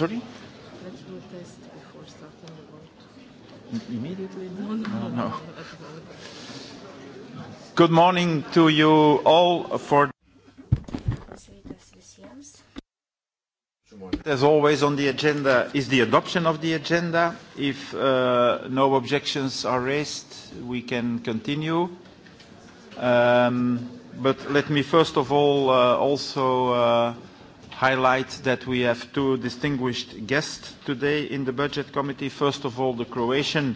Sorry? Let's do a test before starting the vote. M immediately? No, no, no. no, no. no. Good morning to you all for. Sveikas visiems. As always on the agenda is the adoption of the agenda. If uh, no objections are raised, we can continue. Um, but let me first of all uh, also uh, highlight that we have two distinguished guests today in the Budget Committee. First of all, the Croatian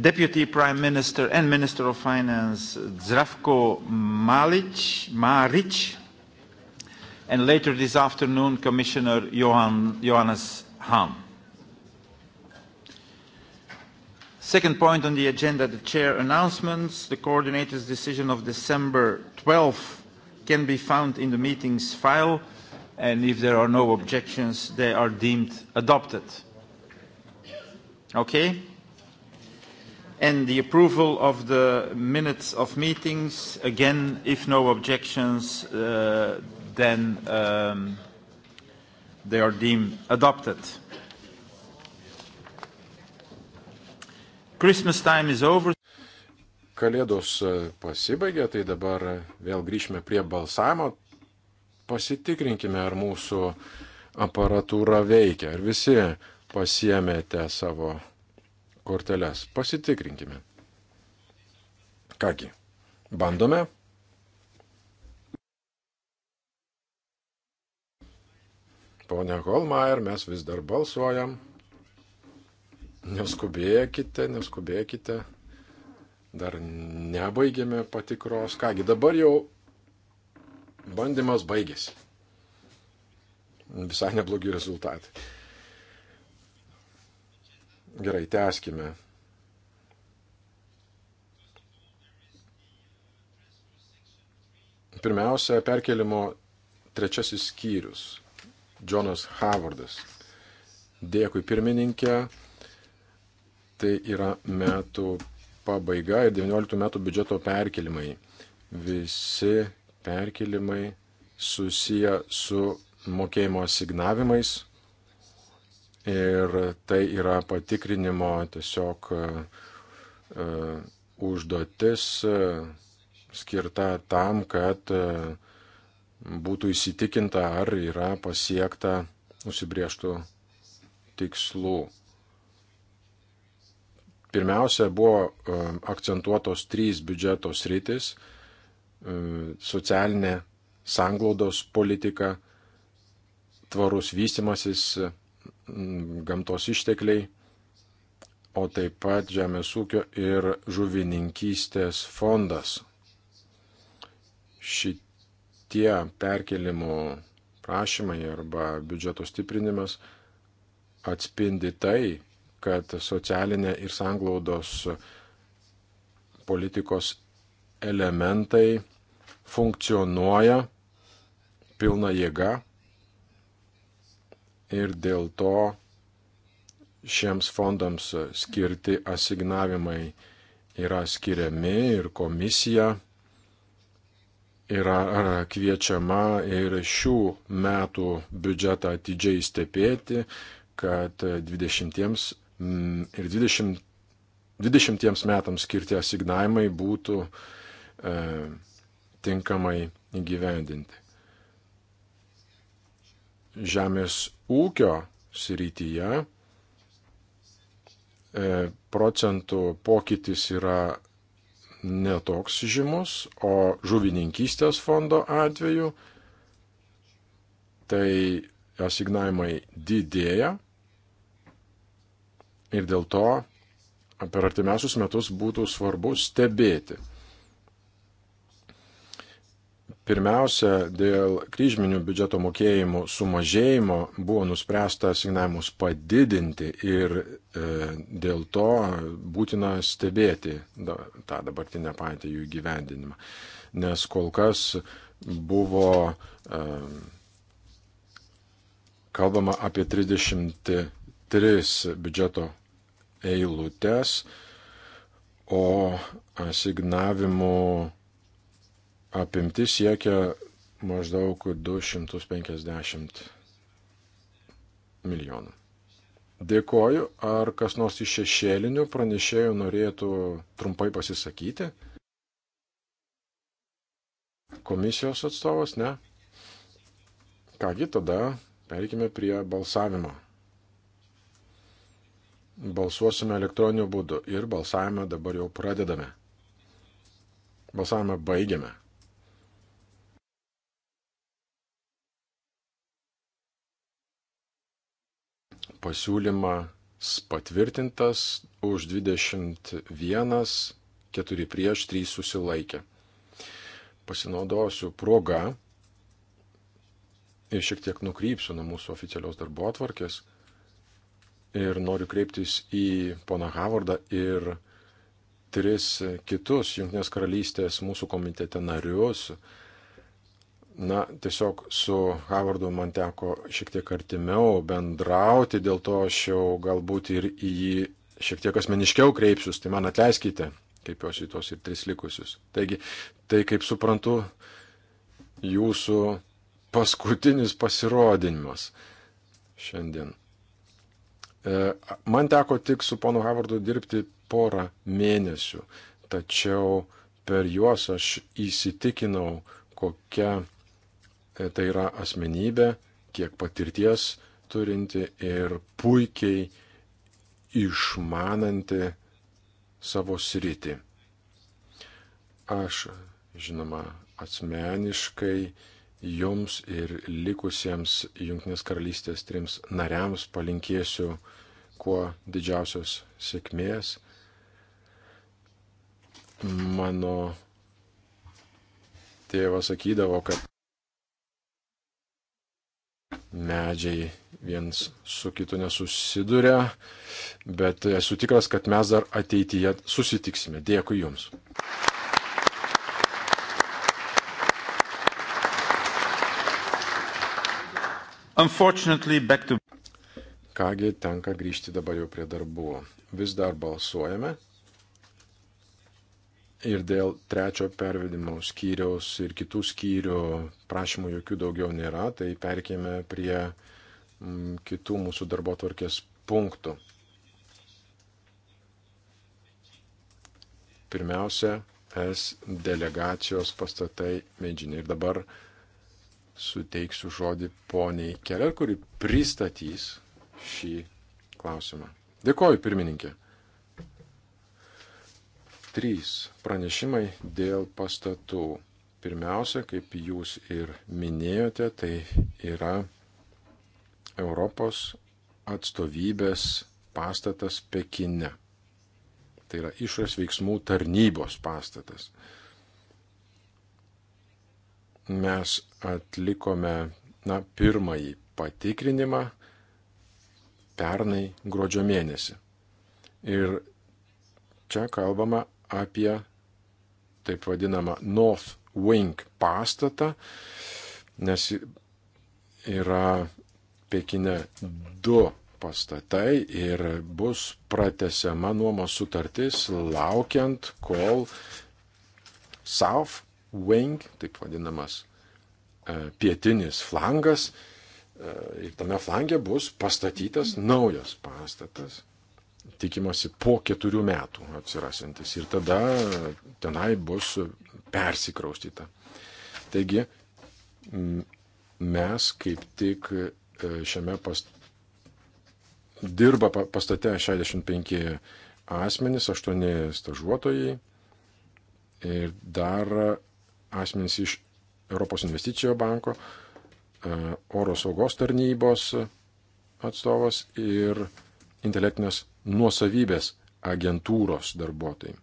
Deputy Prime Minister and Minister of Finance Zdravko Malic, Maric, and later this afternoon, Commissioner Johan, Johannes Hahn. Second point on the agenda, the chair announcements. The coordinator's decision of December 12 can be found in the meeting's file and if there are no objections, they are deemed adopted. Okay? And the approval of the minutes of meetings, again, if no objections, uh, then um, they are deemed adopted. Christmas time is over. Kalėdos uh, pasibaigė, tai dabar uh, vėl grįžime prie balsavimo pasitikrinkime, ar mūsų aparatūra veikia, ar visi pasiemėte savo korteles. Pasitikrinkime. Kągi, bandome. Pone Holmaier, mes vis dar balsuojam. Neskubėkite, neskubėkite. Dar nebaigėme patikros. Kągi, dabar jau Bandymas baigėsi. Visai neblogi rezultatai. Gerai, tęskime. Pirmiausia, perkelimo trečiasis skyrius. Džonas Havardas. Dėkui pirmininkė. Tai yra metų pabaiga ir 19 metų biudžeto perkelimai. Visi perkelimai susiję su mokėjimo asignavimais ir tai yra patikrinimo tiesiog e, užduotis e, skirta tam, kad e, būtų įsitikinta, ar yra pasiekta nusibrieštų tikslų. Pirmiausia, buvo akcentuotos trys biudžeto sritis E, socialinė sanglaudos politika, tvarus vystimasis, gamtos ištekliai, o taip pat žemės ūkio ir žuvininkystės fondas. Šitie perkelimų prašymai arba biudžeto stiprinimas atspindi tai, kad socialinė ir sanglaudos politikos elementai funkcionuoja pilna jėga ir dėl to šiems fondams skirti asignavimai yra skiriami ir komisija yra kviečiama ir šių metų biudžetą atidžiai stebėti, kad 20 mm, ir 20, 20 metams skirti asignavimai būtų uh, e, tinkamai įgyvendinti. Žemės ūkio srityje e, procentų pokytis yra netoks žymus, o žuvininkystės fondo atveju tai asignavimai didėja ir dėl to per artimiausius metus būtų svarbu stebėti, Pirmiausia, dėl kryžminių biudžeto mokėjimų sumažėjimo buvo nuspręsta asignavimus padidinti ir e, dėl to būtina stebėti da, tą dabartinę patį jų gyvendinimą. Nes kol kas buvo e, kalbama apie 33 biudžeto eilutes, o asignavimų apimti siekia maždaug 250 milijonų. Dėkoju, ar kas nors iš šešėlinių pranešėjų norėtų trumpai pasisakyti? Komisijos atstovas, ne? Kągi tada perikime prie balsavimo. Balsuosime elektroniniu būdu ir balsavimą dabar jau pradedame. Balsavimą baigiame. Pasiūlymas patvirtintas už 21, 4 prieš 3 susilaikė. Pasinaudosiu progą ir šiek tiek nukrypsiu nuo mūsų oficialios darbo atvarkės ir noriu kreiptis į poną Havardą ir tris kitus Junktinės karalystės mūsų komitete narius, Na, tiesiog su Havardu man teko šiek tiek artimiau bendrauti, dėl to aš jau galbūt ir į jį šiek tiek asmeniškiau kreipsius, tai man atleiskite, kaip jos į tos ir tris likusius. Taigi, tai kaip suprantu, jūsų paskutinis pasirodinimas šiandien. E, man teko tik su ponu Havardu dirbti porą mėnesių, tačiau per juos aš įsitikinau, kokia tai yra asmenybė, kiek patirties turinti ir puikiai išmananti savo sritį. Aš, žinoma, asmeniškai jums ir likusiems Junktinės karalystės trims nariams palinkėsiu kuo didžiausios sėkmės. Mano tėvas sakydavo, kad medžiai viens su kitu nesusiduria, bet esu tikras, kad mes dar ateityje susitiksime. Dėkui Jums. To... Kągi tenka grįžti dabar jau prie darbų. Vis dar balsuojame. Ir dėl trečio pervedimo skyriaus ir kitų skyrių prašymų jokių daugiau nėra, tai perkėme prie mm, kitų mūsų darbo tvarkės punktų. Pirmiausia, es delegacijos pastatai medžinė. Ir dabar suteiksiu žodį poniai Keller, kuri pristatys šį klausimą. Dėkoju, pirmininkė trys pranešimai dėl pastatų. Pirmiausia, kaip jūs ir minėjote, tai yra Europos atstovybės pastatas Pekine. Tai yra išorės veiksmų tarnybos pastatas. Mes atlikome na, pirmąjį patikrinimą pernai gruodžio mėnesį. Ir čia kalbama apie taip vadinamą North Wing pastatą, nes yra Pekine du pastatai ir bus pratesiama nuomos sutartis laukiant, kol South Wing, taip vadinamas e, pietinis flangas, e, ir tame flange bus pastatytas naujas pastatas tikimasi po keturių metų atsirasantis. Ir tada tenai bus persikraustyta. Taigi mes kaip tik e, šiame past... dirba pastate 65 asmenys, 8 stažuotojai ir dar asmenys iš Europos investicijo banko, e, oro saugos tarnybos atstovas ir intelektinės nuosavybės agentūros darbuotojai.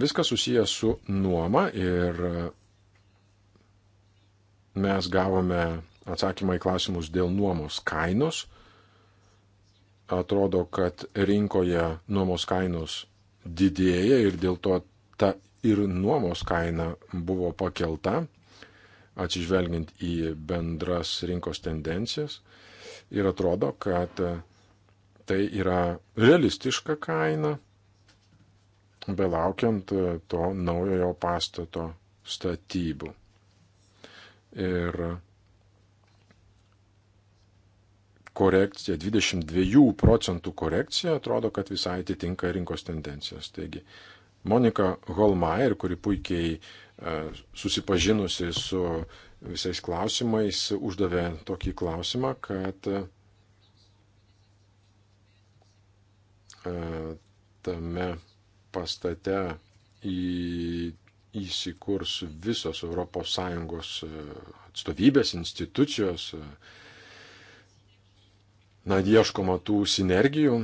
Viskas susijęs su nuoma ir mes gavome atsakymą į klausimus dėl nuomos kainos. Atrodo, kad rinkoje nuomos kainos didėja ir dėl to ta ir nuomos kaina buvo pakelta, atsižvelgiant į bendras rinkos tendencijas. Ir atrodo, kad tai yra realistiška kaina, belaukiant e, to naujojo pastato statybų. Ir korekcija, 22 procentų korekcija atrodo, kad visai atitinka rinkos tendencijas. Taigi, Monika Holmeier, kuri puikiai e, susipažinusi su visais klausimais, uždavė tokį klausimą, kad e, E, tame pastate į, įsikurs visos ES e, atstovybės, institucijos. E, na, ieškoma tų sinergijų.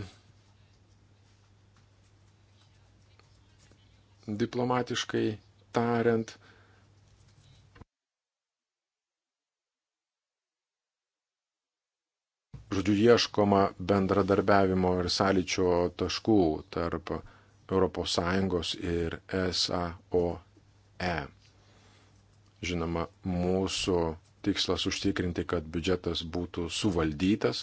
Diplomatiškai tariant, žodžiu, ieškoma bendradarbiavimo ir sąlyčio taškų tarp ES ir SAOE. Žinoma, mūsų tikslas užtikrinti, kad biudžetas būtų suvaldytas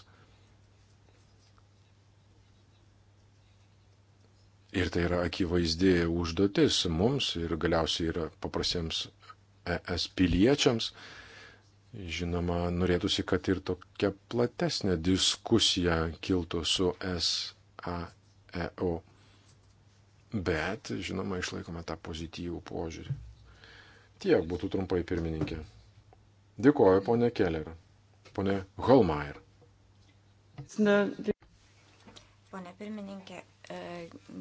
ir tai yra akivaizdi užduotis mums ir galiausiai yra paprasiems ES piliečiams Žinoma, norėtųsi, kad ir tokia platesnė diskusija kiltų su SAEO. Bet, žinoma, išlaikome tą pozityvų požiūrį. Tiek būtų trumpai pirmininkė. Dėkoju, ponė Keller. Ponė Holmeier. Pone pirmininkė, e,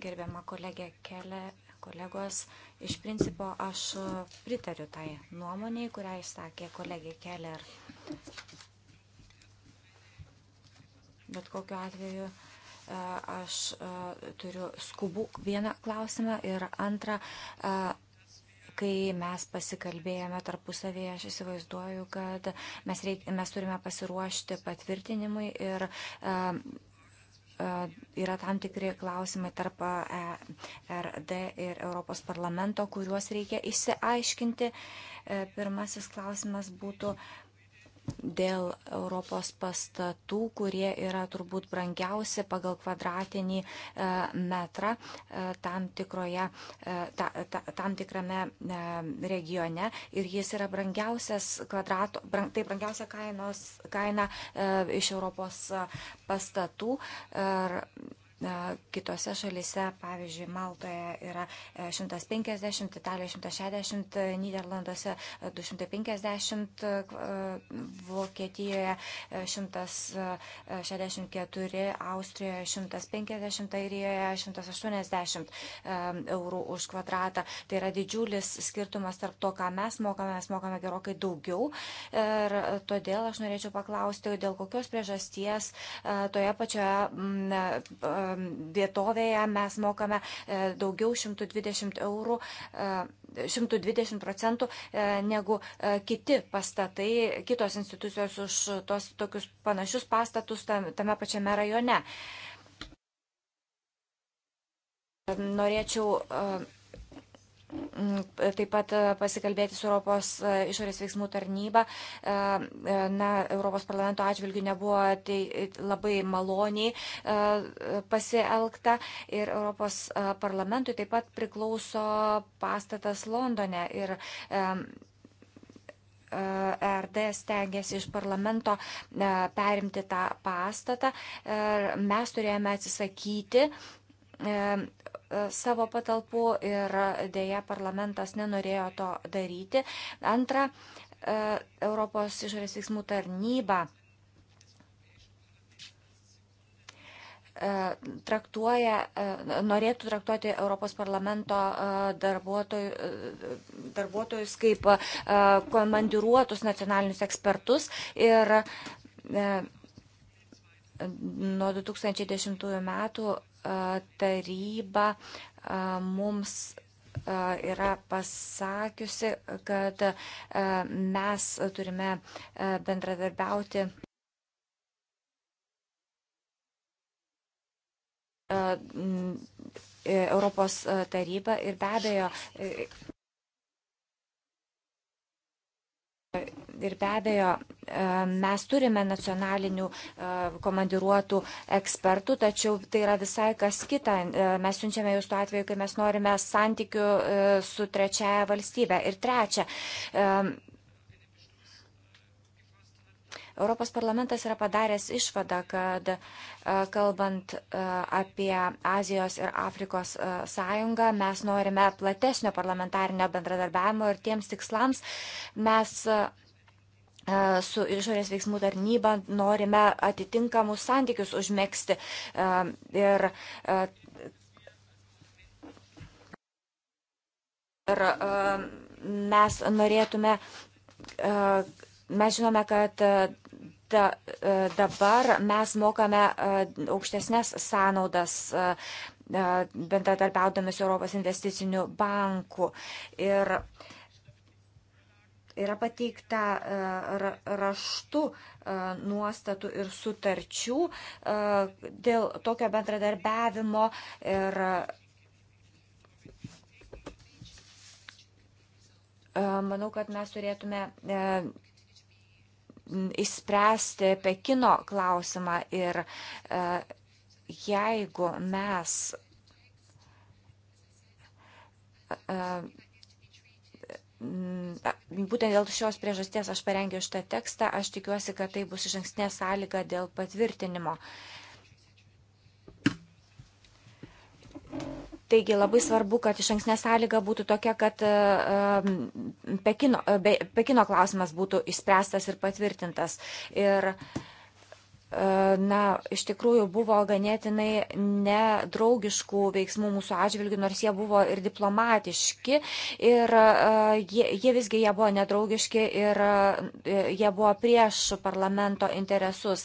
gerbiama kolegė Keller, kolegos. Iš principo aš e, pritariu tai nuomoniai, kurią išsakė kolegė Keller. Bet kokiu atveju e, aš e, turiu skubų vieną klausimą ir antrą kai mes pasikalbėjome tarpusavėje, aš įsivaizduoju, kad mes, reik, mes turime pasiruošti patvirtinimui ir e, E, yra tam tikri klausimai tarp e, RD ir Europos parlamento, kuriuos reikia išsiaiškinti. E, pirmasis klausimas būtų, dėl Europos pastatų, kurie yra turbūt brangiausi pagal kvadratinį e, metrą e, tam, tikroje, e, ta, ta, tam tikrame regione. Ir jis yra brangiausias kvadrato, brang, tai brangiausia kainos, kaina iš Europos pastatų. Ir, Kitose šalise, pavyzdžiui, Maltoje yra 150, Italijoje 160, Niderlanduose 250, e, e, e, Vokietijoje 164, Austrijoje 150, Airijoje 180 eurų už kvadratą. Tai yra didžiulis skirtumas tarp to, ką mes mokame, mes mokame gerokai daugiau. Ir todėl aš norėčiau paklausti, dėl kokios priežasties toje pačioje vietovėje mes mokame e, daugiau 120 eurų. 120 e, procentų e, negu kiti pastatai, kitos institucijos už tos tokius panašius pastatus tame pačiame rajone. Norėčiau Mm, taip pat e, pasikalbėti su Europos e, išorės veiksmų tarnyba. E, na, Europos parlamento atžvilgių nebuvo tai labai maloniai pasielgta ir Europos parlamentui taip pat priklauso pastatas Londone. Ir, ERD stengiasi iš parlamento perimti tą pastatą. Mes turėjome atsisakyti savo patalpų ir dėja parlamentas nenorėjo to daryti. Antra, e, Europos išorės veiksmų tarnyba e, traktuoja, e, norėtų traktuoti Europos parlamento darbuotojus kaip komandiruotus nacionalinius ekspertus ir nuo 2010 metų taryba mums yra pasakiusi, kad mes turime bendradarbiauti Europos taryba ir be abejo Ir be abejo, e, mes turime nacionalinių e, komandiruotų ekspertų, tačiau tai yra visai kas kita. E, mes siunčiame jūs tuo atveju, kai mes norime santykių su trečiaja valstybe. Ir trečia, Europos parlamentas yra padaręs išvadą, kad e, kalbant e, apie Azijos ir Afrikos e, sąjungą, mes norime platesnio parlamentarinio bendradarbiavimo ir tiems tikslams mes su išorės veiksmų tarnyba norime atitinkamus santykius užmėgsti. Ir Ir mes norėtume, mes žinome, kad da, e, dabar mes mokame e, aukštesnės sąnaudas e, bendradarbiaudami su Europos investiciniu banku. Ir yra pateikta raštu nuostatų ir sutarčių dėl tokio bendradarbiavimo ir manau, kad mes turėtume įspręsti Pekino klausimą ir e, jeigu mes e, e, būtent dėl šios priežasties aš parengiau šitą tekstą, aš tikiuosi, kad tai bus iš ankstinė sąlyga dėl patvirtinimo. Taigi labai svarbu, kad iš anksnė sąlyga būtų tokia, kad e, e, Pekino, e, Pekino klausimas būtų išspręstas ir patvirtintas. Ir na, iš tikrųjų buvo ganėtinai nedraugiškų veiksmų mūsų atžvilgių, nors jie buvo ir diplomatiški, ir jie, jie visgi jie buvo nedraugiški ir jie buvo prieš parlamento interesus.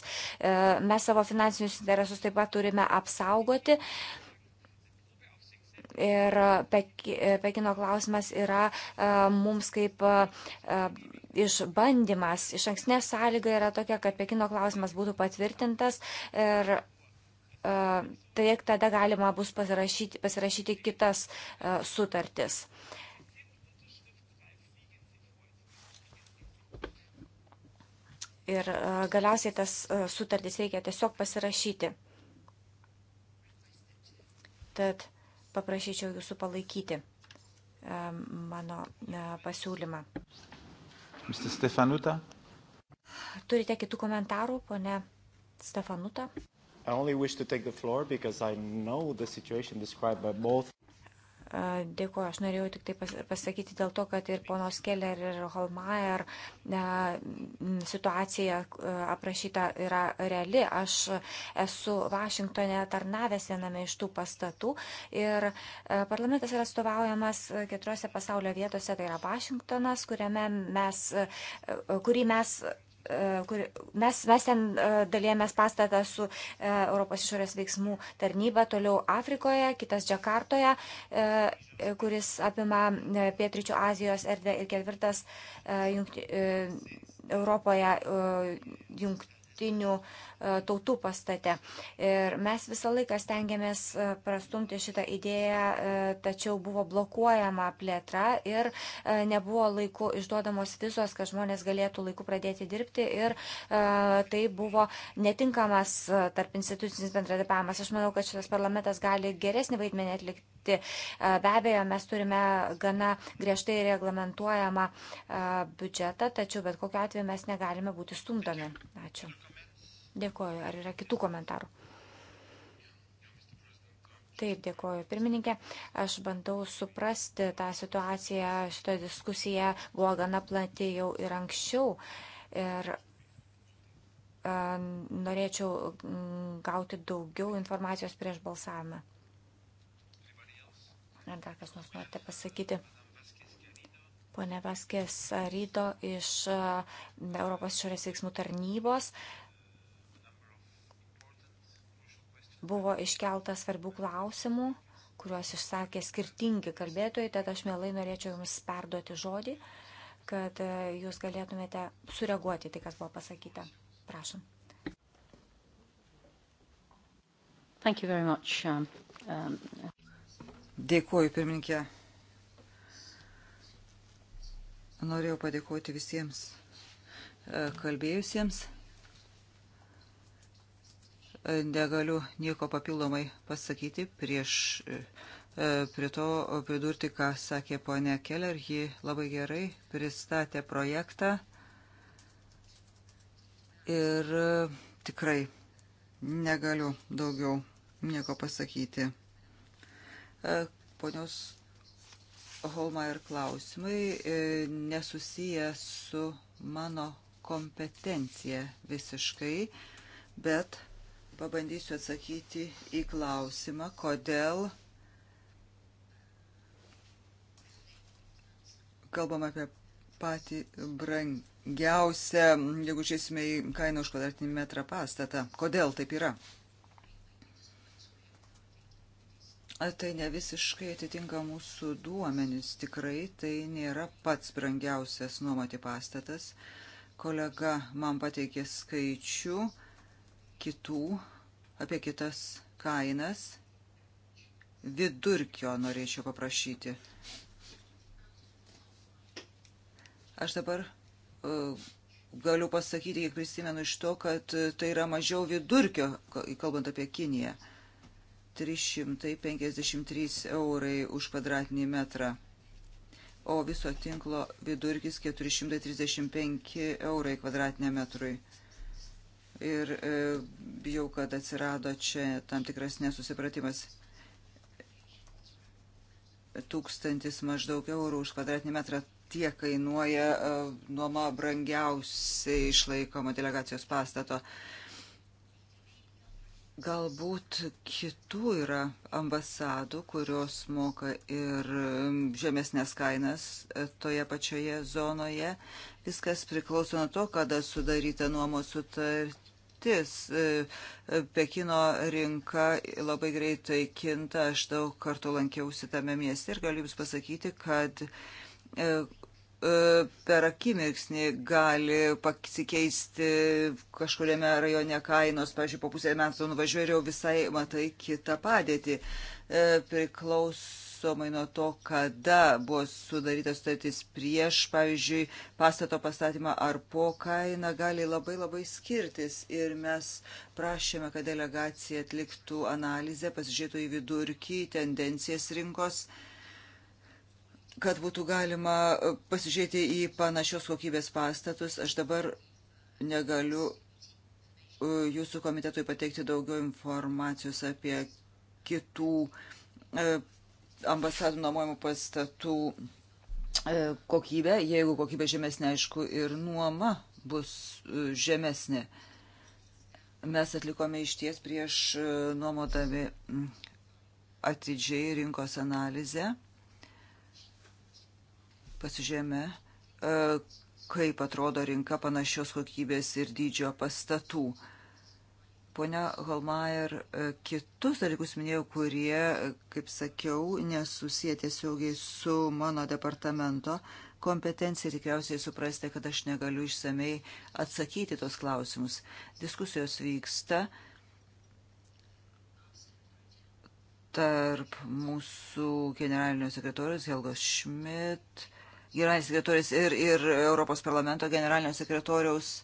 Mes savo finansinius interesus taip pat turime apsaugoti. Ir e, e, Pekino klausimas yra e, mums kaip išbandymas. Iš anksnė sąlyga yra tokia, kad Pekino klausimas būtų patvirtintas ir tai tada galima bus pasirašyti, pasirašyti kitas sutartis. Ir galiausiai tas sutartis reikia tiesiog pasirašyti. Tad paprašyčiau jūsų palaikyti e, mano e, pasiūlymą. Mr. Stefanuta. Turite kitų komentarų, ponė Stefanuta? I only wish to take the floor because I know the situation described by both Dėkuoju, aš norėjau tik tai pasakyti dėl to, kad ir ponos Keller ir Holmeier situacija aprašyta yra reali. Aš esu Vašingtonė tarnavęs viename iš tų pastatų ir parlamentas yra atstovaujamas keturiose pasaulio vietose, tai yra Vašingtonas, mes, kurį mes kur, mes, mes ten e, dalėjomės pastatą su e, Europos išorės veiksmų tarnyba, toliau Afrikoje, kitas Džakartoje, e, kuris apima Pietričio Azijos erdvę ir ketvirtas jungti, Europoje jungti jungtinių e, tautų pastate. Ir mes visą laiką stengiamės e, prastumti šitą idėją, e, tačiau buvo blokuojama plėtra ir nebuvo laiku išduodamos visos, kad žmonės galėtų laiku pradėti dirbti ir tai buvo netinkamas tarp institucinis bendradarbiavimas. Aš manau, kad šitas parlamentas gali geresnį vaidmenį atlikti. Be abejo, mes turime gana griežtai reglamentuojamą biudžetą, tačiau bet kokiu atveju mes negalime būti stumdomi. Ačiū. Dėkoju. Ar yra kitų komentarų? Taip, dėkoju pirmininkė. Aš bandau suprasti tą situaciją, šitą diskusiją buvo gana plati jau ir anksčiau. Ir e, norėčiau mm, gauti daugiau informacijos prieš balsavimą. Ar dar kas nors norite pasakyti? Pone Vaskės Ryto iš e, Europos išorės veiksmų tarnybos. Uh, Buvo iškelta svarbių klausimų, kuriuos išsakė skirtingi kalbėtojai, tad aš mielai norėčiau Jums perduoti žodį, kad e, Jūs galėtumėte sureaguoti tai, kas buvo pasakyta. Prašom. Thank you very much. Um, um... Dėkuoju, pirmininkė. Norėjau padėkoti visiems e, kalbėjusiems negaliu nieko papildomai pasakyti prieš e, prie to pridurti, ką sakė ponia Keller. Ji labai gerai pristatė projektą ir e, tikrai negaliu daugiau nieko pasakyti. E, ponios Holmaier klausimai nesusiję su mano kompetencija visiškai, bet Pabandysiu atsakyti į klausimą, kodėl kalbam apie patį brangiausią, jeigu žiūrėsime į kainą už kvadratinį metrą pastatą. Kodėl taip yra? Ar tai ne visiškai atitinka mūsų duomenis? Tikrai tai nėra pats brangiausias nuomoti pastatas. Kolega man pateikė skaičių kitų, apie kitas kainas. Vidurkio norėčiau paprašyti. Aš dabar uh, galiu pasakyti, kiek prisimenu iš to, kad e, tai yra mažiau vidurkio, kalbant apie Kiniją. 353 eurai už kvadratinį metrą, o viso tinklo vidurkis 435 eurai kvadratiniam metrui ir e, bijau, kad atsirado čia tam tikras nesusipratimas. Tūkstantis maždaug eurų už kvadratinį metrą tiek kainuoja e, nuoma brangiausiai išlaikoma delegacijos pastato. Galbūt kitų yra ambasadų, kurios moka ir žemesnės kainas e, toje pačioje zonoje. Viskas priklauso nuo to, kada sudaryta nuomos sutartis patirtis. E, e, Pekino rinka labai greitai kinta, aš daug kartų lankiausi tame mieste ir galiu Jums pasakyti, kad e, per akimirksnį gali pasikeisti kažkuriame rajone kainos, pažiūrėjau, po pusę metų nuvažiuoju ir jau visai matai kitą padėtį. Priklauso priklausomai nuo to, kada buvo sudarytas sutartis prieš, pavyzdžiui, pastato pastatymą ar po kaina gali labai labai skirtis. Ir mes prašėme, kad delegacija atliktų analizę, pasižiūrėtų į vidurkį, tendencijas rinkos kad būtų galima pasižiūrėti į panašios kokybės pastatus. Aš dabar negaliu e, jūsų komitetui pateikti daugiau informacijos apie kitų e, ambasadų nuomojimų pastatų e, kokybę, jeigu kokybė žemesnė, aišku, ir nuoma bus e, žemesnė. Mes atlikome iš ties prieš e, nuomodami atidžiai rinkos analizę. Pasižiūrėjome, kaip atrodo rinka panašios kokybės ir dydžio pastatų. Pone Holmaier, e, kitus dalykus minėjau, kurie, kaip sakiau, nesusiję tiesiogiai su mano departamento kompetencija. Tikriausiai suprasite, kad aš negaliu išsamei atsakyti tos klausimus. Diskusijos vyksta tarp mūsų generalinio sekretorius Helgos Schmidt, generalinis sekretorius ir, ir Europos parlamento generalinio sekretoriaus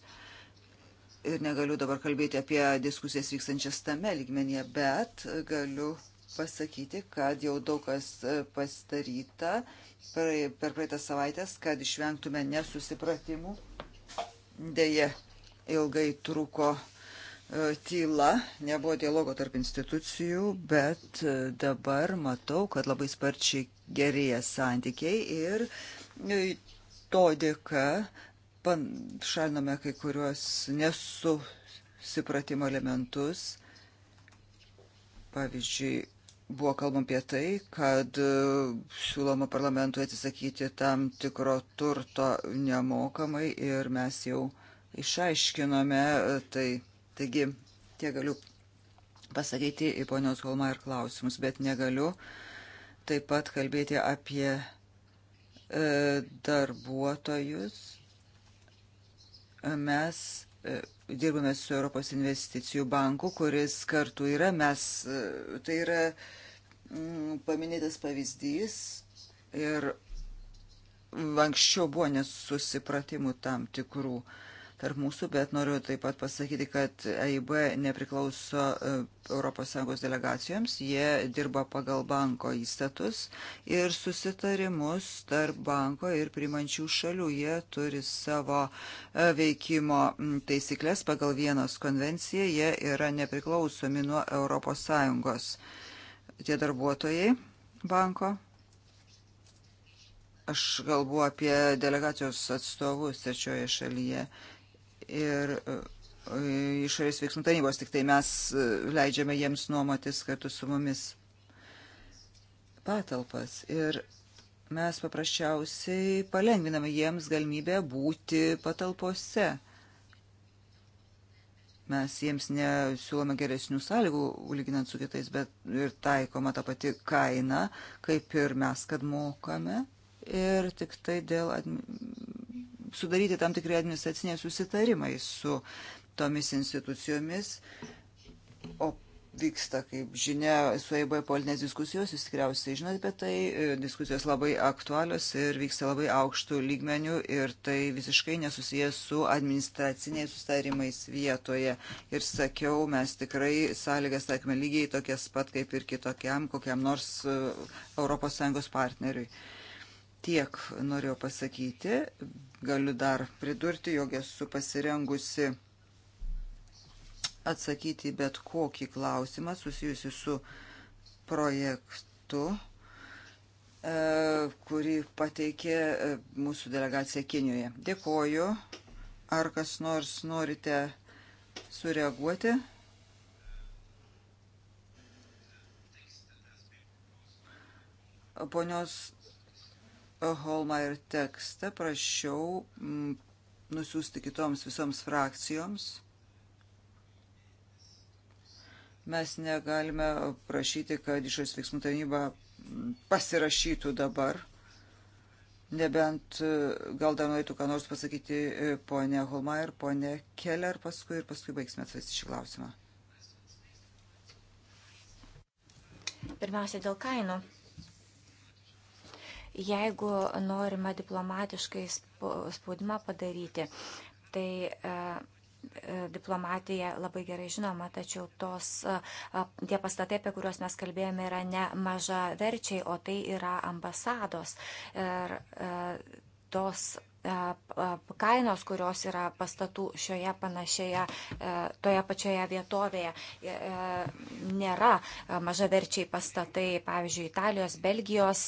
ir negaliu dabar kalbėti apie diskusijas vykstančias tame lygmenyje, bet galiu pasakyti, kad jau daug kas pastaryta per, per praeitą savaitę, kad išvengtume nesusipratimų. Deja, ilgai truko e, tyla, nebuvo dialogo tarp institucijų, bet e, dabar matau, kad labai sparčiai gerėja santykiai ir e, to dėka šalinome kai kuriuos nesusipratimo elementus. Pavyzdžiui, buvo kalbam apie tai, kad e, siūloma parlamentui atsisakyti tam tikro turto nemokamai ir mes jau išaiškinome. E, tai, taigi, tie galiu pasakyti į ponios Holma ir klausimus, bet negaliu taip pat kalbėti apie e, darbuotojus Mes e, dirbame su Europos investicijų banku, kuris kartu yra, mes, e, tai yra mm, paminėtas pavyzdys ir anksčiau buvo nesusipratimų tam tikrų. Uh, tarp mūsų, bet noriu taip pat pasakyti, kad EIB nepriklauso ES delegacijoms, jie dirba pagal banko įstatus ir susitarimus tarp banko ir primančių šalių. Jie turi savo e, veikimo taisyklės pagal vienos konvenciją, jie yra nepriklausomi nuo ES. Tie darbuotojai banko aš galbu apie delegacijos atstovus trečioje šalyje ir e, išorės veiksmų tarnybos, tik tai mes e, leidžiame jiems nuomotis kartu su mumis patalpas. Ir mes paprasčiausiai palengviname jiems galimybę būti patalpose. Mes jiems nesiūlome geresnių sąlygų, lyginant su kitais, bet ir taikoma ta pati kaina, kaip ir mes, kad mokame. Ir tik tai dėl sudaryti tam tikrai administraciniai susitarimai su tomis institucijomis, o vyksta, kaip žinia, su EIB politinės diskusijos, jūs tikriausiai žinote apie tai, e, diskusijos labai aktualios ir vyksta labai aukštų lygmenių ir tai visiškai nesusijęs su administraciniais sustarimais vietoje. Ir sakiau, mes tikrai sąlygas taikome lygiai tokias pat kaip ir kitokiam kokiam nors ES partneriui tiek norėjau pasakyti. Galiu dar pridurti, jog esu pasirengusi atsakyti bet kokį klausimą susijusi su projektu, e, kurį pateikė e, mūsų delegacija Kinijoje. Dėkoju. Ar kas nors norite sureaguoti? Ponios Holmeier tekstą prašiau mm, nusiųsti kitoms visoms frakcijoms. Mes negalime prašyti, kad išorės veiksmų tarnyba mm, pasirašytų dabar. Nebent e, gal dar norėtų ką nors pasakyti e, ponė Holma ir ponė Keller paskui ir paskui baigsime atsakyti šį klausimą. Pirmiausia, dėl kainų. Jeigu norima diplomatiškai spaudimą padaryti, tai e, e, diplomatija labai gerai žinoma, tačiau tos, e, tie pastatai, apie kuriuos mes kalbėjome, yra ne maža verčiai, o tai yra ambasados. Ir tos kainos, kurios yra pastatų šioje panašioje, toje pačioje vietovėje, nėra mažaverčiai pastatai, pavyzdžiui, Italijos, Belgijos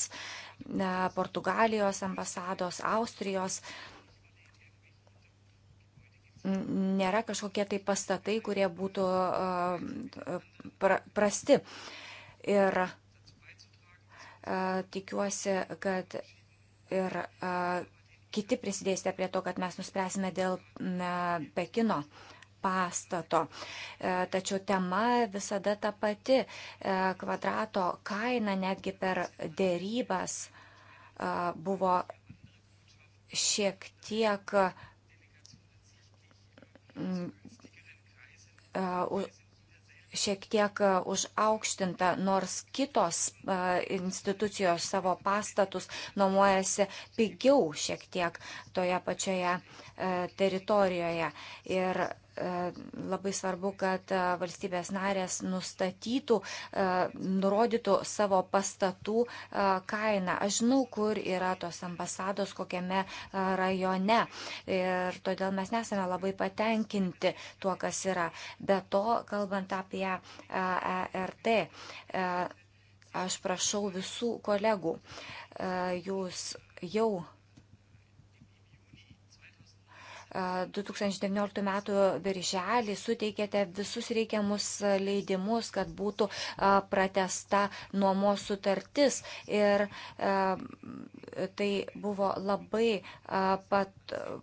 E, Portugalijos ambasados, Austrijos. Nėra kažkokie tai pastatai, kurie būtų e, prasti. Ir e, tikiuosi, kad ir kiti prisidėsite prie to, kad mes nuspręsime dėl Pekino. Na, pastato. E, tačiau tema visada ta pati. E, kvadrato kaina netgi per dėrybas e, buvo šiek tiek mm, šiek tiek užaukštinta, nors kitos institucijos savo pastatus nuomojasi pigiau šiek tiek toje pačioje teritorijoje. Ir E, labai svarbu, kad e, valstybės narės nustatytų, e, nurodytų savo pastatų kainą. Aš žinau, kur yra tos ambasados, kokiame rajone. Ir todėl mes nesame labai patenkinti tuo, kas yra. Be to, kalbant apie ERT, aš prašau visų kolegų, jūs jau 2019 e, m. birželį suteikėte visus reikiamus leidimus, kad būtų e, pratesta nuomos sutartis. Ir e, tai buvo labai, pat,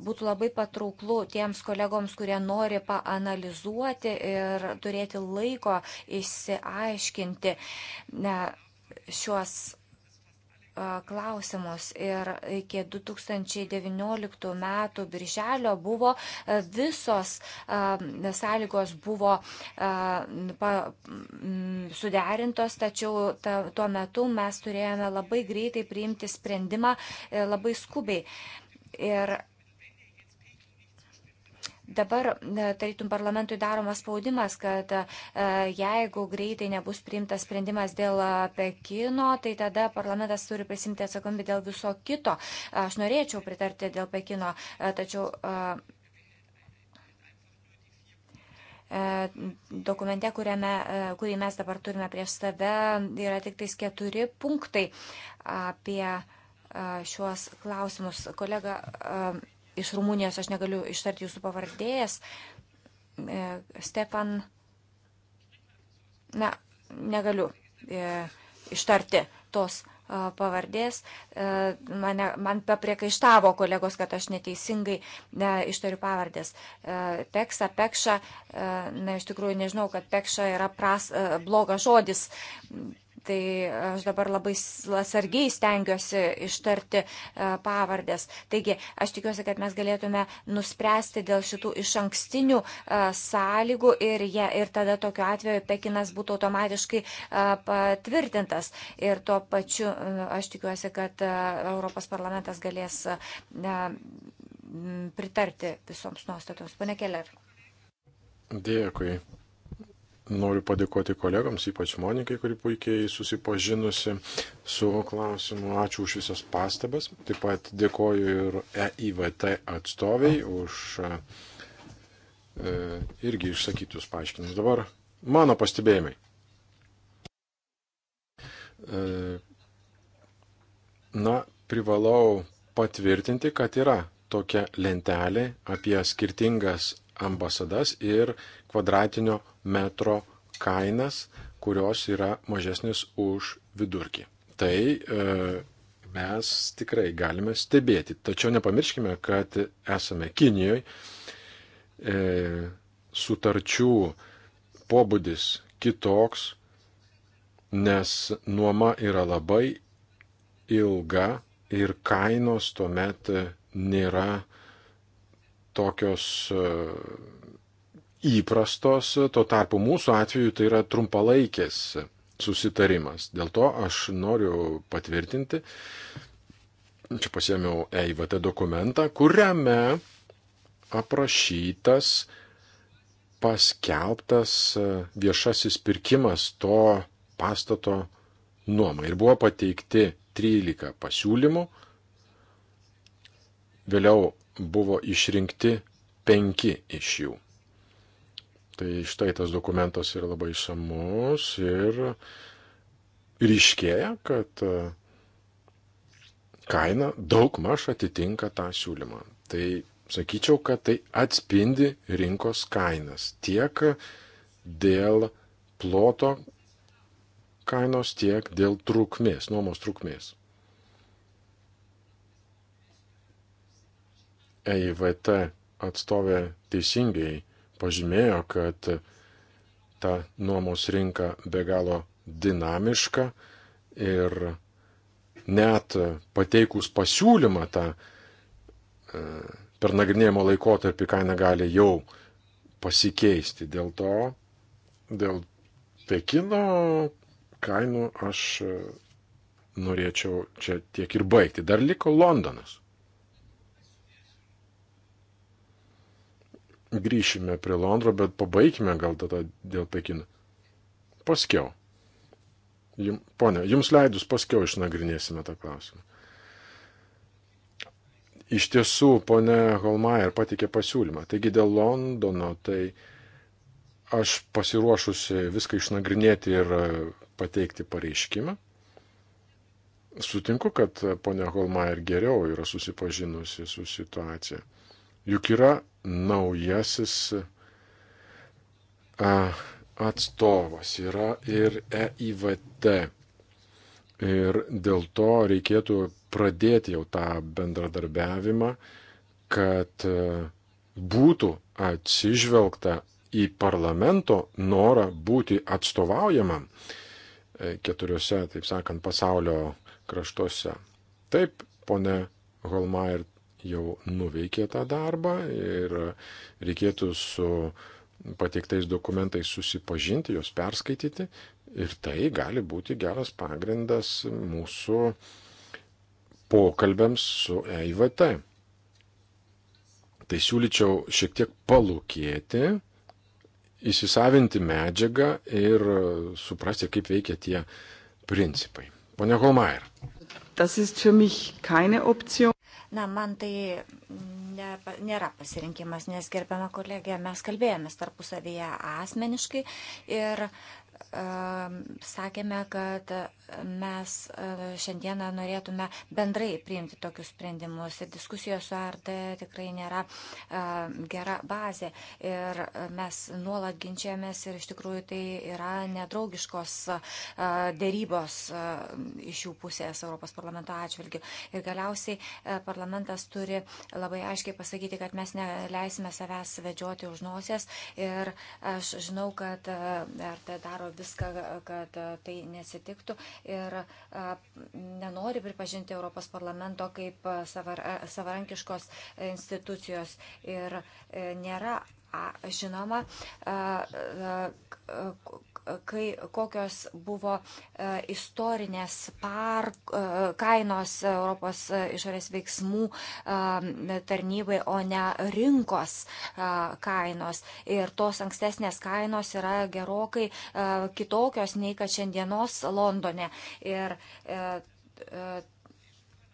būtų labai patrauklu tiems kolegoms, kurie nori paanalizuoti ir turėti laiko išsiaiškinti šiuos klausimus ir iki 2019 metų birželio buvo visos sąlygos buvo suderintos, tačiau tuo metu mes turėjome labai greitai priimti sprendimą e, labai skubiai. Ir Dabar e, tarytum parlamentui daromas spaudimas, kad e, jeigu greitai nebus priimtas sprendimas dėl e, Pekino, tai tada parlamentas turi prisimti atsakomybę dėl viso kito. Aš norėčiau pritarti dėl Pekino, tačiau dokumente, kuriame, kurį mes dabar turime prieš save, yra tik tais keturi punktai apie šiuos klausimus. Kolega iš Rumunijos, aš negaliu ištarti jūsų pavardės, e, Stefan, na, negaliu e, ištarti tos e, pavardės, mane, man papriekaištavo kolegos, kad aš neteisingai ne, ištariu pavardės. Peksa, pekša, na, iš tikrųjų nežinau, kad pekša yra pras, blogas žodis, tai aš dabar labai atsargiai stengiuosi ištarti e, pavardės. Taigi, aš tikiuosi, kad mes galėtume nuspręsti dėl šitų iš ankstinių e, sąlygų ir, jie, ir tada tokiu atveju Pekinas būtų automatiškai e, patvirtintas. Ir tuo pačiu aš tikiuosi, kad Europos parlamentas galės pritarti visoms nuostatoms. Pane Keller. Dėkui. Noriu padėkoti kolegams, ypač Monikai, kuri puikiai susipažinusi su klausimu. Ačiū už visas pastabas. Taip pat dėkoju ir EIVT atstoviai už e, irgi išsakytus paaiškinimus. Dabar mano pastebėjimai. E, na, privalau patvirtinti, kad yra tokia lentelė apie skirtingas ambasadas ir kvadratinio metro kainas, kurios yra mažesnis už vidurkį. Tai e, mes tikrai galime stebėti. Tačiau nepamirškime, kad esame Kinijoje, e, sutarčių pobūdis kitoks, nes nuoma yra labai ilga ir kainos tuomet nėra tokios e, įprastos, tuo tarpu mūsų atveju tai yra trumpalaikis susitarimas. Dėl to aš noriu patvirtinti, čia pasėmiau EIVT dokumentą, kuriame aprašytas paskelbtas e, viešasis pirkimas to pastato nuomai. Ir buvo pateikti 13 pasiūlymų. Vėliau buvo išrinkti penki iš jų. Tai štai tas dokumentas yra labai samus ir ryškėja, kad e, kaina daug maž atitinka tą siūlymą. Tai sakyčiau, kad tai atspindi rinkos kainas tiek dėl ploto kainos, tiek dėl trukmės, nuomos trukmės. EIVT atstovė teisingai pažymėjo, kad ta nuomos rinka be galo dinamiška ir net pateikus pasiūlymą tą e, per nagrinėjimo laikotarpį kaina gali jau pasikeisti. Dėl to, dėl Pekino kainų aš norėčiau čia tiek ir baigti. Dar liko Londonas. grįšime prie Londro, bet pabaigime gal tada dėl Pekino. Paskiau. Jum, ponė, jums leidus paskiau išnagrinėsime tą klausimą. Iš tiesų, ponė Holmeier patikė pasiūlymą. Taigi dėl Londono, tai aš pasiruošusi viską išnagrinėti ir pateikti pareiškimą. Sutinku, kad ponė Holmeier geriau yra susipažinusi su situacija. Juk yra naujasis atstovas yra ir EIVT. Ir dėl to reikėtų pradėti jau tą bendradarbiavimą, kad e, būtų atsižvelgta į parlamento norą būti atstovaujamam e, keturiose, taip sakant, pasaulio kraštuose. Taip, ponė Holmaier, jau nuveikė tą darbą ir reikėtų su pateiktais dokumentais susipažinti, juos perskaityti ir tai gali būti geras pagrindas mūsų pokalbiams su EIVT. Tai siūlyčiau šiek tiek palūkėti, įsisavinti medžiagą ir suprasti, kaip veikia tie principai. Pone Holmeier. Das ist für mich keine Option. Na, man tai ne, nėra pasirinkimas, nes gerbiama kolegė, mes kalbėjomės tarpusavyje asmeniškai ir e, sakėme, kad mes uh, šiandieną norėtume bendrai priimti tokius sprendimus ir diskusijos su ARD tikrai nėra e, gera bazė ir uh, mes nuolat ginčiamės ir iš tikrųjų tai yra nedraugiškos e, dėrybos e, iš jų pusės Europos parlamento atžvilgių. Ir galiausiai e, parlamentas turi labai aiškiai aiškiai pasakyti, kad mes neleisime savęs vedžioti už nosies ir aš žinau, kad e, RT tai daro viską, kad e, tai nesitiktų ir e, nenori pripažinti Europos parlamento kaip savarankiškos institucijos ir nėra žinoma, kai, kokios buvo e, istorinės par, e, kainos Europos išorės veiksmų e, tarnybai, o ne rinkos kainos. Ir tos ankstesnės kainos yra gerokai kitokios nei kad šiandienos Londone. Ir,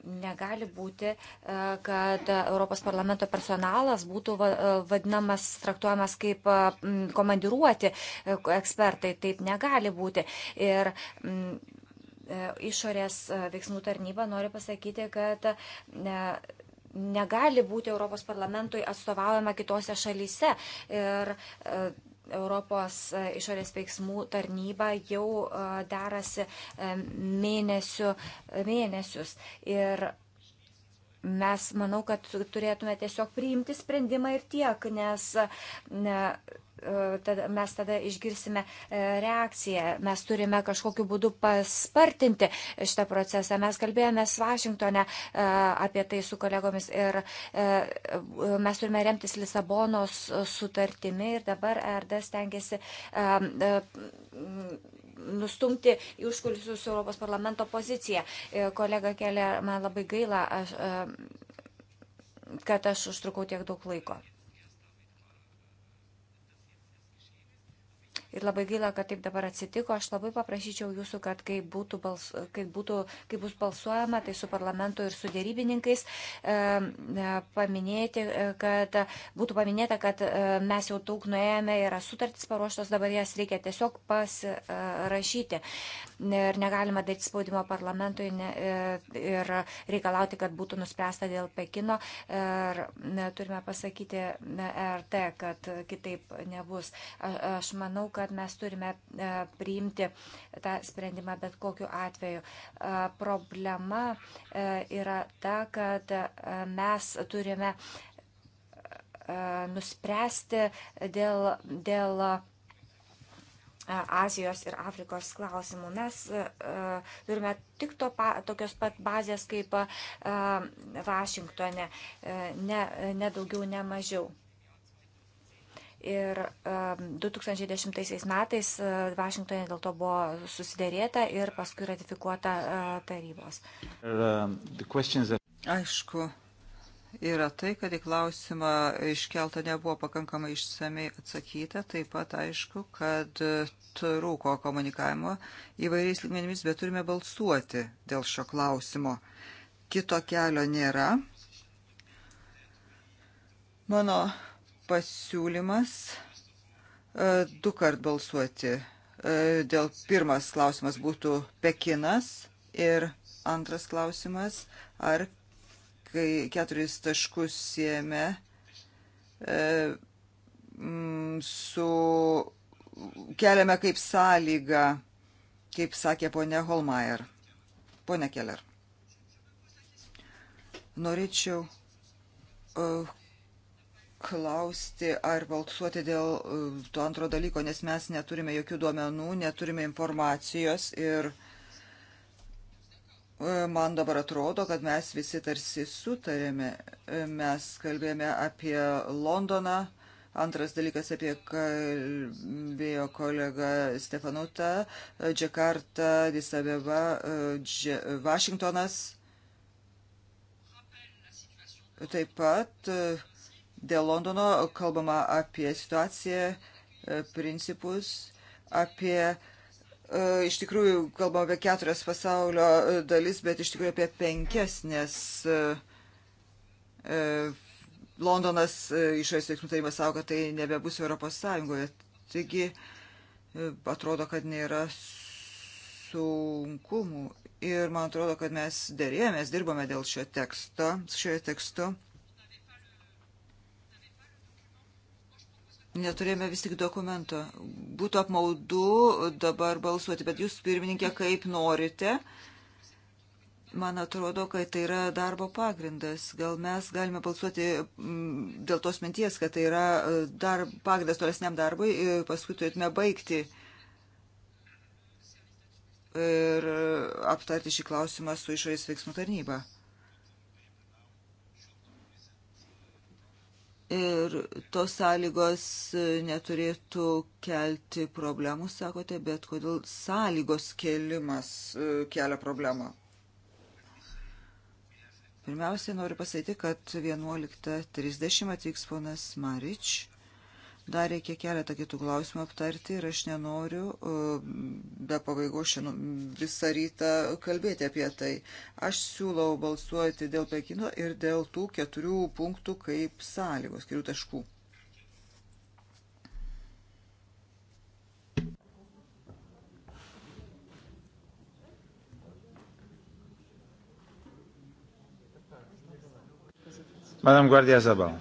Negali būti, e, kad Europos parlamento personalas būtų e, vadinamas, traktuojamas kaip e, komandiruoti ekspertai. Taip negali būti. Ir išorės veiksmų tarnyba nori pasakyti, kad negali būti Europos parlamentui atstovaujama kitose šalyse. Ir Europos e, išorės veiksmų tarnyba jau e, derasi e, mėnesių, mėnesius. Ir mes manau, kad turėtume tiesiog priimti sprendimą ir tiek, nes ne, tada, mes tada išgirsime e, reakciją. Mes turime kažkokiu būdu paspartinti šitą procesą. Mes kalbėjomės Vašingtone e, apie tai su kolegomis ir e, mes turime remtis Lisabonos sutartimi ir dabar RD stengiasi nustumti į užkulisius Europos parlamento poziciją. Kolega Kelė, man labai gaila, aš, kad aš užtrukau tiek daug laiko. Ir labai gaila, kad taip dabar atsitiko. Aš labai paprašyčiau jūsų, kad kai, būtų bals, kai, būtų, kai bus balsuojama, tai su parlamentu ir su dėrybininkais e, e paminėti, e, kad būtų paminėta, kad e, mes jau daug nuėjome, yra sutartis paruoštos, dabar jas reikia tiesiog pasirašyti. Ir negalima daryti spaudimo parlamentui ne, e, ir reikalauti, kad būtų nuspręsta dėl Pekino. Ir ne, turime pasakyti e, RT, kad kitaip nebus. A, aš manau, kad kad mes turime e, priimti tą sprendimą bet kokiu atveju. E, problema e, yra ta, kad mes turime nuspręsti dėl, dėl Azijos ir Afrikos klausimų. Mes uh, turime tik to pa, tokios pat bazės kaip uh, Vašingtone, uh, ne, ne daugiau, ne mažiau. Ir 2010 metais e, Vašingtonė dėl to buvo susidėrėta ir paskui ratifikuota e, tarybos. Um, aišku, yra tai, kad į klausimą iškeltą nebuvo pakankamai išsamei atsakyta, taip pat aišku, kad e, trūko komunikavimo įvairiais lygmenimis, bet turime balsuoti dėl šio klausimo. Kito kelio nėra. Mano pasiūlymas e, du kart balsuoti. E, dėl pirmas klausimas būtų Pekinas ir antras klausimas, ar kai keturis taškus sieme e, su keliame kaip sąlygą, kaip sakė ponia Holmeier. Pone Keller, norėčiau klausti, ar balsuoti dėl e, to antro dalyko, nes mes neturime jokių duomenų, neturime informacijos ir e, man dabar atrodo, kad mes visi tarsi sutarėme. E, mes kalbėjome apie Londoną, antras dalykas apie kalbėjo kolega Stefanuta, Džekarta, Disabeba, Dž... Vašingtonas. Taip pat Dėl Londono kalbama apie situaciją, e, principus, apie e, Iš tikrųjų, kalbam apie keturias pasaulio e, dalis, bet iš tikrųjų apie penkias, nes Londonas išorės veiksmų taryba savo, kad tai nebebus Europos Sąjungoje. Taigi, atrodo, kad nėra sunkumų. Ir man atrodo, kad mes dėrėjomės, dirbome dėl šio teksto, šio teksto. neturėjome vis tik dokumento. Būtų apmaudu dabar balsuoti, bet jūs, pirmininkė, kaip norite. Man atrodo, kad tai yra darbo pagrindas. Gal mes galime balsuoti mm, dėl tos minties, kad tai yra e, dar, pagrindas tolesniam darbui ir paskui turėtume baigti ir e, aptarti šį klausimą su išorės veiksmų tarnyba. ir tos sąlygos e, neturėtų kelti problemų, sakote, bet kodėl sąlygos kelimas e, kelia problemą? Pirmiausiai noriu pasakyti, kad 11.30 atvyks ponas Marič Dar reikia keletą kitų klausimų aptarti ir aš nenoriu e, be pabaigos šiandien visą rytą kalbėti apie tai. Aš siūlau balsuoti dėl Pekino ir dėl tų keturių punktų kaip sąlygos, kelių taškų. Madame Guardia Zabal.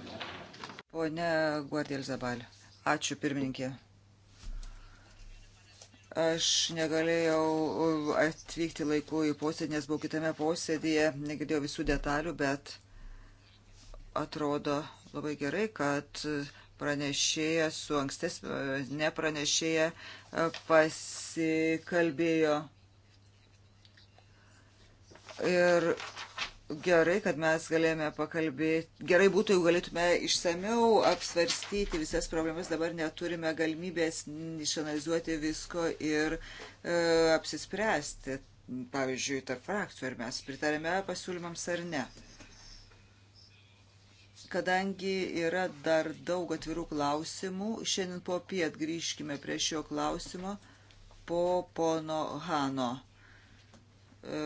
Ponia Guardia Zabal. Ačiū pirmininkė. Aš negalėjau uh, atvykti laiku į posėdį, nes buvau kitame posėdėje, negirdėjau visų detalių, bet atrodo labai gerai, kad pranešėja su ankstesnė uh, pranešėja uh, pasikalbėjo. Ir gerai, kad mes galėjome pakalbėti, gerai būtų, jeigu galėtume išsameu apsvarstyti visas problemas, dabar neturime galimybės išanalizuoti visko ir e, apsispręsti, pavyzdžiui, tarp frakcijų, ar mes pritarėme pasiūlymams ar ne. Kadangi yra dar daug atvirų klausimų, šiandien po piet grįžkime prie šio klausimo po pono Hano. E,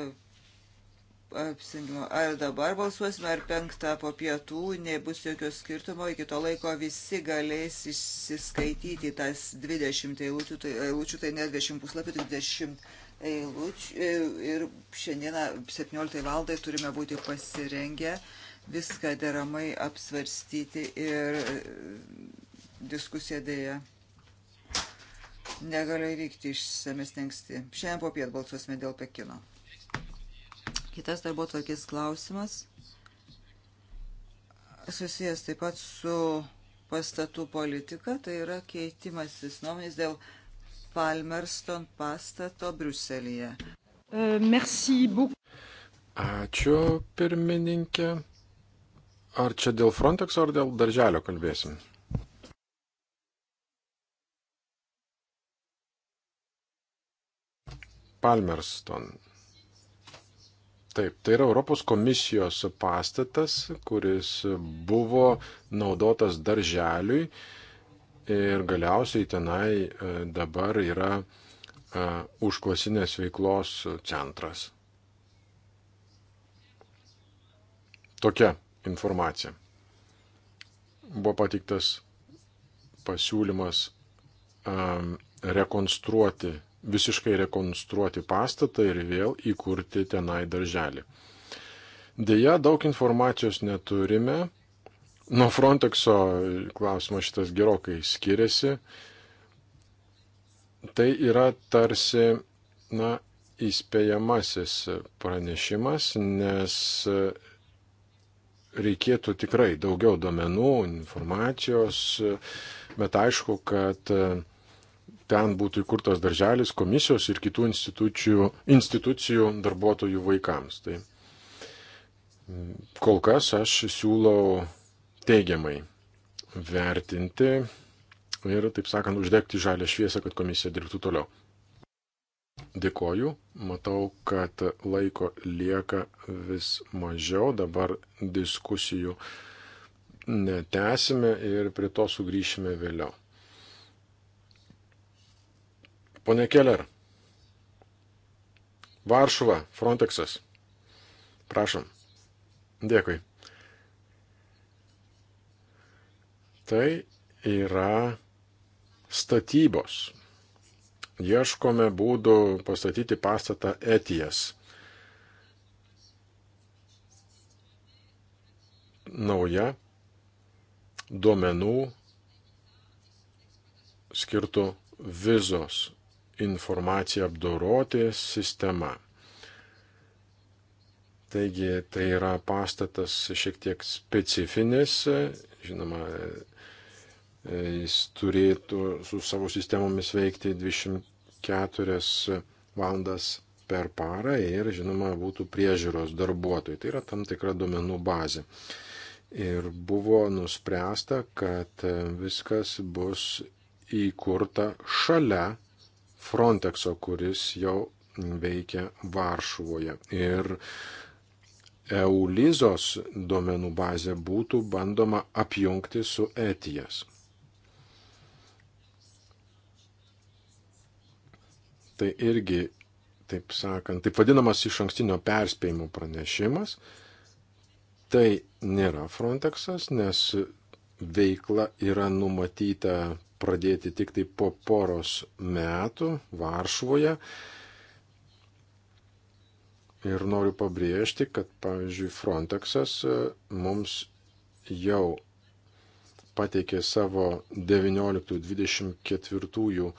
apsingimo. Ar dabar balsuosime, ar penktą po pietų, nebus jokio skirtumo, iki to laiko visi galės išsiskaityti tas 20 eilučių, tai, eilučių, tai ne 20 puslapį, 20 eilučių. Ir šiandieną 17 valdai turime būti pasirengę viską deramai apsvarstyti ir diskusija dėja negali vykti išsamesnė anksti. Šiandien po piet balsuosime dėl Pekino. Kitas darbo tvarkės klausimas susijęs taip pat su pastatų politika, tai yra keitimasis nuomonės dėl Palmerston pastato Bruselėje. E, Ačiū, pirmininkė. Ar čia dėl Frontex, ar dėl darželio kalbėsim? Palmerston Taip, tai yra Europos komisijos pastatas, kuris buvo naudotas darželiui ir galiausiai tenai e, dabar yra e, užklasinės veiklos centras. Tokia informacija. Buvo pateiktas pasiūlymas e, rekonstruoti visiškai rekonstruoti pastatą ir vėl įkurti tenai darželį. Deja, daug informacijos neturime. Nuo Frontexo klausimas šitas gerokai skiriasi. Tai yra tarsi, na, įspėjamasis pranešimas, nes reikėtų tikrai daugiau domenų, informacijos, bet aišku, kad ten būtų įkurtas darželis komisijos ir kitų institucijų, institucijų darbuotojų vaikams. Tai mm, kol kas aš siūlau teigiamai vertinti ir, taip sakant, uždegti žalę šviesą, kad komisija dirbtų toliau. Dėkoju, matau, kad laiko lieka vis mažiau, dabar diskusijų netesime ir prie to sugrįšime vėliau. Pone Keller. Varšuva, Frontexas. Prašom. Dėkui. Tai yra statybos. Ieškome būdų pastatyti pastatą Etijas. Nauja duomenų skirtų vizos informaciją apdoroti sistema. Taigi tai yra pastatas šiek tiek specifinis, žinoma, jis turėtų su savo sistemomis veikti 24 valandas per parą ir, žinoma, būtų priežiūros darbuotojai. Tai yra tam tikra duomenų bazė. Ir buvo nuspręsta, kad viskas bus įkurta šalia Frontexo, kuris jau veikia Varšuvoje. Ir EULIZOS duomenų bazė būtų bandoma apjungti su ETIAS. Tai irgi, taip sakant, taip vadinamas iš ankstinio perspėjimo pranešimas. Tai nėra Frontexas, nes veikla yra numatyta pradėti tik tai po poros metų Varšuvoje. Ir noriu pabrėžti, kad, pavyzdžiui, Frontexas e, mums jau pateikė savo 19-24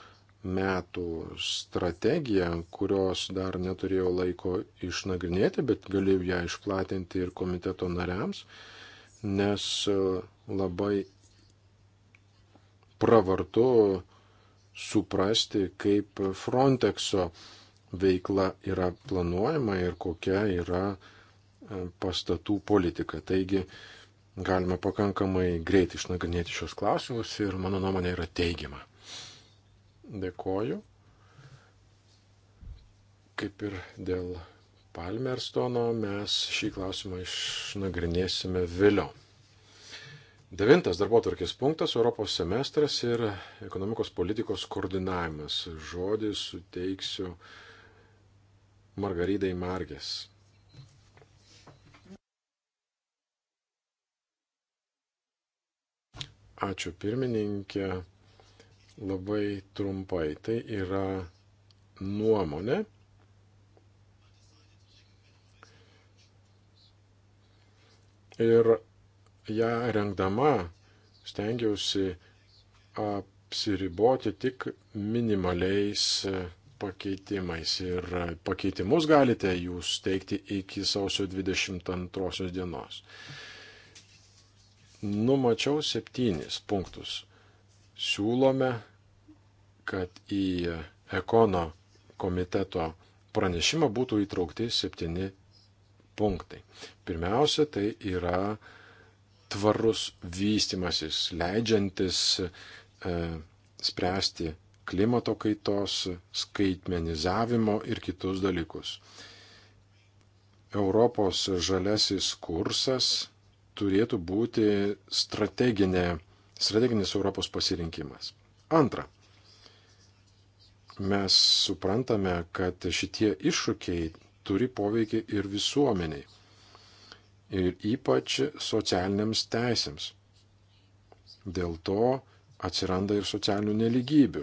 metų strategiją, kurios dar neturėjau laiko išnagrinėti, bet galėjau ją išplatinti ir komiteto nariams, nes e, labai pravartu suprasti, kaip Frontexo veikla yra planuojama ir kokia yra e, pastatų politika. Taigi galime pakankamai greit išnagrinėti šios klausimus ir mano nuomonė yra teigiama. Dėkoju. Kaip ir dėl Palmerstono mes šį klausimą išnagrinėsime vėliau. Devintas darbo tvarkės punktas - Europos semestras ir ekonomikos politikos koordinavimas. Žodį suteiksiu Margaridai Margės. Ačiū pirmininkė. Labai trumpai. Tai yra nuomonė. Ir ją rengdama stengiausi apsiriboti tik minimaliais pakeitimais. Ir pakeitimus galite jūs teikti iki sausio 22 dienos. Numačiau septynis punktus. Siūlome, kad į Ekono komiteto pranešimą būtų įtraukti septyni punktai. Pirmiausia, tai yra tvarus vystimasis, leidžiantis e, spręsti klimato kaitos, skaitmenizavimo ir kitus dalykus. Europos žalesis kursas turėtų būti strateginė, strateginis Europos pasirinkimas. Antra, mes suprantame, kad šitie iššūkiai turi poveikį ir visuomeniai ir ypač socialiniams teisėms. Dėl to atsiranda ir socialinių neligybių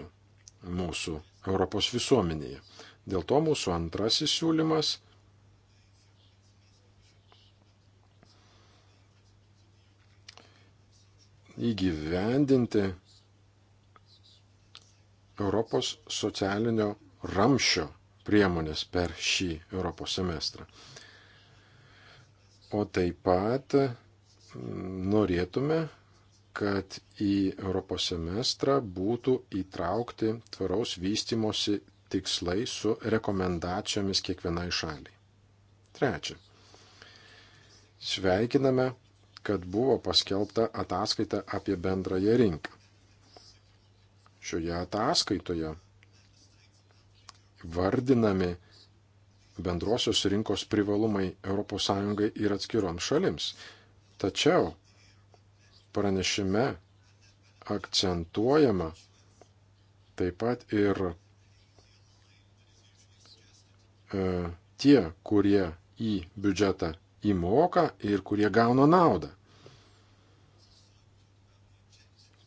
mūsų Europos visuomenėje. Dėl to mūsų antrasis siūlymas įgyvendinti Europos socialinio ramšio priemonės per šį Europos semestrą o taip pat norėtume, kad į Europos semestrą būtų įtraukti tvaraus vystimosi tikslai su rekomendacijomis kiekvienai šaliai. Trečia. Sveikiname, kad buvo paskelbta ataskaita apie bendrąją rinką. Šioje ataskaitoje vardinami bendrosios rinkos privalumai ES ir atskiroms šalims. Tačiau pranešime akcentuojama taip pat ir e, tie, kurie į biudžetą įmoka ir kurie gauna naudą.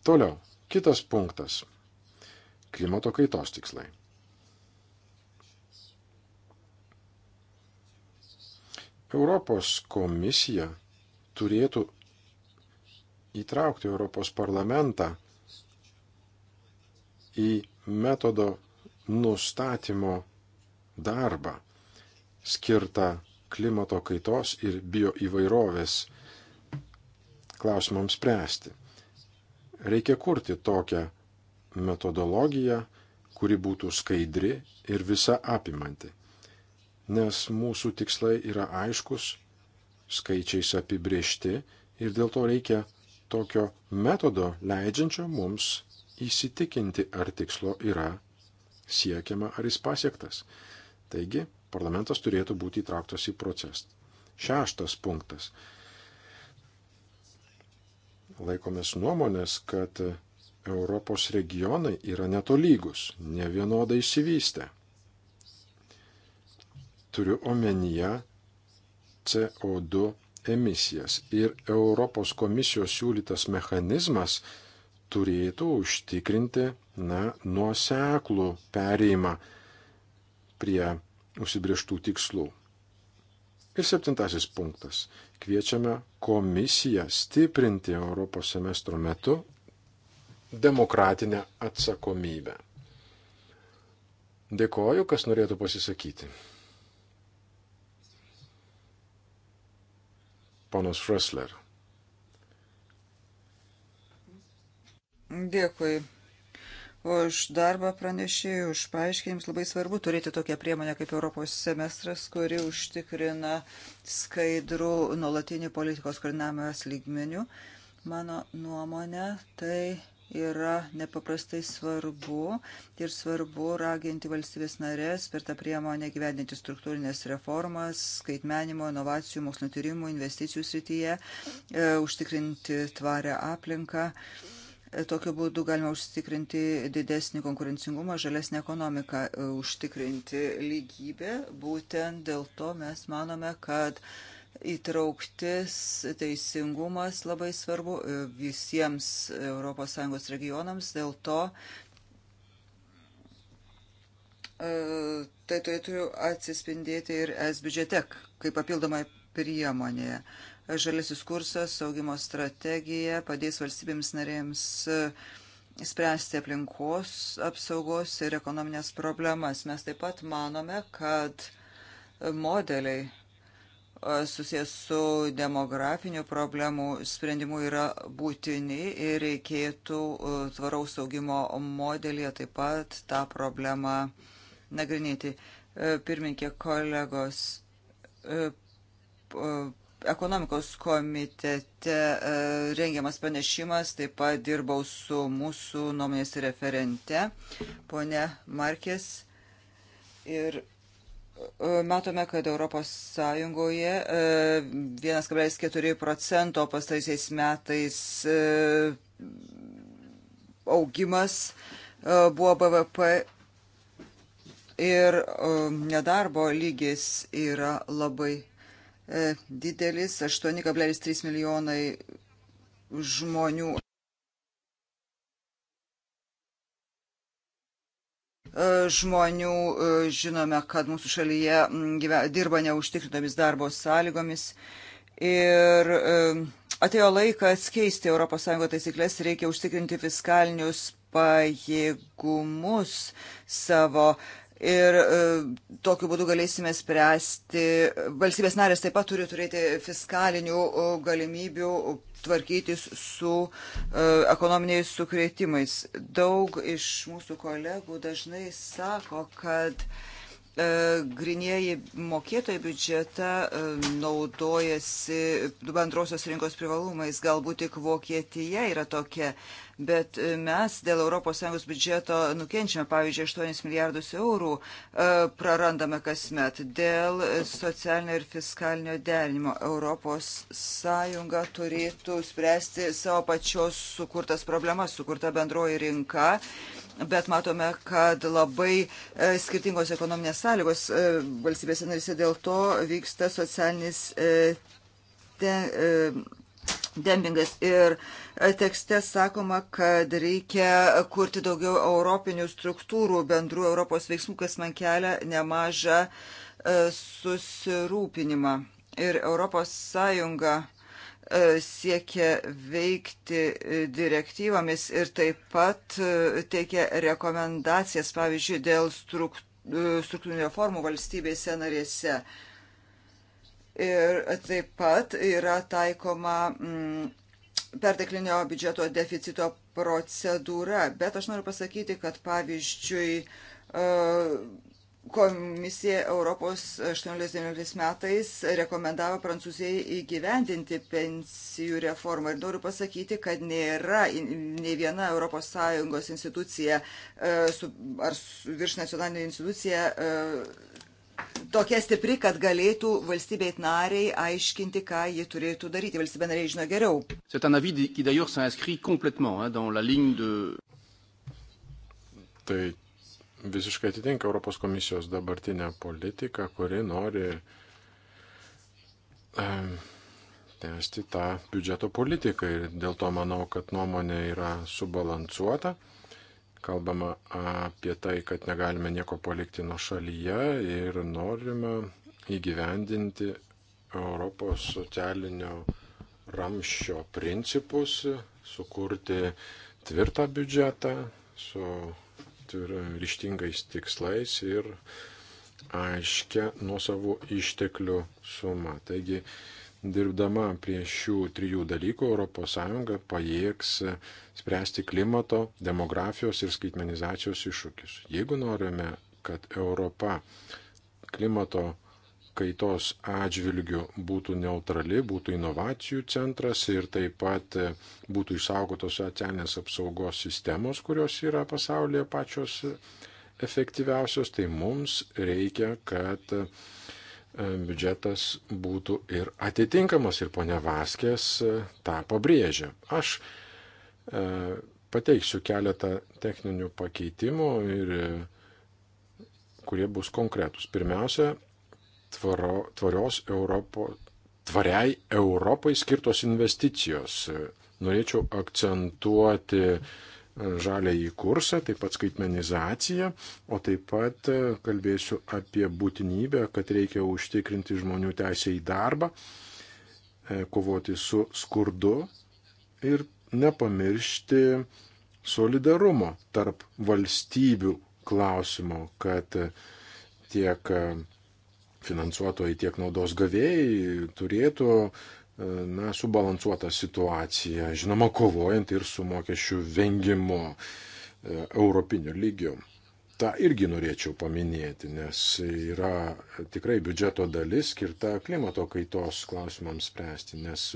Toliau, kitas punktas - klimato kaitos tikslai. Europos komisija turėtų įtraukti Europos parlamentą į metodo nustatymo darbą skirtą klimato kaitos ir bioįvairovės klausimams spręsti. Reikia kurti tokią metodologiją, kuri būtų skaidri ir visa apimanti nes mūsų tikslai yra aiškus, skaičiais apibriešti ir dėl to reikia tokio metodo leidžiančio mums įsitikinti, ar tikslo yra siekiama, ar jis pasiektas. Taigi, parlamentas turėtų būti įtrauktas į procesą. Šeštas punktas. Laikomės nuomonės, kad Europos regionai yra netolygus, nevienodai įsivystę turiu omenyje CO2 emisijas. Ir Europos komisijos siūlytas mechanizmas turėtų užtikrinti na, nuoseklų pereimą prie užsibrieštų tikslų. Ir septintasis punktas. Kviečiame komisiją stiprinti Europos semestro metu demokratinę atsakomybę. Dėkoju, kas norėtų pasisakyti. ponas Fresler. Dėkui už darbą pranešėjų, už paaiškinimus. Labai svarbu turėti tokią priemonę kaip Europos semestras, kuri užtikrina skaidrų nuolatinį politikos koordinavimas lygmenių. Mano nuomonė, tai yra nepaprastai svarbu ir svarbu raginti valstybės narės per tą priemonę gyvendinti struktūrinės reformas, skaitmenimo, inovacijų, mokslinio tyrimų, investicijų srityje, e, užtikrinti tvarę aplinką. E, tokiu būdu galima užtikrinti didesnį konkurencingumą, žalesnį ekonomiką, e, užtikrinti lygybę. Būtent dėl to mes manome, kad uh, Įtrauktis, teisingumas labai svarbu e, visiems ES regionams, dėl to e, tai turėtų atsispindėti ir S biudžete kaip papildomai priemonėje. Žalisis kursas, saugimo strategija padės valstybėms narėms e, spręsti aplinkos apsaugos ir ekonominės problemas. Mes taip pat manome, kad modeliai susijęs su demografiniu problemų sprendimu yra būtini ir reikėtų tvaraus augimo modelėje taip pat tą problemą nagrinėti. Pirminkė kolegos, ekonomikos komitete rengiamas pranešimas, taip pat dirbau su mūsų nuomonės referente, ponė Markės. Ir E, matome, kad Europos Sąjungoje 1,4 e, procento pastaisiais metais e, augimas buvo BVP ir nedarbo lygis yra labai didelis 8,3 milijonai žmonių. E, žmonių. E, žinome, kad mūsų šalyje dirba neužtikrintomis darbo sąlygomis. Ir e, atėjo laikas keisti ES taisyklės, reikia užtikrinti fiskalinius pajėgumus savo ir e, tokiu būdu galėsime spręsti. Valstybės narės taip pat turi turėti fiskalinių e, galimybių tvarkytis su e, ekonominiais sukrėtimais. Daug iš mūsų kolegų dažnai sako, kad uh, E, grinieji mokėtojai biudžetą e, naudojasi bendrosios rinkos privalumais, galbūt tik Vokietija yra tokia, bet e, mes dėl ES biudžeto nukenčiame, pavyzdžiui, 8 milijardus eurų prarandame kasmet dėl socialinio ir fiskalinio derinimo. ES turėtų spręsti savo pačios sukurtas problemas, sukurta bendroji rinka bet matome, kad labai e, skirtingos ekonominės sąlygos e, valstybėse narise dėl to vyksta socialinis e, dempingas. Ir tekste sakoma, kad reikia kurti daugiau europinių struktūrų, bendrų Europos veiksmų, kas man kelia nemažą susirūpinimą. Ir Europos Sąjunga E, siekia veikti e, direktyvomis ir taip pat e, teikia rekomendacijas, pavyzdžiui, dėl struktūrinių reformų valstybėse narėse. Ir taip pat yra taikoma mm, perteklinio biudžeto deficito procedūra. Bet aš noriu pasakyti, kad pavyzdžiui, Komisija Europos 18 metais rekomendavo Prancūzijai įgyvendinti pensijų reformą ir noriu pasakyti, kad nėra nei viena ES institucija e, ar virš nacionalinė institucija e, tokia stipri, kad galėtų valstybei nariai aiškinti, ką ji turėtų daryti. Valstybė nariai žino geriau. Tai visiškai atitinka Europos komisijos dabartinę politiką, kuri nori tęsti tą biudžeto politiką. Ir dėl to manau, kad nuomonė yra subalansuota. Kalbama apie tai, kad negalime nieko palikti nuo šalyje ir norime įgyvendinti Europos socialinio ramščio principus, sukurti tvirtą biudžetą su tai yra ryštingais tikslais ir aiškia nuo savo išteklių suma. Taigi, dirbdama prie šių trijų dalykų, ES pajėgs spręsti klimato, demografijos ir skaitmenizacijos iššūkius. Jeigu norime, kad Europa klimato kaitos atžvilgių būtų neutrali, būtų inovacijų centras ir taip pat e, būtų išsaugotos socialinės apsaugos sistemos, kurios yra pasaulyje pačios efektyviausios, tai mums reikia, kad e, biudžetas būtų ir atitinkamas ir ponia Vaskės e, tą pabrėžia. Aš pateiksiu keletą techninių pakeitimų ir kurie bus konkretūs. Pirmiausia, tvaro, tvarios Europos, tvariai Europai skirtos investicijos. Norėčiau akcentuoti e, žaliąjį kursą, taip pat skaitmenizaciją, o taip pat e, kalbėsiu apie būtinybę, kad reikia užtikrinti žmonių teisę į darbą, e, kovoti su skurdu ir nepamiršti solidarumo tarp valstybių klausimo, kad tiek finansuotojai, tiek naudos gavėjai turėtų e, na, subalansuotą situaciją, žinoma, kovojant ir su mokesčių vengimu e, europiniu lygiu. Ta irgi norėčiau paminėti, nes yra tikrai biudžeto dalis skirta klimato kaitos klausimams spręsti, nes,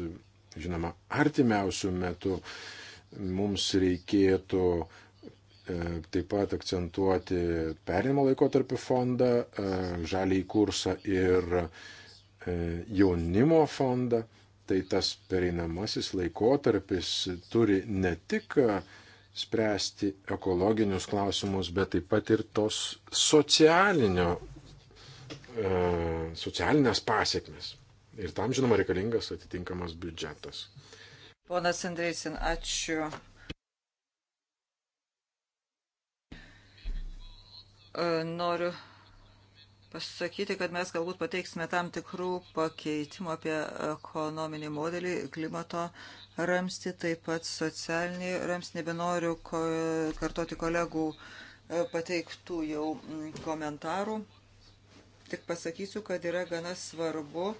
žinoma, artimiausių metų mums reikėtų E, taip pat akcentuoti perėmimo laikotarpio fondą, e, žalį į kursą ir e, jaunimo fondą. Tai tas pereinamasis laikotarpis turi ne tik spręsti ekologinius klausimus, bet taip pat ir tos socialinio, socialinės pasiekmes. Ir tam, žinoma, reikalingas atitinkamas biudžetas. Ponas Andreisin, ačiū E, noriu pasakyti, kad mes galbūt pateiksime tam tikrų pakeitimų apie ekonominį modelį, klimato ramsti, taip pat socialinį ramsti. Nebenoriu kartoti kolegų e, pateiktų jau komentarų. Tik pasakysiu, kad yra gana svarbu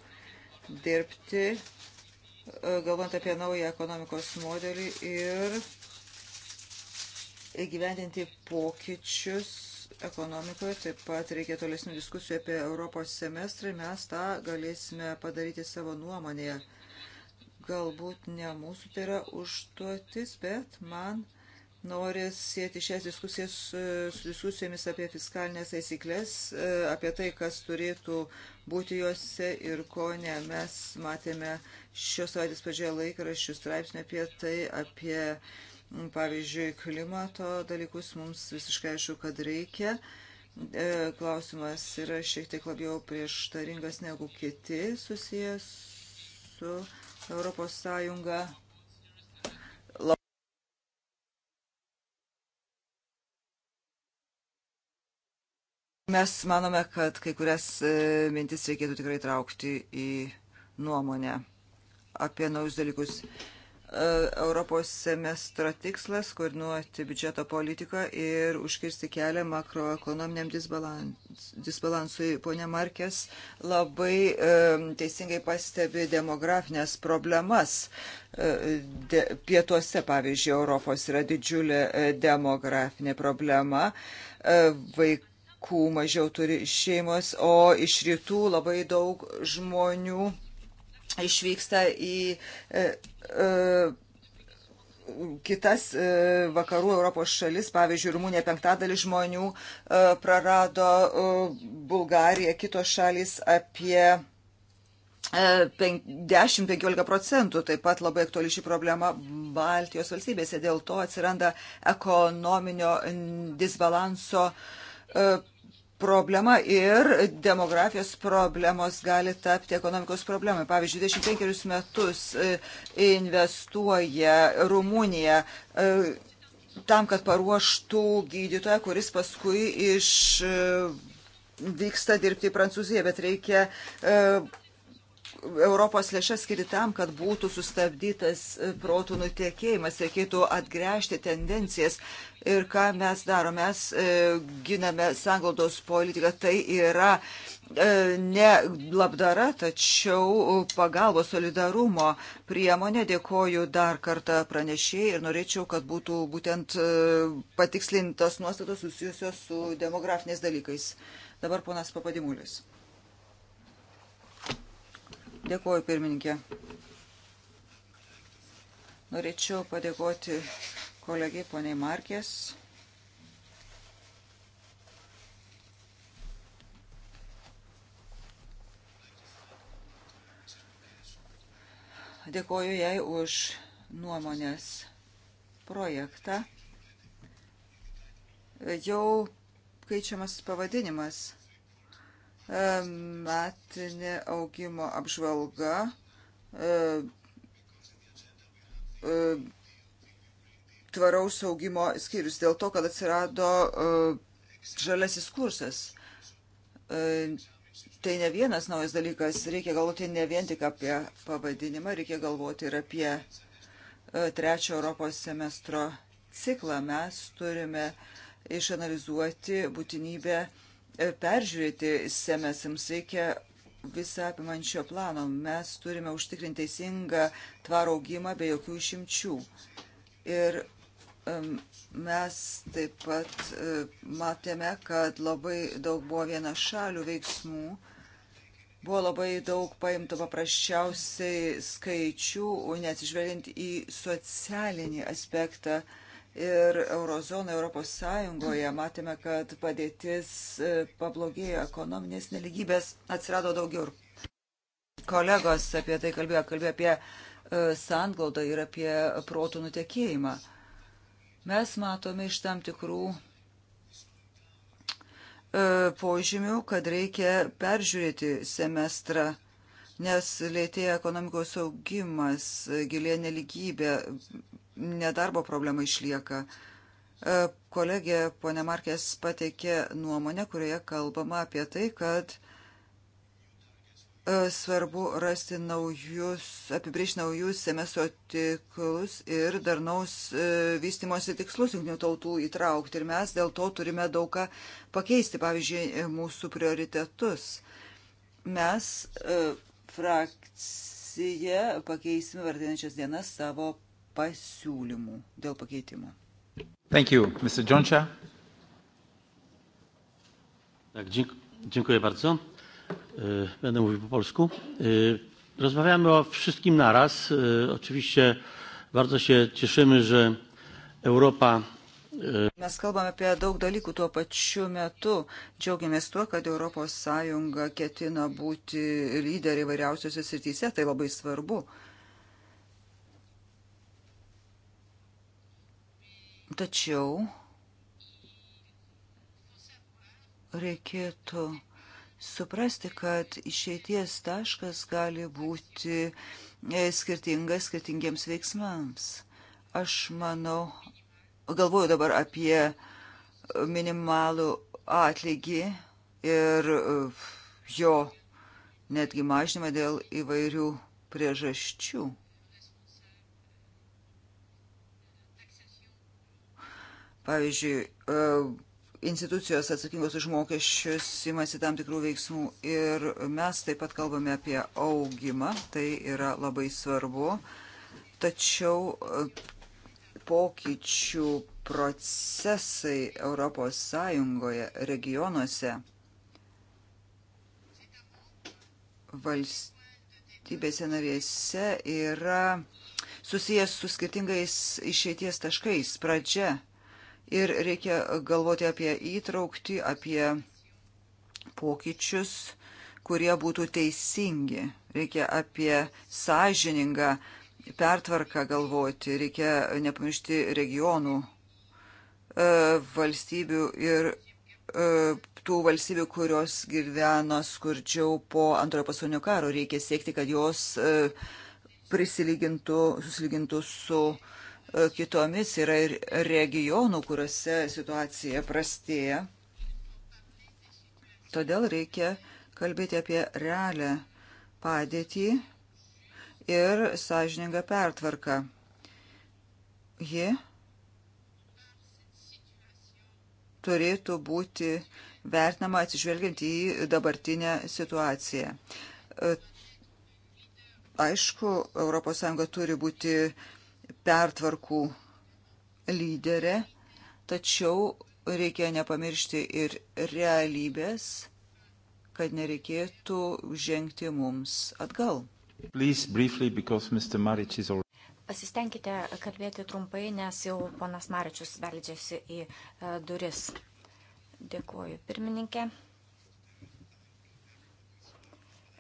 dirbti, e, galvant apie naują ekonomikos modelį ir įgyvendinti pokyčius ekonomikoje. Taip pat reikia tolesnių diskusijų apie Europos semestrą ir mes tą galėsime padaryti savo nuomonėje. Galbūt ne mūsų tai yra užduotis, bet man noris sėti šias diskusijas e, su diskusijomis apie fiskalinės taisyklės, e, apie tai, kas turėtų būti juose ir ko ne. Mes matėme šios savaitės pradžioje laikraščių straipsnį apie tai, apie pavyzdžiui, klimato dalykus mums visiškai aišku, kad reikia. E, klausimas yra šiek tiek labiau prieštaringas negu kiti susijęs su Europos Sąjunga. Mes manome, kad kai kurias e, mintis reikėtų tikrai traukti į nuomonę apie naujus dalykus. E, Europos semestro tikslas - koordinuoti biudžeto politiką ir užkirsti kelią makroekonominiam disbalansui. Pone Markės labai e, teisingai pastebi demografinės problemas. E, de, pietuose, pavyzdžiui, Europos yra didžiulė e, demografinė problema. E, vaikų mažiau turi šeimos, o iš rytų labai daug žmonių išvyksta į e, e, kitas e, vakarų Europos šalis, pavyzdžiui, Rumunija penktadalį žmonių e, prarado, e, Bulgarija, kitos šalis apie 10-15 e, procentų taip pat labai aktuali ši problema Baltijos valstybėse. Dėl to atsiranda ekonominio disbalanso e, problema ir demografijos problemos gali tapti ekonomikos problemai. Pavyzdžiui, 25 metus e, investuoja Rumunija e, tam, kad paruoštų gydytoją, kuris paskui iš e, vyksta dirbti į Prancūziją, bet reikia Europos lėšas skiri tam, kad būtų sustabdytas protų nutiekėjimas, reikėtų atgręžti tendencijas. Ir ką mes darome, mes e, giname sanglaudos politiką, tai yra e, ne labdara, tačiau pagalbos solidarumo priemonė. Dėkoju dar kartą pranešėjai ir norėčiau, kad būtų būtent e, patikslintos nuostatos susijusios su demografiniais dalykais. Dabar ponas Papadimulis. Dėkuoju, pirmininkė. Norėčiau padėkoti kolegiai poniai Markės. Dėkoju jai už nuomonės projektą. Jau keičiamas pavadinimas metinė augimo apžvalga e, e, tvaraus augimo skyrius dėl to, kad atsirado e, žalesis kursas. Tai ne vienas naujas dalykas, reikia galvoti ne vien tik apie pavadinimą, reikia galvoti ir apie trečio Europos semestro ciklą. Mes turime išanalizuoti būtinybę uh, E, peržiūrėti semės, jums reikia visą apimančio plano. Mes turime užtikrinti teisingą tvarų augimą be jokių išimčių. Ir um, mes taip pat uh, matėme, kad labai daug buvo viena šalių veiksmų. Buvo labai daug paimta paprasčiausiai skaičių, neatsižvelgiant į socialinį aspektą uh, ir Eurozona Europos Sąjungoje matėme, kad padėtis e, pablogėjo, ekonominės neligybės atsirado daugiau. Kolegos apie tai kalbėjo, kalbėjo apie e, sanglaudą ir apie protų nutekėjimą. Mes matome iš tam tikrų e, požymių, kad reikia peržiūrėti semestrą nes lėtėja ekonomikos augimas, gilė neligybė, nedarbo problema išlieka. E, kolegė ponė Markės pateikė nuomonę, kurioje kalbama apie tai, kad e, svarbu rasti naujus, apibriežti naujus semestro tiklus ir darnaus e, vystimosi tikslus jungtinių tautų įtraukti. Ir mes dėl to turime daug ką pakeisti, pavyzdžiui, mūsų prioritetus. Mes frakcija pakeisime vardinančias dienas savo pasiūlymų dėl pakeitimo. Thank you. Mr. Johncha. Tak, dziękuję bardzo. E, będę mówił po polsku. E, rozmawiamy o wszystkim naraz. E, oczywiście bardzo się cieszymy, że Europa Mes kalbame apie daug dalykų tuo pačiu metu. Džiaugiamės tuo, kad ES ketina būti lyderė įvairiausiose srityse, tai labai svarbu. Tačiau reikėtų suprasti, kad išeities taškas gali būti skirtingas skirtingiems veiksmams. Aš manau, galvoju dabar apie e, minimalų atlygį ir e, jo netgi mažinimą dėl įvairių priežasčių. Pavyzdžiui, e, institucijos atsakingos už mokesčius imasi tam tikrų veiksmų ir mes taip pat kalbame apie augimą, tai yra labai svarbu. Tačiau pokyčių procesai Europos Sąjungoje, regionuose, valstybėse narėse yra susijęs su skirtingais išeities taškais, pradžia. Ir reikia galvoti apie įtraukti, apie pokyčius, kurie būtų teisingi. Reikia apie sąžiningą pertvarką galvoti, reikia nepamiršti regionų, e, valstybių ir e, tų valstybių, kurios gyvena skurdžiau po antrojo pasaulinio karo. Reikia siekti, kad jos e, prisilygintų, susilygintų su kitomis. Yra ir regionų, kuriuose situacija prastėja. Todėl reikia kalbėti apie realią padėtį ir sąžininga pertvarka. Ji turėtų būti vertinama atsižvelgiant į dabartinę situaciją. E, aišku, ES turi būti pertvarkų lyderė, tačiau reikia nepamiršti ir realybės, kad nereikėtų žengti mums atgal. Please, briefly, already... Pasistengkite kalbėti trumpai, nes jau ponas Maričius beldžiasi į e, duris. Dėkuoju, pirmininkė.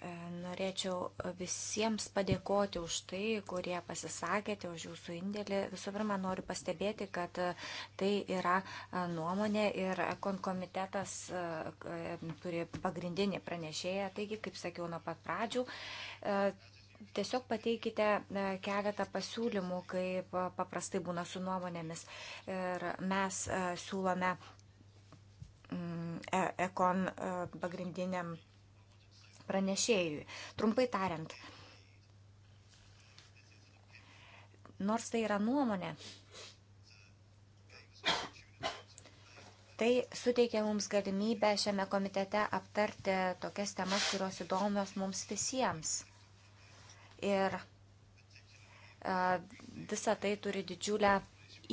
E, norėčiau visiems padėkoti už tai, kurie pasisakėte, už jūsų indėlį. Visų pirma, noriu pastebėti, kad e, tai yra nuomonė ir konkomitetas turi pagrindinį pranešėją. Taigi, kaip sakiau nuo pat pradžių, tiesiog pateikite e, keletą pasiūlymų, kaip e, paprastai būna su nuomonėmis. Ir mes e, siūlome mm, ekon pagrindiniam pranešėjui. Trumpai tariant, nors tai yra nuomonė, tai suteikia mums galimybę šiame komitete aptarti tokias temas, kurios įdomios mums visiems. Ir e, visa tai turi didžiulę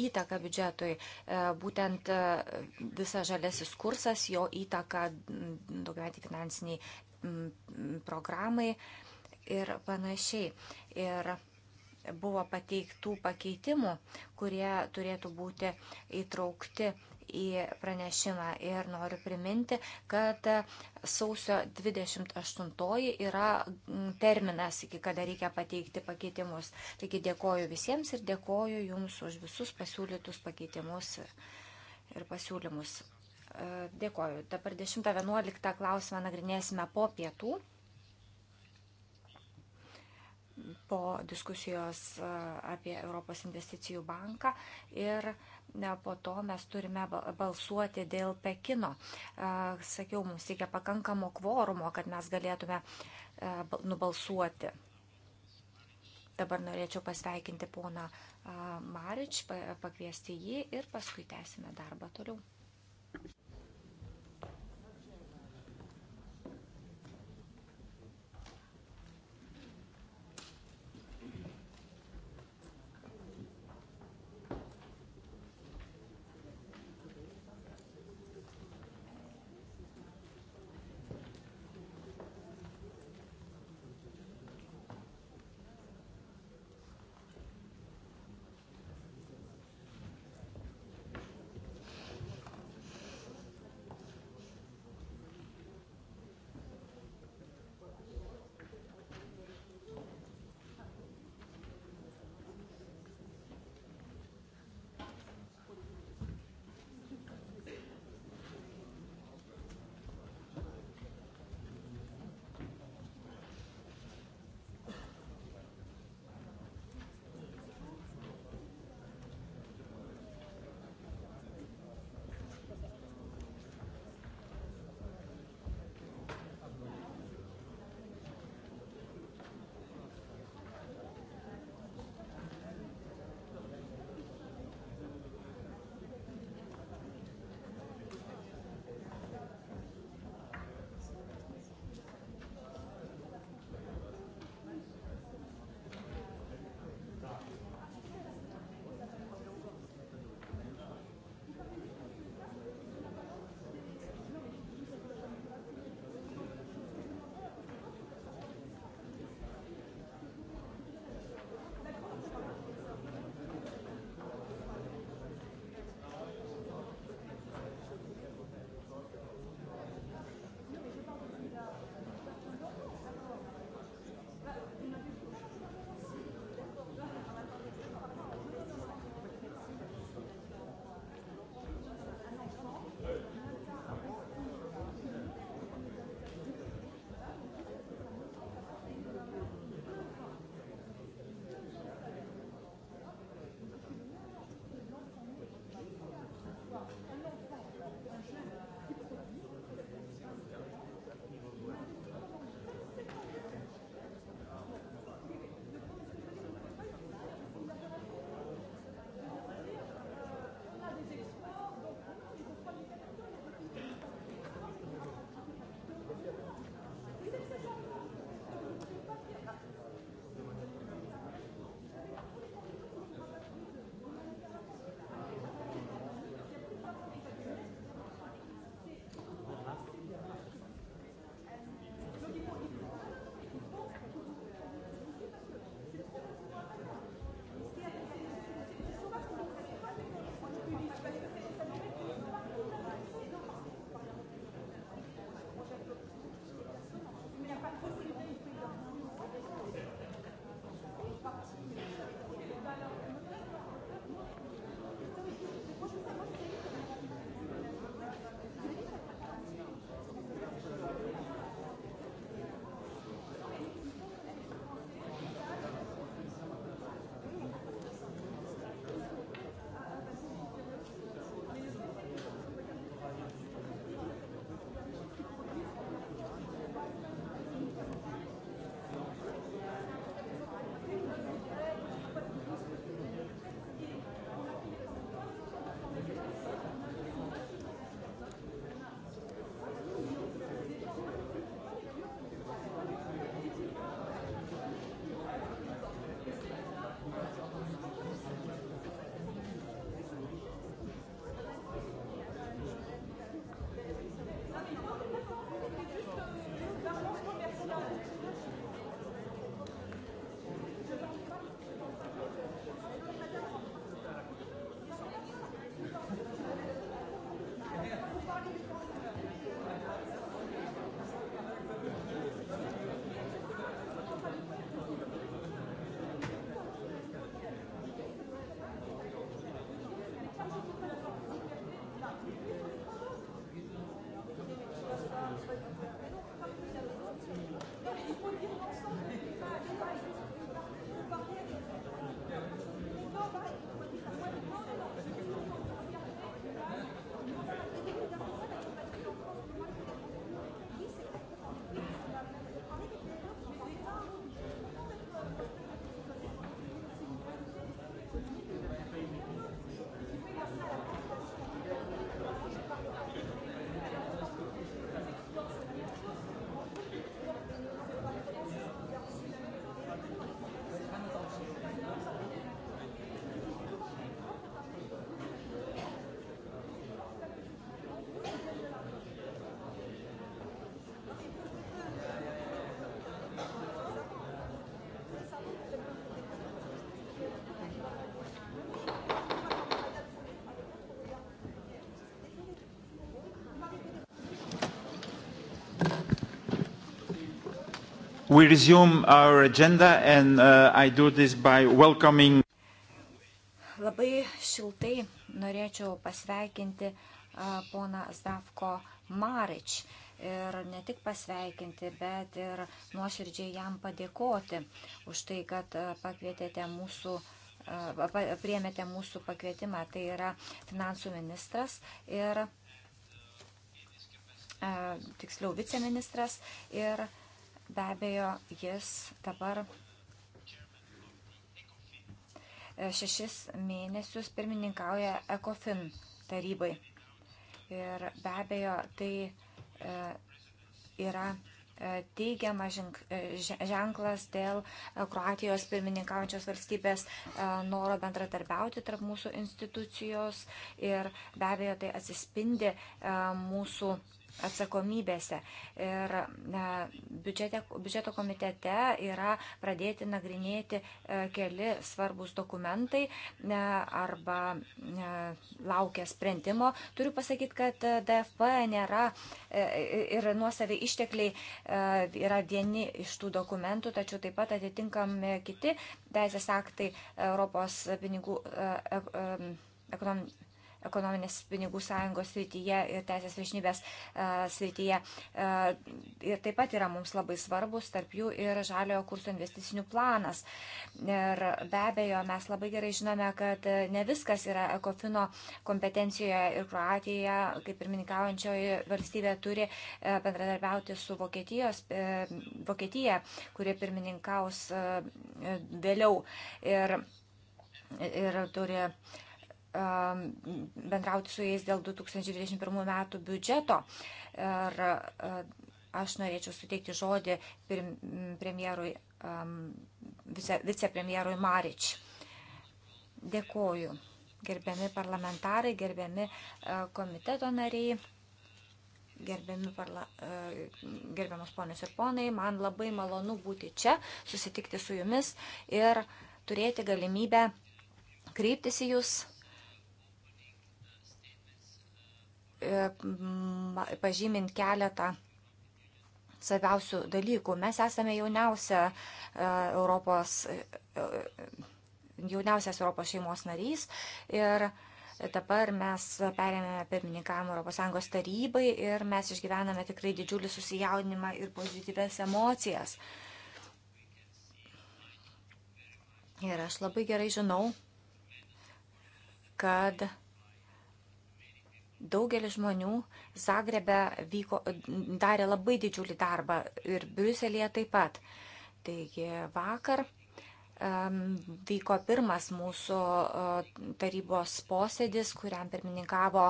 įtaką biudžetui. E, būtent e, visa žalesis kursas, jo įtaka daugiametį finansiniai programai ir panašiai. Ir buvo pateiktų pakeitimų, kurie turėtų būti įtraukti į pranešimą ir noriu priminti, kad sausio 28 yra terminas, iki kada reikia pateikti pakeitimus. Taigi dėkoju visiems ir dėkoju Jums už visus pasiūlytus pakeitimus ir pasiūlymus. E, dėkoju. Dabar 10.11 klausimą nagrinėsime po pietų, po diskusijos e, apie Europos investicijų banką ir po to mes turime balsuoti dėl Pekino. Sakiau, mums reikia pakankamo kvorumo, kad mes galėtume nubalsuoti. Dabar norėčiau pasveikinti poną Marič, pakviesti jį ir paskui tęsime darbą toliau. We resume our agenda and uh, I do this by welcoming. Labai šiltai norėčiau pasveikinti uh, poną Zdavko Marič ir ne tik pasveikinti, bet ir nuoširdžiai jam padėkoti už tai, kad uh, pakvietėte mūsų uh, priemėte mūsų pakvietimą, tai yra finansų ministras ir uh, tiksliau viceministras ir Be abejo, jis dabar e, šešis mėnesius pirmininkauja ECOFIN tarybai. Ir be abejo, tai e, yra e, teigiamas ženklas dėl Kroatijos pirmininkaujančios valstybės noro bendradarbiauti tarp mūsų institucijos ir be abejo tai atsispindi mūsų atsakomybėse. Ir biudžete, biudžeto komitete yra pradėti nagrinėti e, keli svarbus dokumentai e, arba e, laukia sprendimo. Turiu pasakyti, kad DFP nėra ir nuosavi ištekliai yra vieni iš tų dokumentų, tačiau taip pat atitinkami kiti teisės aktai Europos pinigų ekonomikos ekonominės pinigų sąjungos srityje ir teisės viršnybės e, srityje. E, ir taip pat yra mums labai svarbus, tarp jų ir žaliojo kurso investicinių planas. Ir be abejo, mes labai gerai žinome, kad e, ne viskas yra ekofino kompetencijoje ir Kroatija, kaip ir mininkaujančioji valstybė, turi bendradarbiauti su Vokietijos, Vokietija, kurie pirmininkaus vėliau. Ir ir turi Um, bendrauti su jais dėl 2021 metų biudžeto. Ir uh, aš norėčiau suteikti žodį premjerui, um, vice, vicepremjerui Marič. Dėkoju. Gerbiami parlamentarai, gerbiami uh, komiteto nariai, gerbiami parla, uh, gerbiamas ponios ir ponai, man labai malonu būti čia, susitikti su jumis ir turėti galimybę kreiptis į jūs pažymint keletą svarbiausių dalykų. Mes esame jauniausia e, Europos, e, e, jauniausias Europos šeimos narys ir dabar mes perėmėme pirmininkavimą ES tarybai ir mes išgyvename tikrai didžiulį susijaudinimą ir pozityves emocijas. Ir aš labai gerai žinau, kad Daugelis žmonių Zagrebe vyko, darė labai didžiulį darbą ir Briuselėje taip pat. Taigi vakar um, vyko pirmas mūsų uh, tarybos posėdis, kuriam pirmininkavo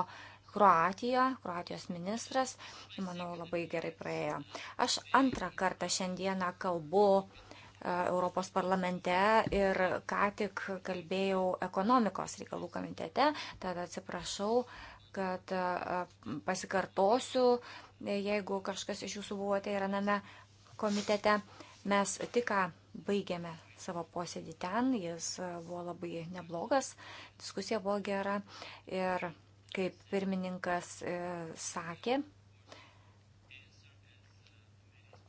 Kroatija, Kroatijos ministras, manau, labai gerai praėjo. Aš antrą kartą šiandieną kalbu e, Europos parlamente ir ką tik kalbėjau ekonomikos reikalų komitete, tad atsiprašau, kad pasikartosiu, jeigu kažkas iš jūsų buvote ir aname komitete, mes tik ką baigėme savo posėdį ten, jis buvo labai neblogas, diskusija buvo gera ir kaip pirmininkas e, sakė,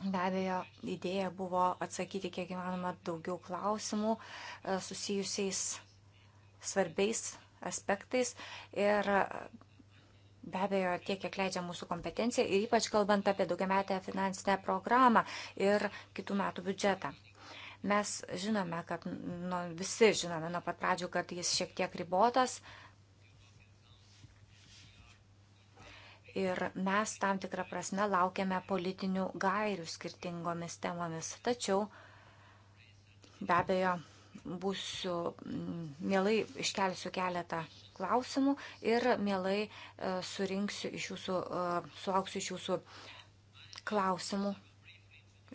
Be abejo, idėja buvo atsakyti kiek įmanoma daugiau klausimų e, susijusiais svarbiais aspektais ir Be abejo, tiek, kiek leidžia mūsų kompetencija ir ypač kalbant apie daugiametę finansinę programą ir kitų metų biudžetą. Mes žinome, kad nu, visi žinome nuo pat pradžių, kad jis šiek tiek ribotas ir mes tam tikrą prasme laukiame politinių gairių skirtingomis temomis. Tačiau, be abejo, būsiu, mm, mielai iškelsiu keletą klausimų ir mielai e, surinksiu iš jūsų, e, sulauksiu iš jūsų klausimų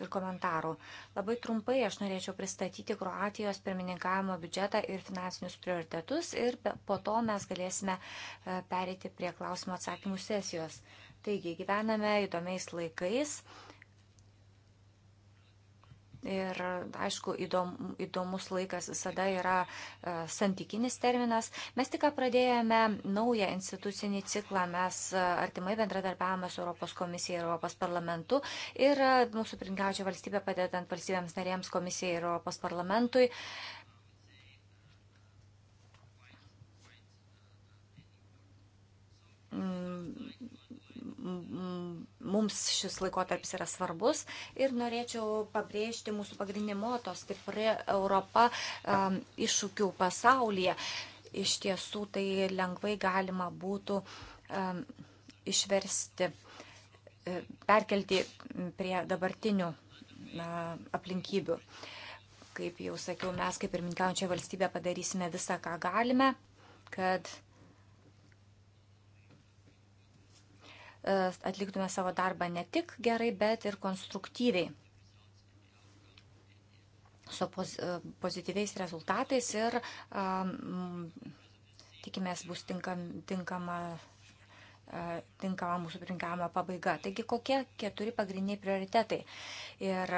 ir komentarų. Labai trumpai aš norėčiau pristatyti Kroatijos pirmininkavimo biudžetą ir finansinius prioritetus ir po to mes galėsime e, pereiti prie klausimo atsakymų sesijos. Taigi, gyvename įdomiais laikais Ir aišku, įdom, įdomus laikas visada yra e, santykinis terminas. Mes tik pradėjome naują institucinį ciklą, mes e, artimai bendradarbiavame su Europos komisija ir Europos parlamentu ir e, mūsų pringaučia valstybė padedant valstybėms narėms komisijai ir Europos parlamentui. E, mums šis laikotarpis yra svarbus ir norėčiau pabrėžti mūsų pagrindinį moto stipri Europa iššūkių pasaulyje. Iš tiesų tai lengvai galima būtų išversti, e, perkelti prie dabartinių aplinkybių. Kaip jau sakiau, mes kaip ir minkaujančia valstybė padarysime visą, ką galime, kad E, atliktume savo darbą ne tik gerai, bet ir konstruktyviai su e, pozityviais rezultatais ir um, tikimės bus tinkam, tinkama, uh, tinkama mūsų pirmininkavimo pabaiga. Taigi kokie keturi pagrindiniai prioritetai? Ir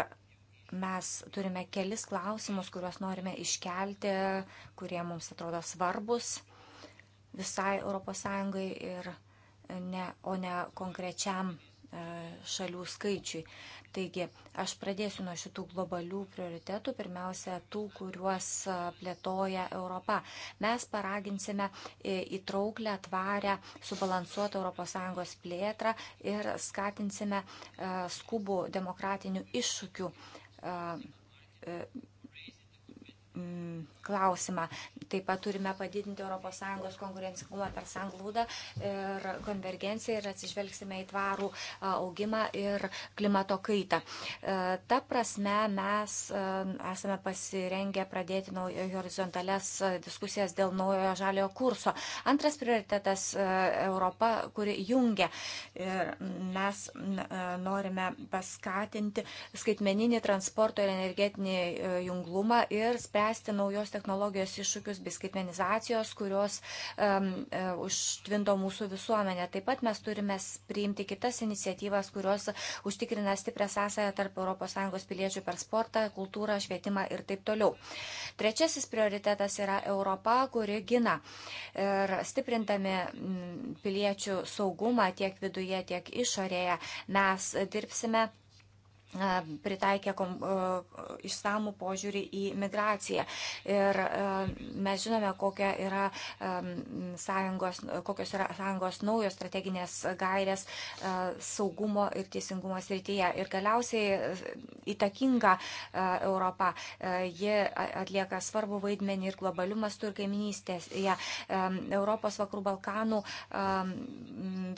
mes turime kelis klausimus, kuriuos norime iškelti, kurie mums atrodo svarbus visai ES ir ne, o ne konkrečiam e, šalių skaičiui. Taigi, aš pradėsiu nuo šitų globalių prioritetų, pirmiausia, tų, kuriuos e, plėtoja Europa. Mes paraginsime e, įtrauklę, tvarę, subalansuotą ES plėtrą ir skatinsime skubų demokratinių iššūkių Mm, klausimą. Taip pat turime padidinti ES konkurencingumą per sanglaudą ir konvergenciją ir atsižvelgsime į tvarų augimą ir klimato kaitą. E, ta prasme mes esame pasirengę pradėti horizontales diskusijas dėl naujojo žaliojo kurso. Antras prioritetas - Europa, kuri jungia. Ir mes norime paskatinti skaitmeninį transporto ir energetinį e, junglumą ir sprendimą spręsti naujos technologijos iššūkius bei skaitmenizacijos, kurios um, užtvindo mūsų visuomenę. Taip pat mes turime priimti kitas iniciatyvas, kurios užtikrina stiprią sąsąją tarp ES piliečių per sportą, kultūrą, švietimą ir taip toliau. Trečiasis prioritetas yra Europa, kuri gina. Ir stiprindami piliečių saugumą tiek viduje, tiek išorėje mes dirbsime pritaikė kom, išsamų požiūrį į migraciją. Ir mes žinome, kokia yra sąjungos, kokios yra sąjungos naujos strateginės gairės saugumo ir teisingumo srityje. Ir galiausiai įtakinga Europa. Ji atlieka svarbu vaidmenį ir globalių mastų ir kaiminystėje. Europos vakarų Balkanų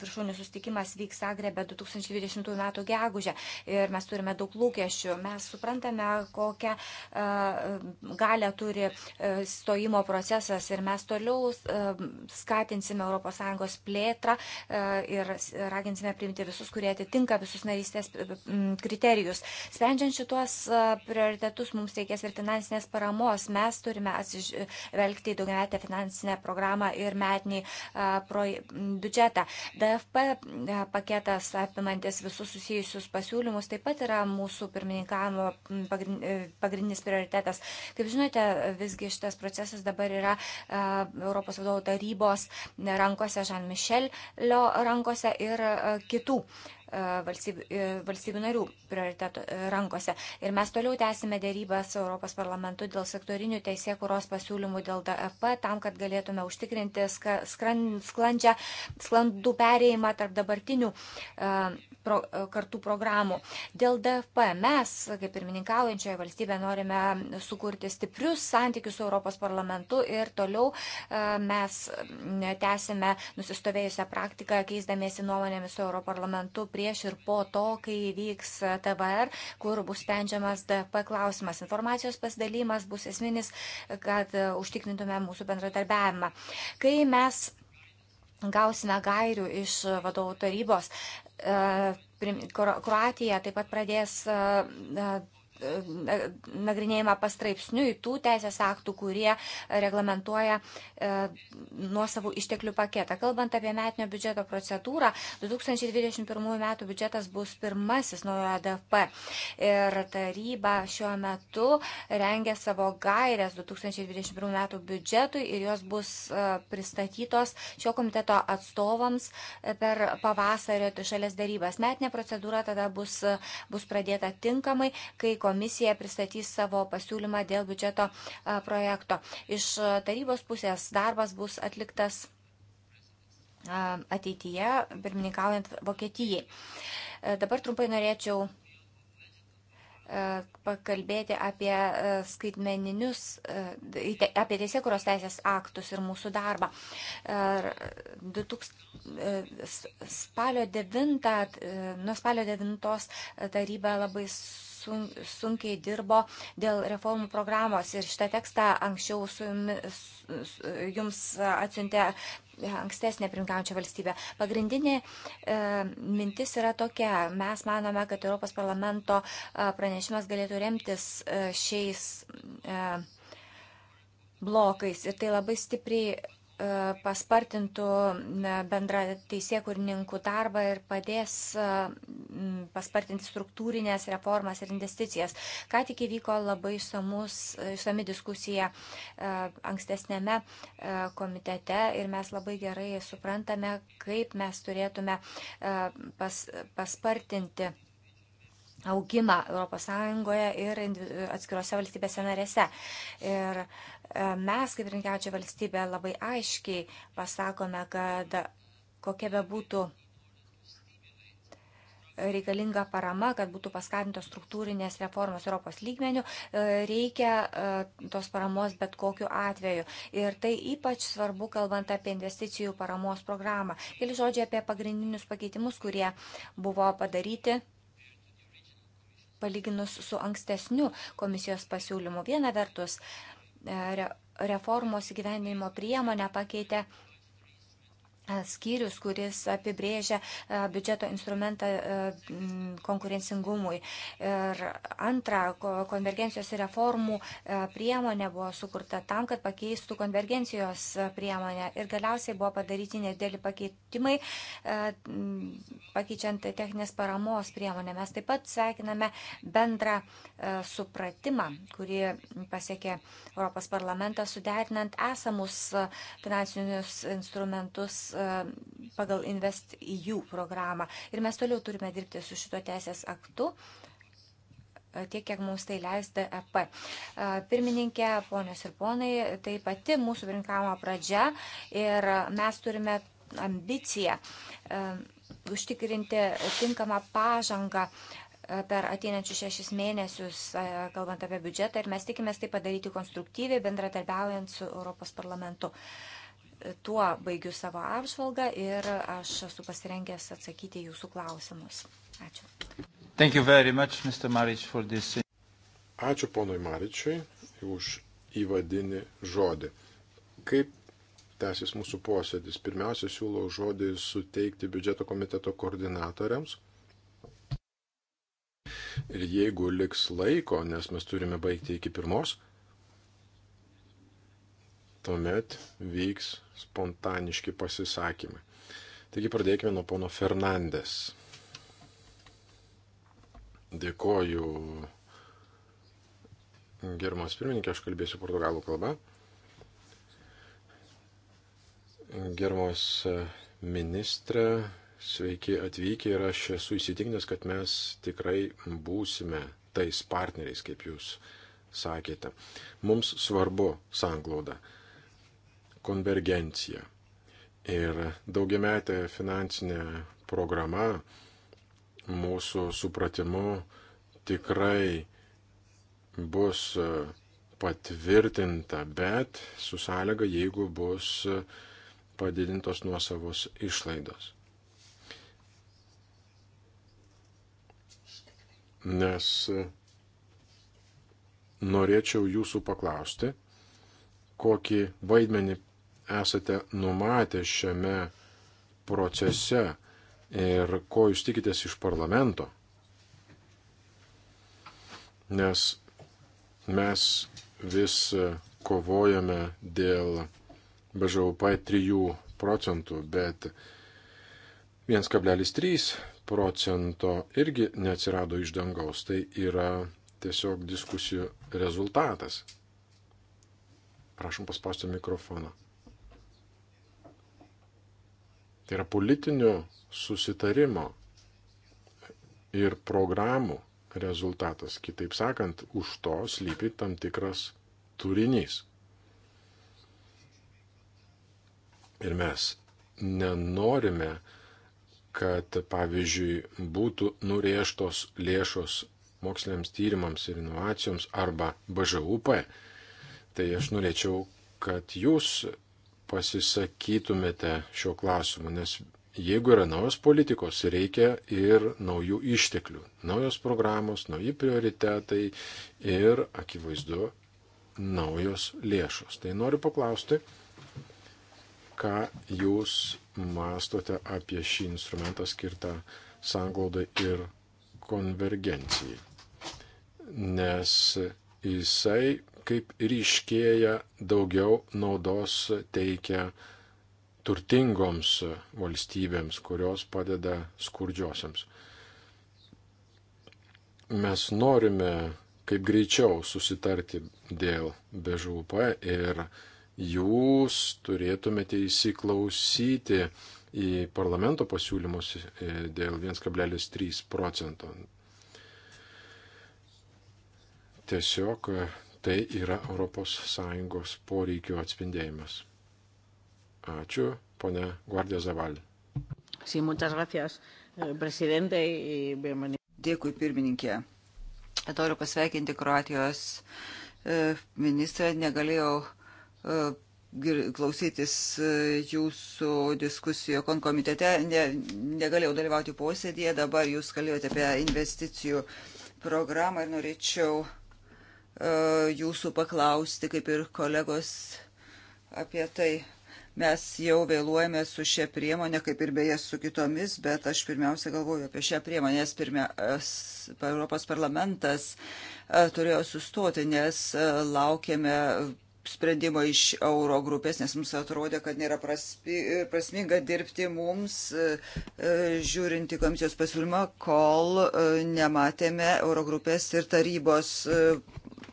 viršūnių sustikimas vyks Agrebe 2020 m. gegužę. Ir mes turime turime daug lūkesčių. Mes suprantame, kokią e, galę turi e, stojimo procesas ir mes toliau e, skatinsime ES plėtrą ir raginsime priimti visus, kurie atitinka visus narystės kriterijus. Sprendžiant šitos prioritetus, mums reikės ir finansinės paramos. Mes turime atsižvelgti į daugiametę finansinę programą ir metinį biudžetą. DFP paketas apimantis visus susijusius pasiūlymus taip pat yra yra mūsų pirmininkavimo e, pagrindinis prioritetas. Kaip žinote, visgi šitas procesas dabar yra e, Europos vadovų tarybos rankose, Žan Mišelio rankose ir e, kitų. Uh, valstybių, e, valstybių narių prioritetų e, rankose. Ir mes toliau tęsime dėrybą su Europos parlamentu dėl sektorinių teisėkuros pasiūlymų dėl DFP, e tam, kad galėtume užtikrinti sklandžią, sklandų perėjimą tarp dabartinių pro, kartų programų. Dėl DFP mes, kaip pirmininkaujančioje valstybė, norime sukurti stiprius santykius su Europos parlamentu ir toliau mes tęsime nusistovėjusią praktiką, keisdamiesi nuomonėmis su Europarlamentu prie prieš ir po to, kai vyks TVR, kur bus sprendžiamas DP klausimas. Informacijos pasidalymas bus esminis, kad e, užtikrintume mūsų bendradarbiavimą. Kai mes gausime gairių iš vadovų tarybos, e, Kroatija taip pat pradės e, E, nagrinėjimą pastraipsniui tų teisės aktų, kurie reglamentuoja e, nuosavų išteklių paketą. Kalbant apie metinio biudžeto procedūrą, 2021 metų biudžetas bus pirmasis naujojo e DFP ir taryba šiuo metu rengia savo gairias 2021 metų biudžetui ir jos bus pristatytos šio komiteto atstovams per pavasario šalies darybas. Metinė procedūra tada bus, bus pradėta tinkamai, kai komisija komisija pristatys savo pasiūlymą dėl biudžeto projekto. Iš tarybos pusės darbas bus atliktas ateityje, pirmininkaujant Vokietijai. Dabar trumpai norėčiau pakalbėti apie skaitmeninius, apie teisėkuros teisės aktus ir mūsų darbą. Ir 2000, spalio 9, nuo spalio 9 taryba labai sun, sunkiai dirbo dėl reformų programos ir šitą tekstą anksčiau su jumis, su, jums atsiuntė ankstesnė primkaujančia valstybė. Pagrindinė e, mintis yra tokia. Mes manome, kad Europos parlamento e, pranešimas galėtų remtis e, šiais e, blokais ir tai labai stipriai E, paspartintų bendrą teisėkurininkų darbą ir padės e, paspartinti struktūrinės reformas ir investicijas. Ką tik įvyko labai e, išsami diskusija ankstesnėme komitete ir mes labai gerai suprantame, kaip mes turėtume pas, paspartinti augimą ES ir atskirose valstybėse narėse. Ir e, mes, kaip rinkiaučia valstybė, labai aiškiai pasakome, kad kokia be būtų reikalinga parama, kad būtų paskatintos struktūrinės reformos Europos lygmenių, e, reikia e, tos paramos bet kokiu atveju. Ir tai ypač svarbu, kalbant apie investicijų paramos programą. Keli žodžiai apie pagrindinius pakeitimus, kurie buvo padaryti palyginus su ankstesniu komisijos pasiūlymu. Viena vertus, e, reformos įgyvendinimo priemonę pakeitė E, skyrius, kuris apibrėžia e, biudžeto instrumentą e, konkurencingumui. Ir antra, konvergencijos ir reformų priemonė buvo sukurta tam, kad pakeistų konvergencijos priemonę. Ir galiausiai buvo padaryti nedėlį pakeitimai, pakeičiant techninės paramos priemonę. Mes taip pat sveikiname bendrą supratimą, kurį pasiekė Europos parlamentas, suderinant esamus finansinius instrumentus E, pagal Invest EU programą. Ir mes toliau turime dirbti su šito teisės aktu e, tiek, kiek mums tai leis DEP. E, pirmininkė, ponios ir ponai, tai pati mūsų rinkamo pradžia ir mes turime ambiciją užtikrinti tinkamą pažangą per ateinančius šešis mėnesius, kalbant apie biudžetą, ir mes tikimės tai padaryti konstruktyviai, bendradarbiaujant su Europos parlamentu. Tuo baigiu savo apžvalgą ir aš esu pasirengęs atsakyti jūsų klausimus. Ačiū. Much, Maric, this... Ačiū ponui Maričiui už įvadinį žodį. Kaip tęsis mūsų posėdis? Pirmiausia, siūlau žodį suteikti biudžeto komiteto koordinatoriams. Ir jeigu liks laiko, nes mes turime baigti iki pirmos, tuomet vyks spontaniški pasisakymai. Taigi pradėkime nuo pono Fernandės. Dėkoju, gerbiamas pirmininkė, aš kalbėsiu portugalų kalbą. Gerbiamas e, ministrė, sveiki atvykę ir aš esu įsitikinęs, kad mes tikrai būsime tais partneriais, kaip jūs sakėte. Mums svarbu sanglauda konvergenciją. Ir daugiametė finansinė programa mūsų supratimu tikrai bus e, patvirtinta, bet su sąlyga, jeigu bus e, padidintos nuosavos išlaidos. Nes e, norėčiau jūsų paklausti, kokį vaidmenį esate numatę šiame procese ir ko jūs tikitės iš parlamento. Nes mes vis kovojame dėl BŽUP 3 procentų, bet 1,3 procento irgi neatsirado iš dangaus. Tai yra tiesiog diskusijų rezultatas. Prašom paspausti mikrofoną. Tai yra politinių susitarimo ir programų rezultatas. Kitaip sakant, už to slypi tam tikras turinys. Ir mes nenorime, kad, pavyzdžiui, būtų nurėžtos lėšos moksliniams tyrimams ir inovacijoms arba BŽUP. Tai aš norėčiau, kad jūs pasisakytumėte šiuo klausimu, nes jeigu yra naujos politikos, reikia ir naujų išteklių, naujos programos, nauji prioritetai ir, akivaizdu, naujos lėšos. Tai noriu paklausti, ką jūs mastote apie šį instrumentą skirtą sanglaudai ir konvergencijai. Nes jisai kaip ryškėja daugiau naudos teikia turtingoms valstybėms, kurios padeda skurdžiosiams. Mes norime kaip greičiau susitarti dėl BŽUP ir jūs turėtumėte įsiklausyti į parlamento pasiūlymus e, dėl 1,3 procento. Tiesiog tai yra ES poreikio atspindėjimas. Ačiū, ponia Guardija Zaval. Sí, muchas gracias, eh, presidente, y bienvenido. Dėkui, pirmininkė. Noriu pasveikinti Kroatijos e, ministrą, negalėjau e, klausytis e, jūsų diskusijoje konkomitete, ne, negalėjau dalyvauti posėdėje, dabar jūs kalbėjote apie investicijų programą ir norėčiau E, jūsų paklausti, kaip ir kolegos apie tai. Mes jau vėluojame su šia priemonė, kaip ir beje su kitomis, bet aš pirmiausia galvoju apie šią priemonę, nes pirmia, Europos parlamentas e, turėjo sustoti, nes e, laukėme sprendimo iš euro grupės, nes mums atrodė, kad nėra praspi, prasminga dirbti mums, žiūrinti komisijos pasiūlymą, kol nematėme euro grupės ir tarybos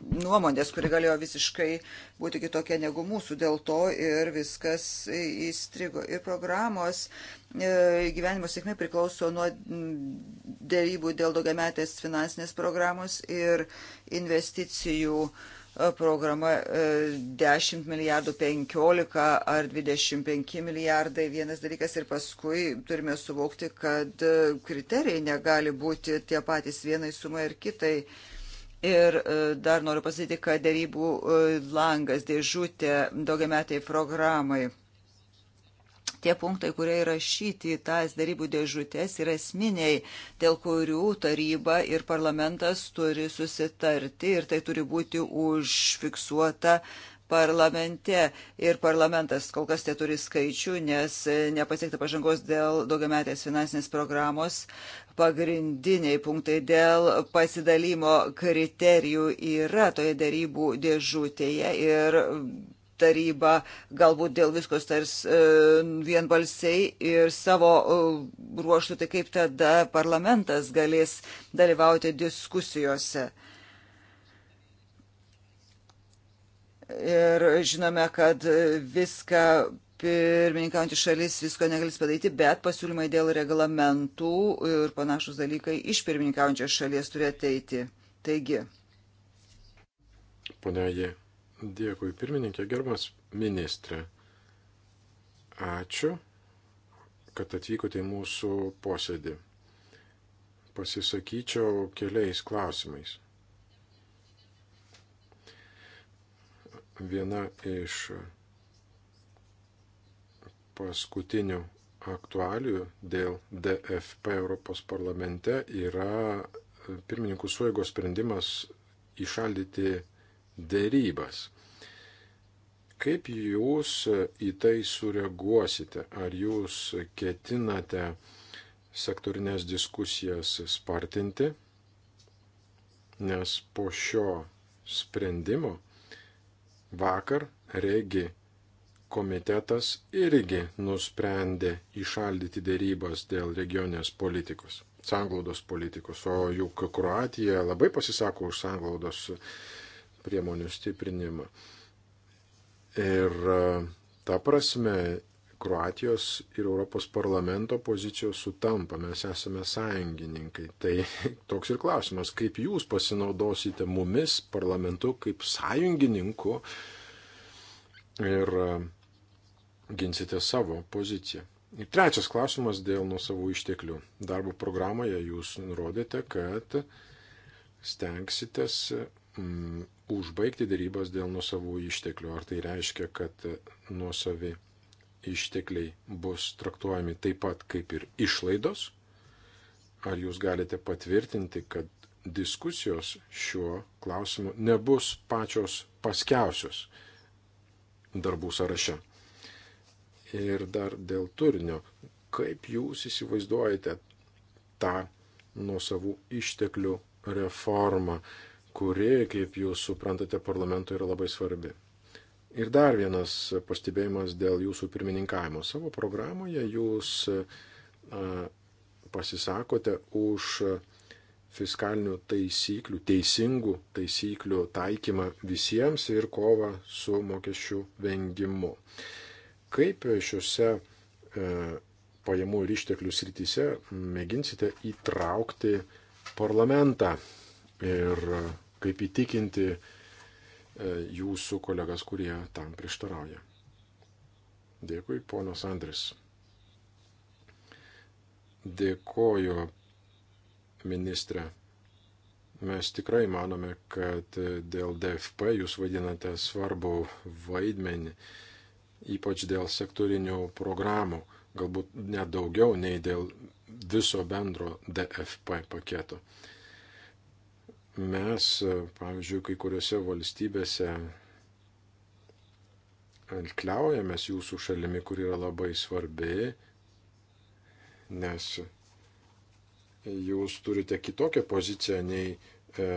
nuomonės, kuri galėjo visiškai būti kitokia negu mūsų, dėl to ir viskas įstrigo. Ir programos e, gyvenimo sėkmė priklauso nuo dėrybų dėl daugiametės finansinės programos ir investicijų e, programa 10 e, milijardų 15 ar 25 milijardai vienas dalykas ir paskui turime suvokti, kad kriterijai negali būti tie patys vienai sumai ir kitai. Uh, Ir e, dar noriu pasakyti, kad dėrybų e, langas, dėžutė daugiametiai programai tie punktai, kurie įrašyti į tas darybų dėžutės, yra esminiai, dėl kurių taryba ir parlamentas turi susitarti ir tai turi būti užfiksuota parlamente. Ir parlamentas kol kas neturi skaičių, nes e, nepasiekta pažangos dėl daugiametės finansinės programos. Pagrindiniai punktai dėl pasidalymo kriterijų yra toje darybų dėžutėje ir taryba galbūt dėl viskos tars e, vienbalsiai ir savo e, ruoštų, tai kaip tada parlamentas galės dalyvauti diskusijose. Ir žinome, kad viską pirmininkaujantys šalis visko negalės padaryti, bet pasiūlymai dėl reglamentų ir panašus dalykai iš pirmininkaujančios šalies turi ateiti. Taigi. Pane Jie, dėkui pirmininkė, gerbas ministrė. Ačiū, kad atvykote į mūsų posėdį. Pasisakyčiau keliais klausimais. viena iš paskutinių aktualių dėl DFP Europos parlamente yra pirmininkų suėgos sprendimas įšaldyti dėrybas. Kaip jūs į tai sureaguosite? Ar jūs ketinate sektorinės diskusijas spartinti? Nes po šio sprendimo Vakar regi komitetas irgi nusprendė išaldyti dėrybas dėl regioninės politikos, sanglaudos politikos, o juk Kroatija labai pasisako už sanglaudos priemonių stiprinimą. Ir e, ta prasme Kroatijos ir Europos parlamento pozicijos sutampa, mes esame sąjungininkai. Tai toks ir klausimas, kaip jūs pasinaudosite mumis, parlamentu, kaip sąjungininku ir e, ginsite savo poziciją. Ir trečias klausimas dėl nusavų išteklių. Darbo programoje jūs nurodėte, kad stengsitės mm, užbaigti dėrybas dėl nusavų išteklių. Ar tai reiškia, kad nuosavi ištekliai bus traktuojami taip pat kaip ir išlaidos? Ar jūs galite patvirtinti, kad diskusijos šiuo klausimu nebus pačios paskiausios darbų sąraše? Ir dar dėl turinio, kaip jūs įsivaizduojate tą nuo savų išteklių reformą, kuri, kaip jūs suprantate, parlamentui yra labai svarbi. Ir dar vienas pastebėjimas dėl jūsų pirmininkavimo. Savo programoje jūs pasisakote už fiskalinių taisyklių, teisingų taisyklių taikymą visiems ir kovą su mokesčių vengimu. Kaip šiuose e, pajamų ir išteklių srityse mėginsite įtraukti parlamentą ir e, kaip įtikinti E, jūsų kolegas, kurie tam prieštarauja. Dėkui, ponas Andris. Dėkoju, ministrė. Mes tikrai manome, kad dėl DFP jūs vaidinate svarbu vaidmenį, ypač dėl sektorinių programų, galbūt net daugiau nei dėl viso bendro DFP paketo. Mes, e, pavyzdžiui, kai kuriuose valstybėse atkliaujamės jūsų šalimi, kur yra labai svarbi, nes jūs turite kitokią poziciją nei, e,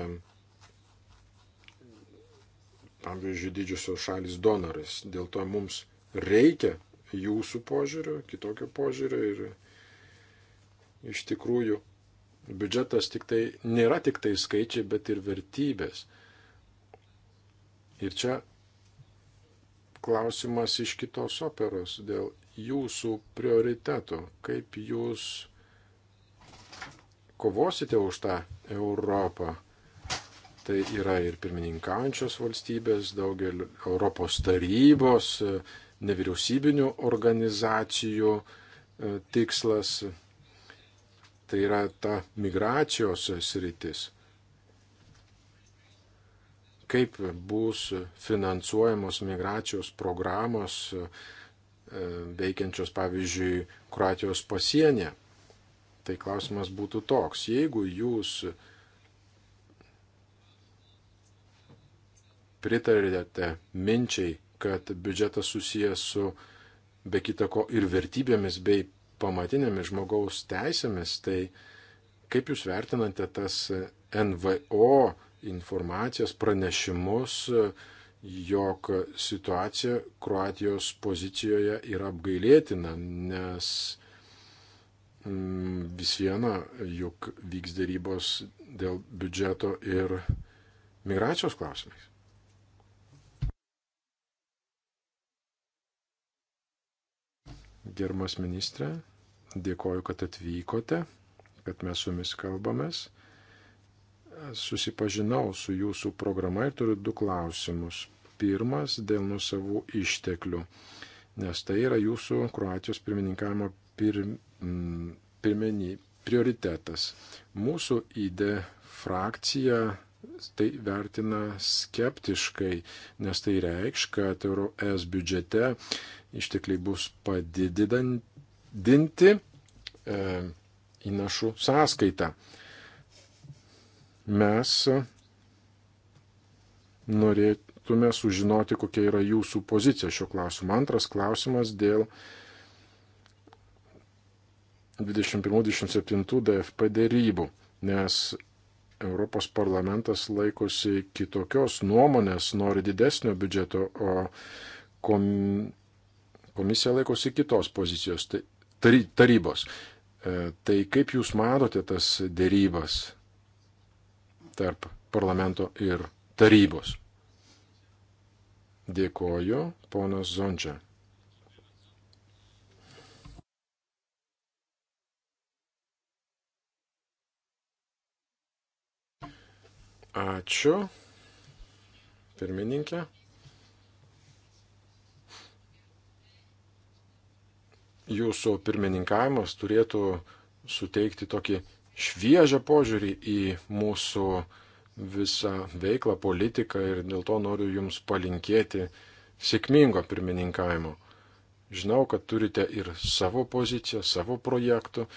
pavyzdžiui, didžiosios šalis donoras. Dėl to mums reikia jūsų požiūrio, kitokio požiūrio ir iš tikrųjų Biudžetas tik tai, nėra tik tai skaičiai, bet ir vertybės. Ir čia klausimas iš kitos operos dėl jūsų prioritetų, kaip jūs kovosite už tą Europą. Tai yra ir pirmininkaujančios valstybės, daugelio Europos tarybos, nevyriausybinių organizacijų e, tikslas Tai yra ta migracijos sritis. Kaip bus finansuojamos migracijos programos e, veikiančios, pavyzdžiui, Kroatijos pasienė. Tai klausimas būtų toks. Jeigu jūs pritarėte minčiai, kad biudžetas susijęs su be kitako ir vertybėmis bei pamatinėmis žmogaus teisėmis, tai kaip jūs vertinate tas NVO informacijos pranešimus, jog situacija Kroatijos pozicijoje yra apgailėtina, nes mm, vis viena juk vyks dėrybos dėl biudžeto ir migracijos klausimais. Gerbiamas ministrė, Dėkoju, kad atvykote, kad mes su jumis kalbamės. Susipažinau su jūsų programa ir turiu du klausimus. Pirmas dėl nusavų išteklių, nes tai yra jūsų Kroatijos pirmininkavimo pir, mm, pirmenį, prioritetas. Mūsų ID frakcija tai vertina skeptiškai, nes tai reikš, kad ES biudžete ištekliai bus padidinant didinti e, įnašų sąskaitą. Mes norėtume sužinoti, kokia yra jūsų pozicija šiuo klausimu. Antras klausimas dėl 21-27 DFP dėrybų, nes Europos parlamentas laikosi kitokios nuomonės, nori didesnio biudžeto, o kom... komisija laikosi kitos pozicijos. Tai tarybos. E, tai kaip Jūs matote tas dėrybas tarp parlamento ir tarybos? Dėkoju, ponas Zončia. Ačiū, pirmininkė. jūsų pirmininkavimas turėtų suteikti tokį šviežią požiūrį į mūsų visą veiklą, politiką ir dėl to noriu Jums palinkėti sėkmingo pirmininkavimo. Žinau, kad turite ir savo poziciją, savo projektų,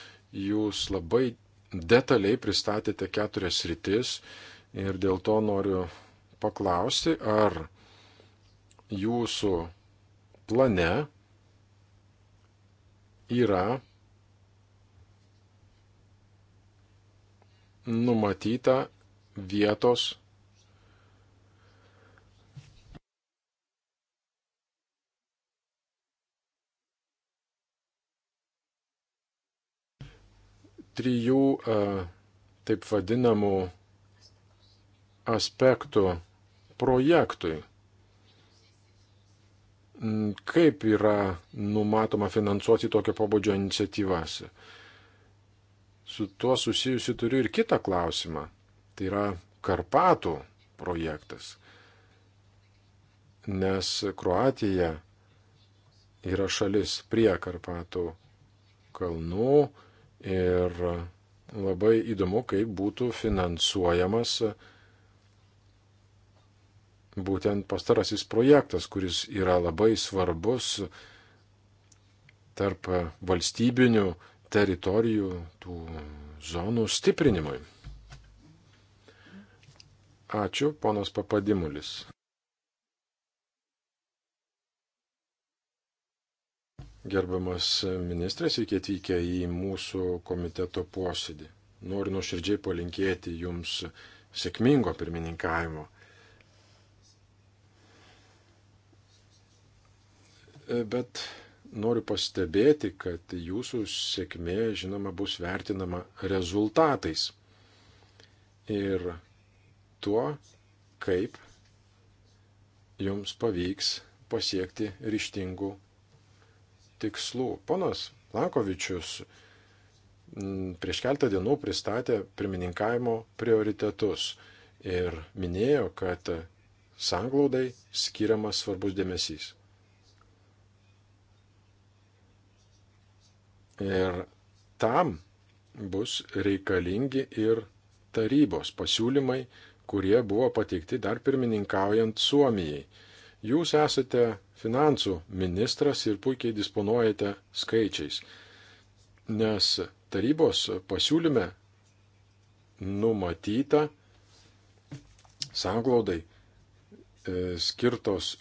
Jūs labai detaliai pristatėte keturias rytis ir dėl to noriu paklausti, ar Jūsų plane yra numatyta vietos trijų e, taip vadinamų aspektų projektui Mm, kaip yra numatoma finansuoti tokio pobūdžio iniciatyvas. Su tuo susijusi turiu ir kitą klausimą. Tai yra Karpatų projektas. Nes Kroatija yra šalis prie Karpatų kalnų ir labai įdomu, kaip būtų finansuojamas uh, būtent pastarasis projektas, kuris yra labai svarbus tarp valstybinių teritorijų, tų zonų stiprinimui. Ačiū, ponas Papadimulis. Gerbiamas ministras, iki atvykę į mūsų komiteto posėdį. Noriu nuoširdžiai palinkėti jums sėkmingo pirmininkavimo. E, bet noriu pastebėti, kad jūsų sėkmė, žinoma, bus vertinama rezultatais ir tuo, kaip jums pavyks pasiekti ryštingų tikslų. Ponas Lankovičius prieš keltą dienų pristatė pirmininkavimo prioritetus ir minėjo, kad sanglaudai skiriamas svarbus dėmesys. Ir tam bus reikalingi ir tarybos pasiūlymai, kurie buvo pateikti dar pirmininkaujant Suomijai. Jūs esate finansų ministras ir puikiai disponuojate skaičiais, nes tarybos pasiūlyme numatyta sanglaudai e, skirtos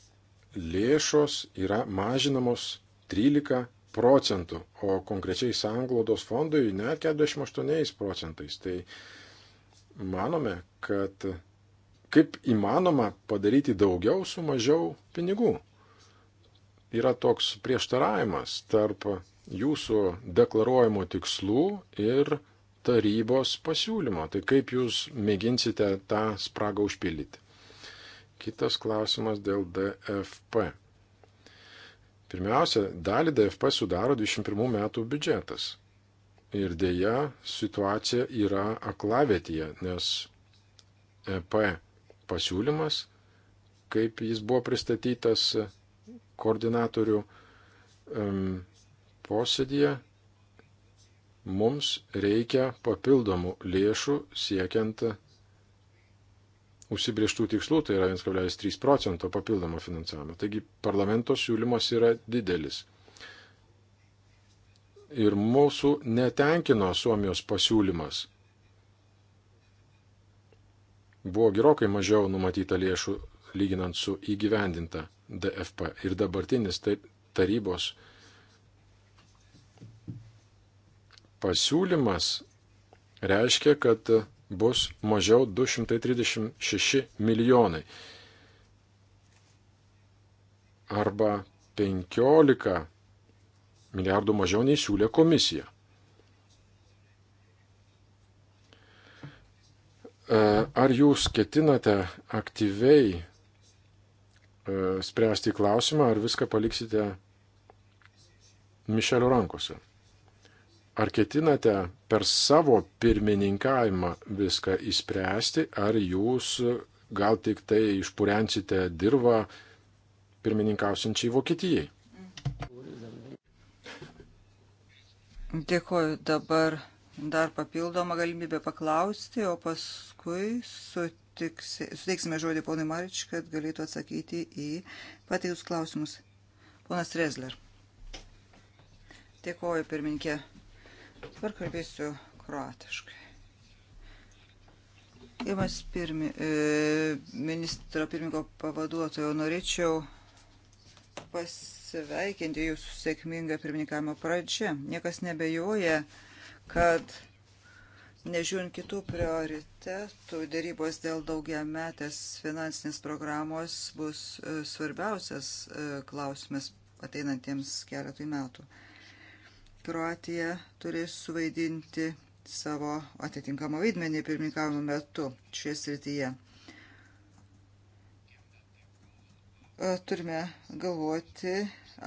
lėšos yra mažinamos 13 procentų, o konkrečiai sanglaudos fondui net 48 procentais. Tai manome, kad kaip įmanoma padaryti daugiau su mažiau pinigų. Yra toks prieštaravimas tarp jūsų deklaruojamų tikslų ir tarybos pasiūlymo. Tai kaip jūs mėginsite tą spragą užpildyti? Kitas klausimas dėl DFP. Pirmiausia, dalį DFP sudaro 21 metų biudžetas. Ir dėja, situacija yra aklavėtėje, nes EP pasiūlymas, kaip jis buvo pristatytas koordinatorių um, posėdėje, mums reikia papildomų lėšų siekiant užsibrieštų tikslų, tai yra 1,3 procento papildomo finansavimo. Taigi parlamento siūlymas yra didelis. Ir mūsų netenkino Suomijos pasiūlymas. Buvo gerokai mažiau numatyta lėšų lyginant su įgyvendinta DFP. Ir dabartinis taip, tarybos pasiūlymas reiškia, kad bus mažiau 236 milijonai. Arba 15 milijardų mažiau nei siūlė komisija. E, ar jūs ketinate aktyviai e, spręsti klausimą, ar viską paliksite Mišelio rankose? Ar ketinate per savo pirmininkavimą viską įspręsti, ar jūs gal tik tai išpurensite dirbą pirmininkausinčiai Vokietijai? Dėkuoju dabar dar papildomą galimybę paklausti, o paskui sutiksi, suteiksime žodį ponui Marič, kad galėtų atsakyti į pateiktus klausimus. Ponas Rezler. Dėkuoju, pirmininkė. Dabar kalbėsiu kroatiškai. Imas pirmi, e, ministro pirmininko pavaduotojo norėčiau pasveikinti jūsų sėkmingą pirmininkavimo pradžią. Niekas nebejoja, kad nežiūrint kitų prioritetų, dėrybos dėl daugiametės finansinės programos bus e, svarbiausias e, klausimas ateinantiems keletui metų. metų. Kroatija turės suvaidinti savo atitinkamą vaidmenį pirmininkavimo metu šioje srityje. E, turime galvoti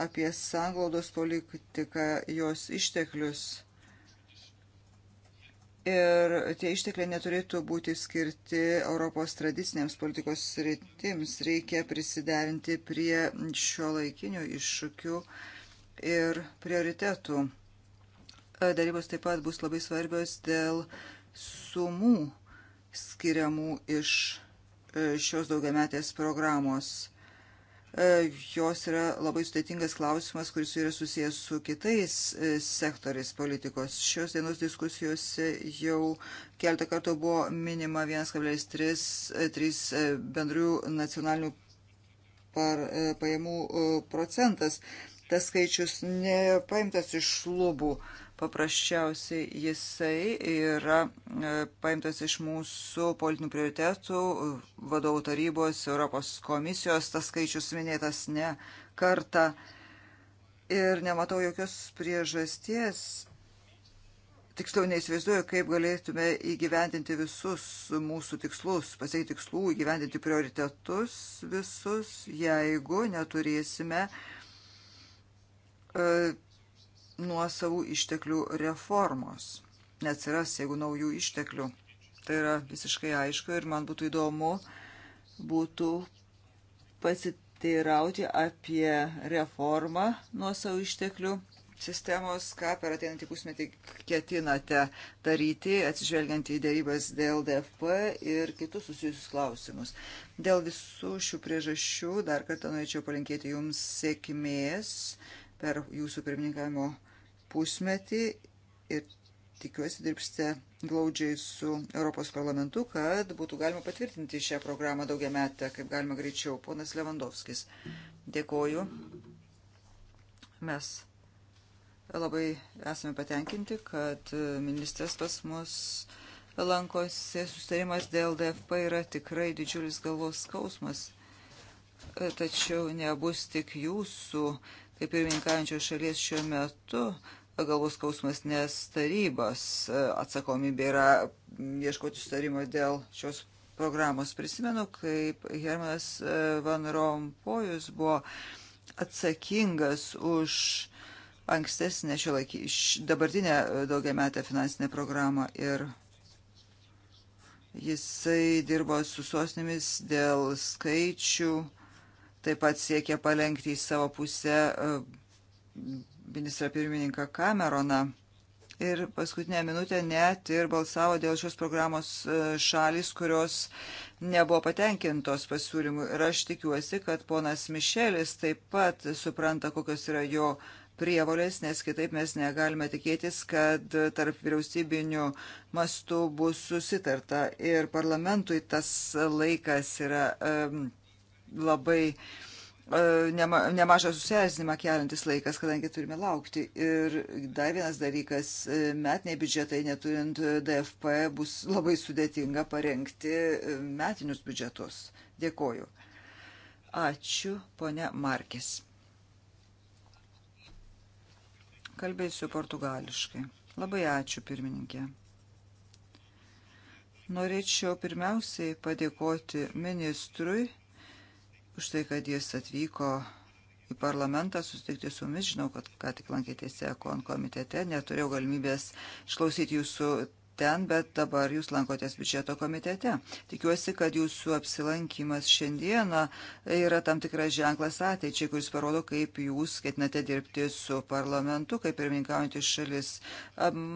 apie sanglaudos politiką, jos išteklius. Ir tie ištekliai neturėtų būti skirti Europos tradicinėms politikos sritims. Reikia prisiderinti prie šio laikinių iššūkių ir prioritetų darybos taip pat bus labai svarbios dėl sumų skiriamų iš e, šios daugiametės programos. E, jos yra labai sudėtingas klausimas, kuris yra susijęs su kitais e, sektoriais politikos. Šios dienos diskusijose jau keltą kartų buvo minima 1,3 bendrių nacionalinių par, pajamų procentas. Tas skaičius nepaimtas iš lubų. Paprasčiausiai jisai yra e, paimtas iš mūsų politinių prioritetų, vadovų tarybos, Europos komisijos, tas skaičius minėtas ne kartą. Ir nematau jokios priežasties tiksliau neįsivaizduoju, kaip galėtume įgyvendinti visus mūsų tikslus, pasiekti tikslų, įgyvendinti prioritetus visus, jeigu neturėsime e, nuosavų išteklių reformos. Neatsiras, jeigu naujų išteklių. Tai yra visiškai aišku ir man būtų įdomu būtų pasiteirauti apie reformą nuosavų išteklių sistemos, ką per ateinantį pusmetį ketinate daryti, atsižvelgiant į dėrybas dėl DFP ir kitus susijusius klausimus. Dėl visų šių priežasčių dar kartą norėčiau palinkėti Jums sėkmės per Jūsų pirmininkavimo pusmetį ir tikiuosi dirbsite glaudžiai su Europos parlamentu, kad būtų galima patvirtinti šią programą daugia metę, kaip galima greičiau. Ponas Levandovskis, dėkoju. Mes labai esame patenkinti, kad ministras pas mus lankosi. Sustarimas dėl DFP yra tikrai didžiulis galvos skausmas. Tačiau nebus tik jūsų kaip ir minkančios šalies šiuo metu galvos skausmas, nes tarybos e, atsakomybė yra ieškoti sutarimo dėl šios programos. Prisimenu, kaip Hermas e, Van Rompojus buvo atsakingas už ankstesnę šio laikį, dabartinę e, daugiametę finansinę programą ir jisai dirbo su sosnėmis dėl skaičių, taip pat siekė palengti į savo pusę ministrą pirmininką Cameroną. Ir paskutinę minutę net ir balsavo dėl šios programos e, šalis, kurios nebuvo patenkintos pasiūlymų. Ir aš tikiuosi, kad ponas Mišelis taip pat supranta, kokios yra jo prievolės, nes kitaip mes negalime tikėtis, kad tarp vyriausybinių mastų bus susitarta. Ir parlamentui tas laikas yra um, labai uh, E, nema, nemažą susierzinimą keliantis laikas, kadangi turime laukti. Ir dar vienas dalykas, e, metiniai biudžetai neturint DFP bus labai sudėtinga parengti e, metinius biudžetus. Dėkoju. Ačiū, ponia Markis. Kalbėsiu portugališkai. Labai ačiū, pirmininkė. Norėčiau pirmiausiai padėkoti ministrui už tai, kad jis atvyko į parlamentą susitikti su jumis. Žinau, kad ką tik lankėtėse Ekon komitete, neturėjau galimybės išklausyti jūsų ten, bet dabar jūs lankotės biudžeto komitete. Tikiuosi, kad jūsų apsilankimas šiandieną yra tam tikras ženklas ateičiai, kuris parodo, kaip jūs ketinate dirbti su parlamentu, kaip pirmininkaujantis šalis.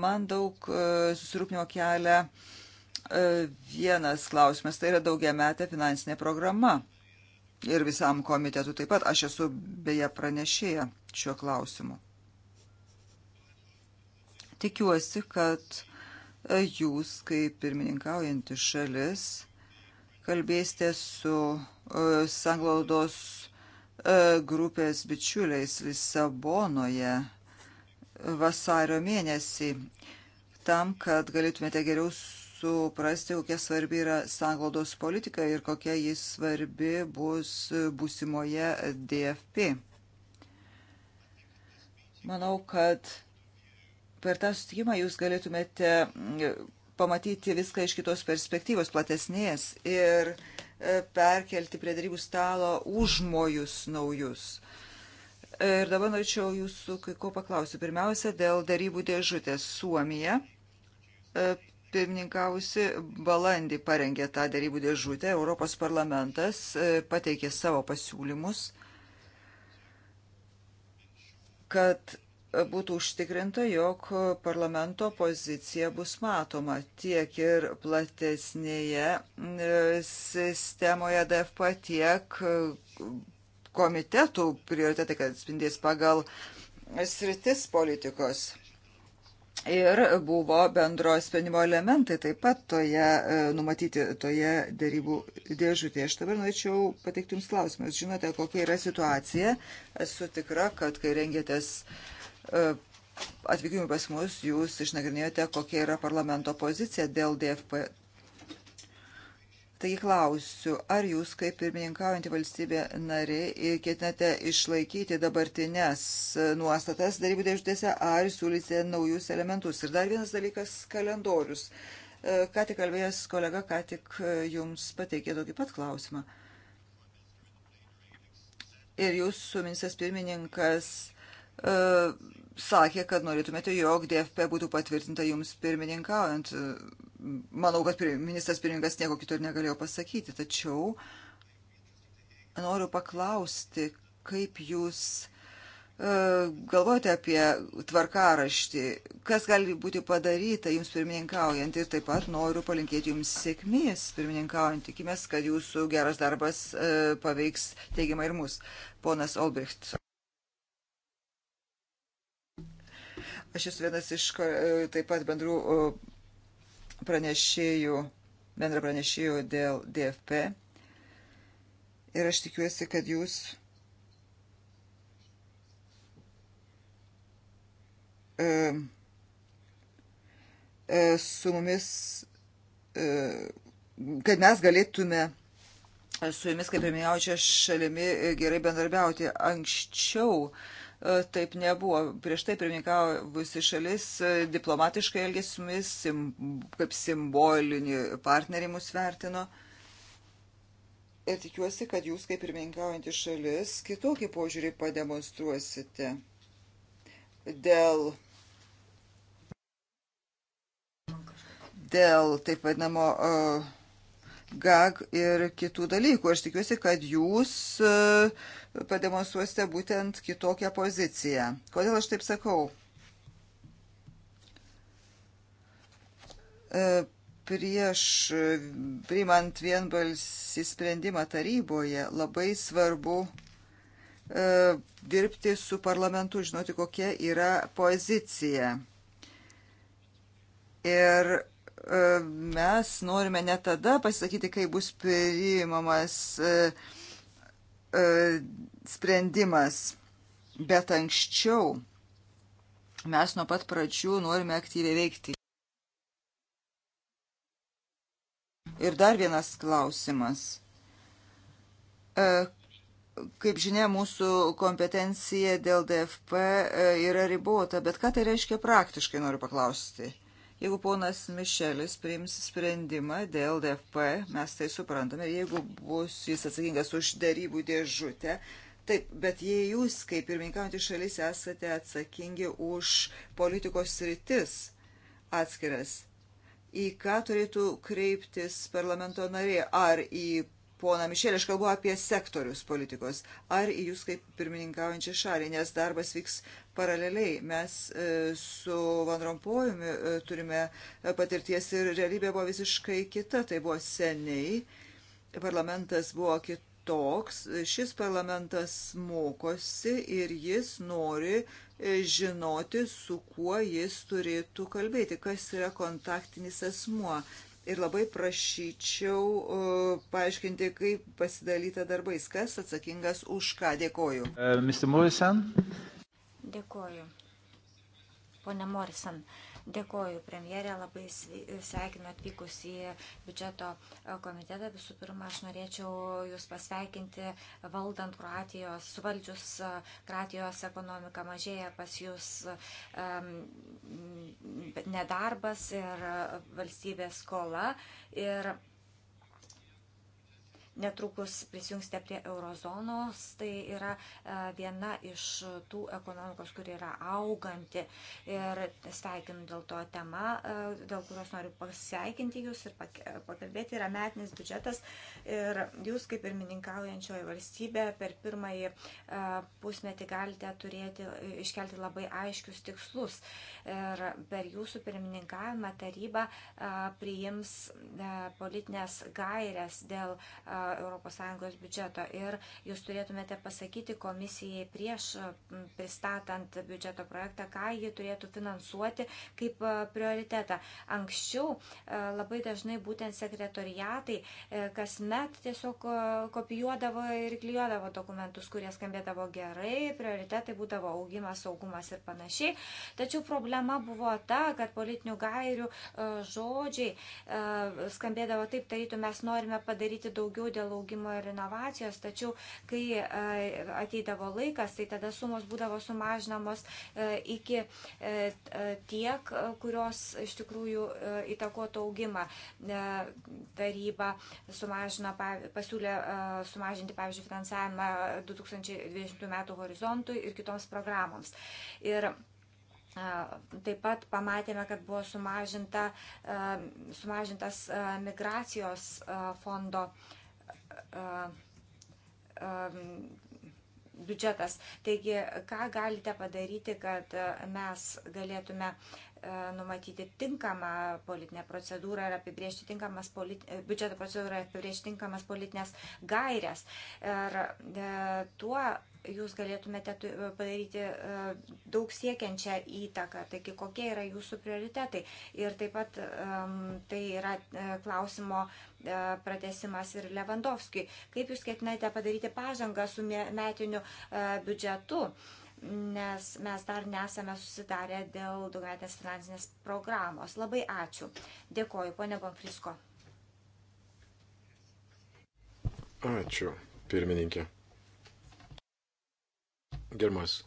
Man daug e, susirūpnio kelia e, vienas klausimas, tai yra daugia metė finansinė programa ir visam komitetu taip pat. Aš esu beje pranešėja šiuo klausimu. Tikiuosi, kad e, jūs, kaip pirmininkaujantis šalis, kalbėsite su uh, sanglaudos uh, grupės bičiuliais Lisabonoje vasario mėnesį, tam, kad galėtumėte geriau suprasti, kokia svarbi yra sanglaudos politika ir kokia jis svarbi bus būsimoje DFP. Manau, kad per tą sustikimą jūs galėtumėte mm, pamatyti viską iš kitos perspektyvos, platesnės ir e, perkelti prie darybų stalo užmojus naujus. Ir dabar norėčiau jūsų kai ko paklausti. Pirmiausia, dėl darybų dėžutės Suomija e, pirmininkavusi balandį parengė tą darybų dėžutę, Europos parlamentas e, pateikė savo pasiūlymus, kad būtų užtikrinta, jog parlamento pozicija bus matoma tiek ir platesnėje e, sistemoje DFP, tiek komitetų prioritetai, kad atspindės pagal sritis politikos. Ir buvo bendro sprendimo elementai taip pat toje, e, numatyti toje darybų dėžutėje. Aš dabar norėčiau pateikti Jums klausimą. Jūs žinote, kokia yra situacija. Esu tikra, kad kai rengėtės e, atvykimui pas mus, Jūs išnagrinėjote, kokia yra parlamento pozicija dėl DFP Taigi klausiu, ar jūs kaip pirmininkaujantį valstybę nariai ketinate išlaikyti dabartinės nuostatas darybų dėžutėse, ar siūlysite naujus elementus? Ir dar vienas dalykas - kalendorius. E, ką tik kalbėjęs kolega, ką tik e, jums pateikė tokį pat klausimą. Ir jūsų ministras pirmininkas e, sakė, kad norėtumėte, jog DFP būtų patvirtinta jums pirmininkaujant. Manau, kad ministras pirmininkas nieko kito ir negalėjo pasakyti, tačiau noriu paklausti, kaip jūs e, galvojate apie tvarkaraštį, kas gali būti padaryta jums pirmininkaujant ir taip pat noriu palinkėti jums sėkmės pirmininkaujant. Tikimės, kad jūsų geras darbas e, paveiks teigiamai ir mus. Ponas Olbricht. Aš esu vienas iš e, taip pat bendrų e, pranešėjų, bendra pranešėjų dėl DFP. Ir aš tikiuosi, kad jūs e, su mumis, kad mes galėtume su jumis, kaip ir minėjau, čia šalimi gerai bendarbiauti. Anksčiau uh, E, taip nebuvo. Prieš tai pirmininkavusi šalis e, diplomatiškai elgėsi su mumis, sim, kaip simbolinį partnerį mus vertino. Ir tikiuosi, kad jūs, kaip pirmininkaujantį šalis, kitokį požiūrį pademonstruosite dėl, dėl taip vadinamo uh, gag ir kitų dalykų. Aš tikiuosi, kad jūs e, pademonstruosite būtent kitokią poziciją. Kodėl aš taip sakau? E, prieš priimant vienbalsį sprendimą taryboje labai svarbu e, dirbti su parlamentu, žinoti, kokia yra pozicija. Ir E, mes norime ne tada pasisakyti, kai bus priimamas e, e, sprendimas, bet anksčiau mes nuo pat pradžių norime aktyviai veikti. Ir dar vienas klausimas. Kaip žinia, mūsų kompetencija dėl DFP yra ribota, bet ką tai reiškia praktiškai, noriu paklausti. Jeigu ponas Mišelis priims sprendimą dėl DFP, mes tai suprantame, jeigu bus jis atsakingas už darybų dėžutę, taip, bet jei jūs, kaip pirmininkaujantys šalis, esate atsakingi už politikos sritis atskiras, į ką turėtų kreiptis parlamento narė, ar į poną Mišelį, aš kalbu apie sektorius politikos, ar į jūs kaip pirmininkaujančią šalį, nes darbas vyks paraleliai. Mes e, su Van Rompojumi e, turime e, patirties ir realybė buvo visiškai kita, tai buvo seniai, parlamentas buvo kitoks, šis parlamentas mokosi ir jis nori žinoti, su kuo jis turėtų kalbėti, kas yra kontaktinis asmuo ir labai prašyčiau e, paaiškinti, kaip pasidalyta darbais, kas atsakingas už ką. Dėkoju. E, Mr. Morrison. Dėkoju. Pone Morrison, uh, Dėkoju, premjerė, labai sveikinu atvykus į biudžeto komitetą. Visų pirma, aš norėčiau Jūs pasveikinti valdant Kroatijos, suvaldžius Kroatijos ekonomiką mažėja pas Jūs um, nedarbas ir valstybės skola. Ir netrukus prisijungsite prie eurozonos, tai yra e, viena iš tų ekonomikos, kuri yra auganti. Ir sveikinu dėl to tema, e, dėl kurios noriu pasveikinti jūs ir e, pakalbėti, yra metinis biudžetas. Ir jūs kaip ir mininkaujančioji valstybė per pirmąjį pusmetį galite turėti, iškelti labai aiškius tikslus. Ir per jūsų pirmininkavimą taryba priims politinės gairias dėl ES biudžeto ir jūs turėtumėte pasakyti komisijai prieš pristatant biudžeto projektą, ką ji turėtų finansuoti kaip e, prioritetą. Anksčiau e, labai dažnai būtent sekretoriatai e, kasmet tiesiog kopijuodavo ir klyjuodavo dokumentus, kurie skambėdavo gerai, prioritetai būdavo augimas, saugumas ir panašiai. Tačiau problema buvo ta, kad politinių gairių žodžiai skambėdavo taip, tarytų mes norime padaryti daugiau dėl augimo ir inovacijos, tačiau kai e, ateidavo laikas, tai tada sumos būdavo sumažinamos e, iki e, tiek, kurios iš tikrųjų įtakotų augimą. Taryba sumažino, pasiūlė sumažinti, pavyzdžiui, finansavimą 2020 m. horizontui ir kitoms programoms. Ir Taip pat pamatėme, kad buvo sumažinta, sumažintas migracijos fondo biudžetas. Taigi, ką galite padaryti, kad mes galėtume numatyti tinkamą politinę procedūrą ir apibriežti tinkamas politi... biudžeto procedūrą ir apibriežti tinkamas politinės gairias. Ir e, tuo jūs galėtumėte e, padaryti e, daug siekiančią įtaką, taigi kokie yra jūsų prioritetai. Ir taip pat tai yra e, klausimo pratesimas ir Levandovskijui. Kaip jūs ketinate padaryti pažangą su metiniu biudžetu? nes mes dar nesame susidarę dėl daugiametės finansinės programos. Labai ačiū. Dėkoju, ponė Bonfrisko. Ačiū, pirmininkė gerbiamas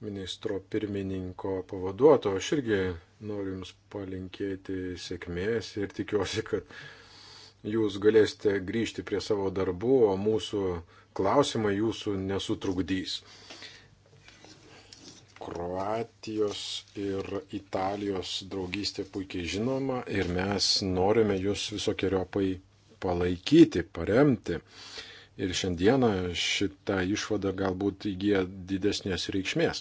ministro pirmininko pavaduoto. Aš irgi noriu Jums palinkėti sėkmės ir tikiuosi, kad Jūs galėsite grįžti prie savo darbų, o mūsų klausimai Jūsų nesutrukdys. Kroatijos ir Italijos draugystė puikiai žinoma ir mes norime jūs visokiojopai palaikyti, paremti. Ir šiandieną šita išvada galbūt įgyja didesnės reikšmės.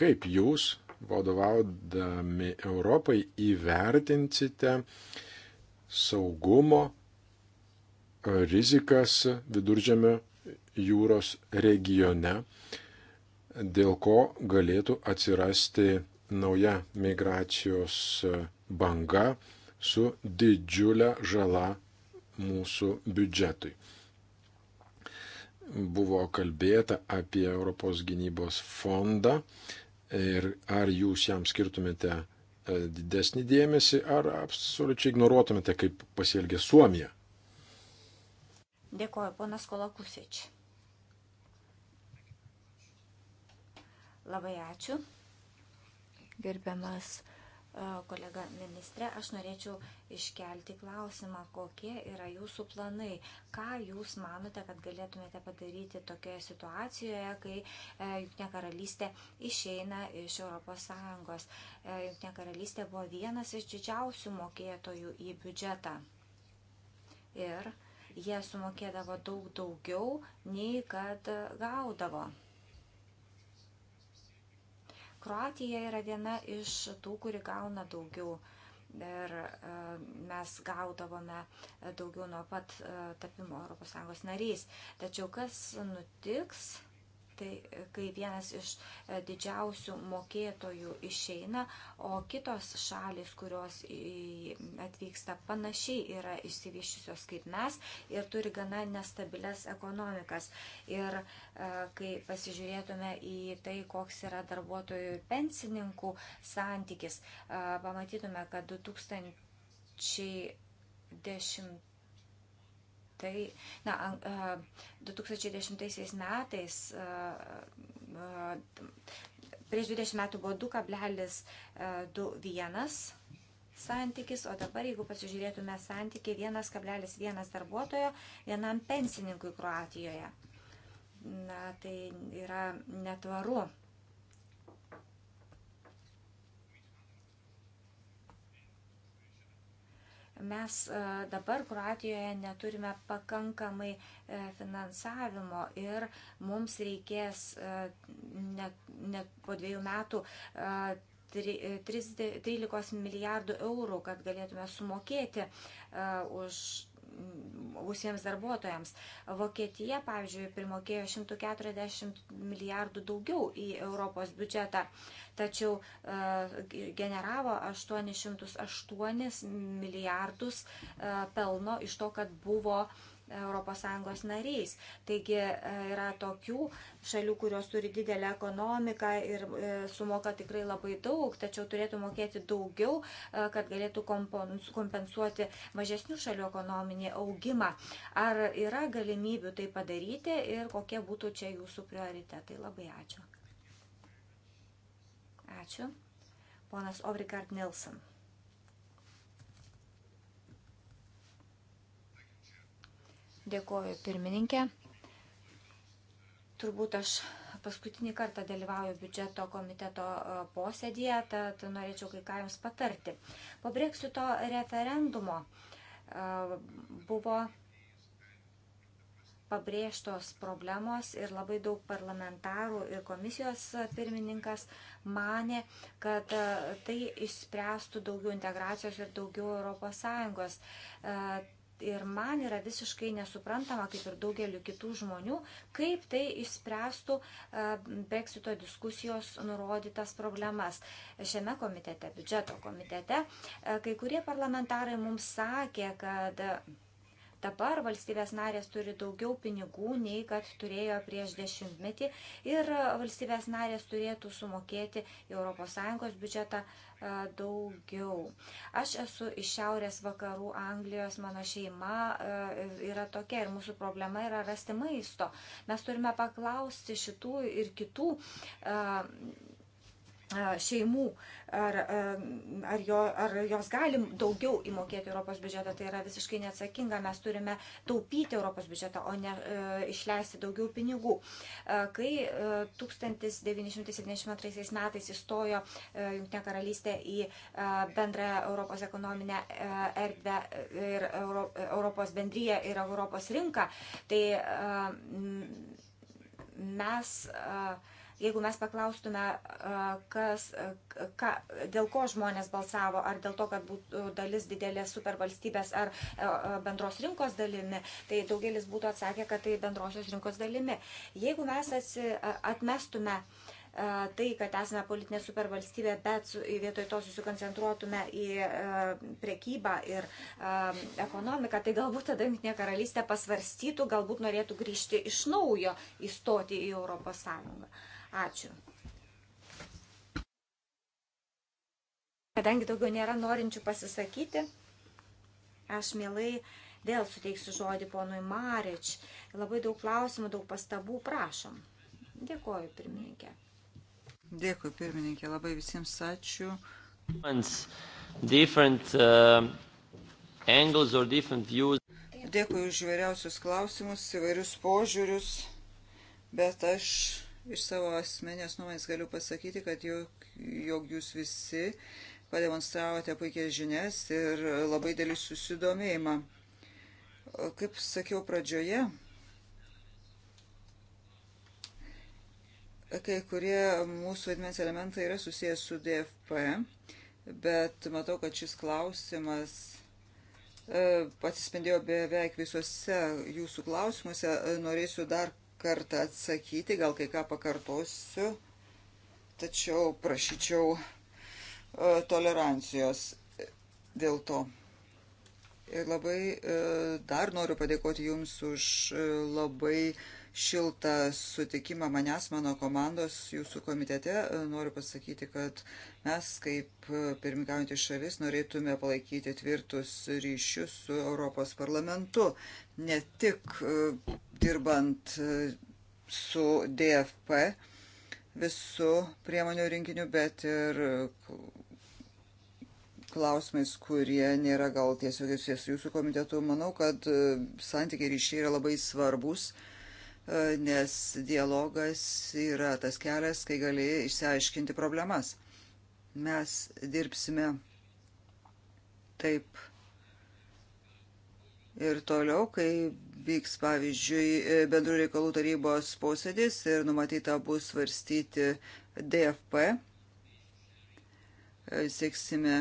Kaip jūs, vadovaudami Europai, įvertinsite saugumo rizikas viduržėmio jūros regione, dėl ko galėtų atsirasti nauja migracijos banga su didžiulė žala mūsų biudžetui buvo kalbėta apie Europos gynybos fondą ir ar jūs jam skirtumėte e, didesnį dėmesį, ar absoliučiai ignoruotumėte, kaip pasielgė Suomija. Dėkuoju, ponas Kolakusič. Labai ačiū. Gerbiamas kolega ministre, aš norėčiau iškelti klausimą, kokie yra jūsų planai, ką jūs manote, kad galėtumėte padaryti tokioje situacijoje, kai e, Junktinė karalystė išeina iš ES. E, Junktinė karalystė buvo vienas iš didžiausių mokėtojų į biudžetą. Ir jie sumokėdavo daug daugiau, nei kad gaudavo. Kroatija yra viena iš tų, kuri gauna daugiau. Ir e, mes gaudavome daugiau nuo pat e, tapimo ES nariais. Tačiau kas nutiks, tai e, kai vienas iš e, didžiausių mokėtojų išeina, o kitos šalis, kurios atvyksta panašiai, yra išsivyščiusios kaip mes ir turi gana nestabilias ekonomikas. Ir e, kai pasižiūrėtume į tai, koks yra darbuotojų ir pensininkų santykis, pamatytume, kad 2010 tai, na, 2010 metais, prieš 20 metų buvo 2,21 santykis, o dabar, jeigu pasižiūrėtume santykį 1,1 darbuotojo vienam pensininkui Kroatijoje. Na, tai yra netvaru Mes e, dabar Kroatijoje neturime pakankamai e, finansavimo ir mums reikės net, net po dviejų metų 13 e, milijardų eurų, kad galėtume sumokėti už būsiems darbuotojams. Vokietija, pavyzdžiui, primokėjo 140 milijardų daugiau į Europos biudžetą, tačiau e, generavo 808 milijardus e, pelno iš to, kad buvo ES nariais. Taigi e, yra tokių šalių, kurios turi didelę ekonomiką ir e, sumoka tikrai labai daug, tačiau turėtų mokėti daugiau, e, kad galėtų kompensuoti mažesnių šalių ekonominį augimą. Ar yra galimybių tai padaryti ir kokie būtų čia jūsų prioritetai? Labai ačiū. Ačiū. Ponas Obrigard Nilsson. Dėkuoju pirmininkė. Turbūt aš paskutinį kartą dalyvauju biudžeto komiteto e, posėdėje, tad norėčiau kai ką Jums patarti. Po breksito referendumo e, buvo pabrėžtos problemos ir labai daug parlamentarų ir komisijos pirmininkas mane, kad e, tai išspręstų daugiau integracijos ir daugiau ES ir man yra visiškai nesuprantama, kaip ir daugeliu kitų žmonių, kaip tai išspręstų e, Brexito diskusijos nurodytas problemas. Šiame komitete, biudžeto komitete, e, kai kurie parlamentarai mums sakė, kad Dabar valstybės narės turi daugiau pinigų nei kad turėjo prieš dešimtmetį ir valstybės narės turėtų sumokėti į ES biudžetą daugiau. Aš esu iš šiaurės vakarų Anglijos, mano šeima yra tokia ir mūsų problema yra rasti maisto. Mes turime paklausti šitų ir kitų šeimų, ar, ar, jo, ar jos galim daugiau įmokėti Europos biudžetą, tai yra visiškai neatsakinga, mes turime taupyti Europos biudžetą, o ne e, išleisti daugiau pinigų. E, kai e, 1972 metais įstojo e, Junktinė karalystė į e, bendrą Europos ekonominę e, erdvę ir Euro, Europos bendryje ir Europos rinką, tai e, mes e, Jeigu mes paklaustume, kas, ka, dėl ko žmonės balsavo, ar dėl to, kad būtų dalis didelės supervalstybės ar bendros rinkos dalimi, tai daugelis būtų atsakę, kad tai bendrosios rinkos dalimi. Jeigu mes atsi, atmestume tai, kad esame politinė supervalstybė, bet vietoj to susikoncentruotume į prekybą ir ekonomiką, tai galbūt tada Junktinė karalystė pasvarstytų, galbūt norėtų grįžti iš naujo įstoti į Europos Sąjungą. Ačiū. Kadangi daugiau nėra norinčių pasisakyti, aš mielai vėl suteiksiu žodį ponui Marič. Labai daug klausimų, daug pastabų, prašom. Dėkoju, pirmininkė. Dėkui, pirmininkė, labai visiems ačiū. Different, uh, angles or different views. Dėkui už įvairiausius klausimus, įvairius požiūrius, bet aš Iš savo asmenės nuomonės galiu pasakyti, kad jog, jog jūs visi pademonstravote puikias žinias ir labai dėlį susidomėjimą. Kaip sakiau pradžioje, kai kurie mūsų vaidmens elementai yra susijęs su DFP, bet matau, kad šis klausimas e, atsispindėjo beveik visuose jūsų klausimuose. Norėsiu dar kartą atsakyti, gal kai ką pakartosiu, tačiau prašyčiau e, tolerancijos dėl to. Ir labai e, dar noriu padėkoti Jums už e, labai uh, šiltą sutikimą manęs, mano komandos, jūsų komitete. Noriu pasakyti, kad mes kaip pirmininkaujantis šalis norėtume palaikyti tvirtus ryšius su Europos parlamentu, ne tik e, dirbant e, su DFP visų priemonių rinkiniu, bet ir klausimais, kurie nėra gal tiesiogiai susijęs su jūsų komitetu. Manau, kad e, santykiai ryšiai yra labai svarbus. Uh, nes dialogas yra tas kelias, kai gali išsiaiškinti problemas. Mes dirbsime taip ir toliau, kai vyks, pavyzdžiui, bendrų reikalų tarybos posėdis ir numatyta bus svarstyti DFP. Sėksime,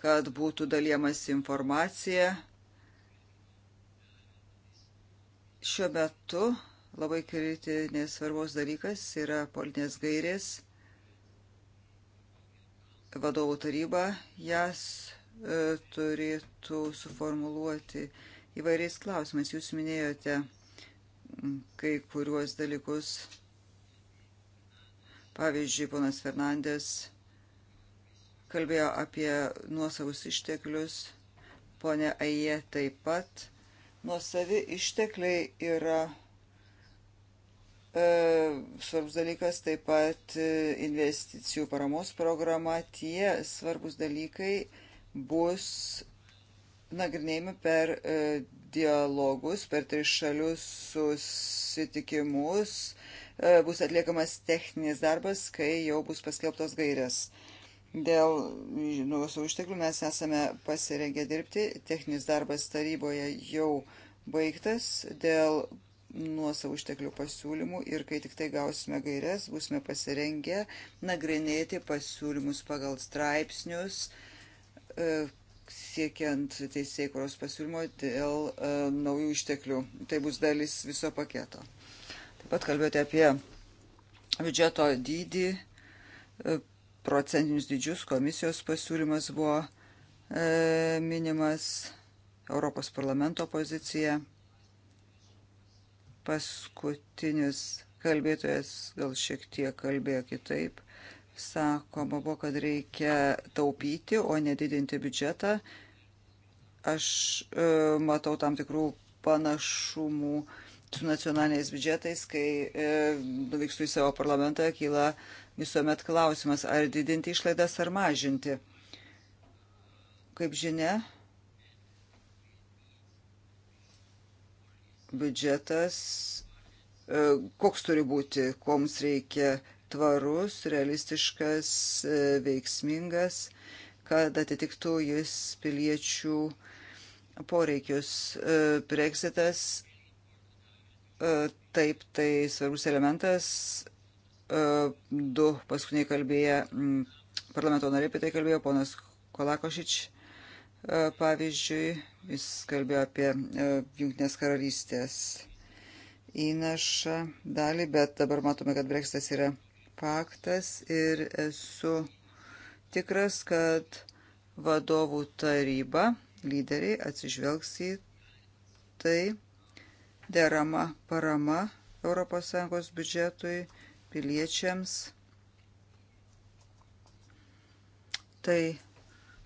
kad būtų dalyjamas informacija. Šiuo metu Labai kritinės svarbos dalykas yra politinės gairės. Vadovų taryba jas e, turėtų suformuluoti įvairiais klausimais. Jūs minėjote kai kuriuos dalykus. Pavyzdžiui, ponas Fernandės kalbėjo apie nuosavus išteklius, ponė Aie taip pat. Nuosavi ištekliai yra E, svarbus dalykas, taip pat e, investicijų paramos programa, tie svarbus dalykai bus nagrinėjami per e, dialogus, per trišalius susitikimus, bus atliekamas techninis darbas, kai jau bus paskelbtos gairės. Dėl nuosavų išteklių mes esame pasirengę dirbti, techninis darbas taryboje jau baigtas, dėl nuosavų išteklių pasiūlymų ir kai tik tai gausime gairias, būsime pasirengę nagrinėti pasiūlymus pagal straipsnius, e, siekiant teisėkuros pasiūlymo dėl e, naujų išteklių. Tai bus dalis viso paketo. Taip pat kalbėjote apie biudžeto dydį, e, procentinius dydžius, komisijos pasiūlymas buvo minimas Europos parlamento pozicija paskutinis kalbėtojas gal šiek tiek kalbėjo kitaip. Sakoma buvo, kad reikia taupyti, o nedidinti biudžetą. Aš e, matau tam tikrų panašumų su nacionaliniais biudžetais, kai e, nuvykstu į savo parlamentą, kyla visuomet klausimas, ar didinti išlaidas ar mažinti. Kaip žinia, biudžetas, e, koks turi būti, ko mums reikia tvarus, realistiškas, e, veiksmingas, kad atitiktų jis piliečių poreikius. E, Brexitas taip tai svarbus elementas. Du paskutiniai kalbėję, parlamento nariai apie tai kalbėjo, ponas Kolakošič E, pavyzdžiui, jis kalbėjo apie e, Junktinės karalystės įnašą dalį, bet dabar matome, kad Brexitas yra faktas ir esu tikras, kad vadovų taryba, lyderiai atsižvelgs į tai derama parama ES biudžetui, piliečiams. Tai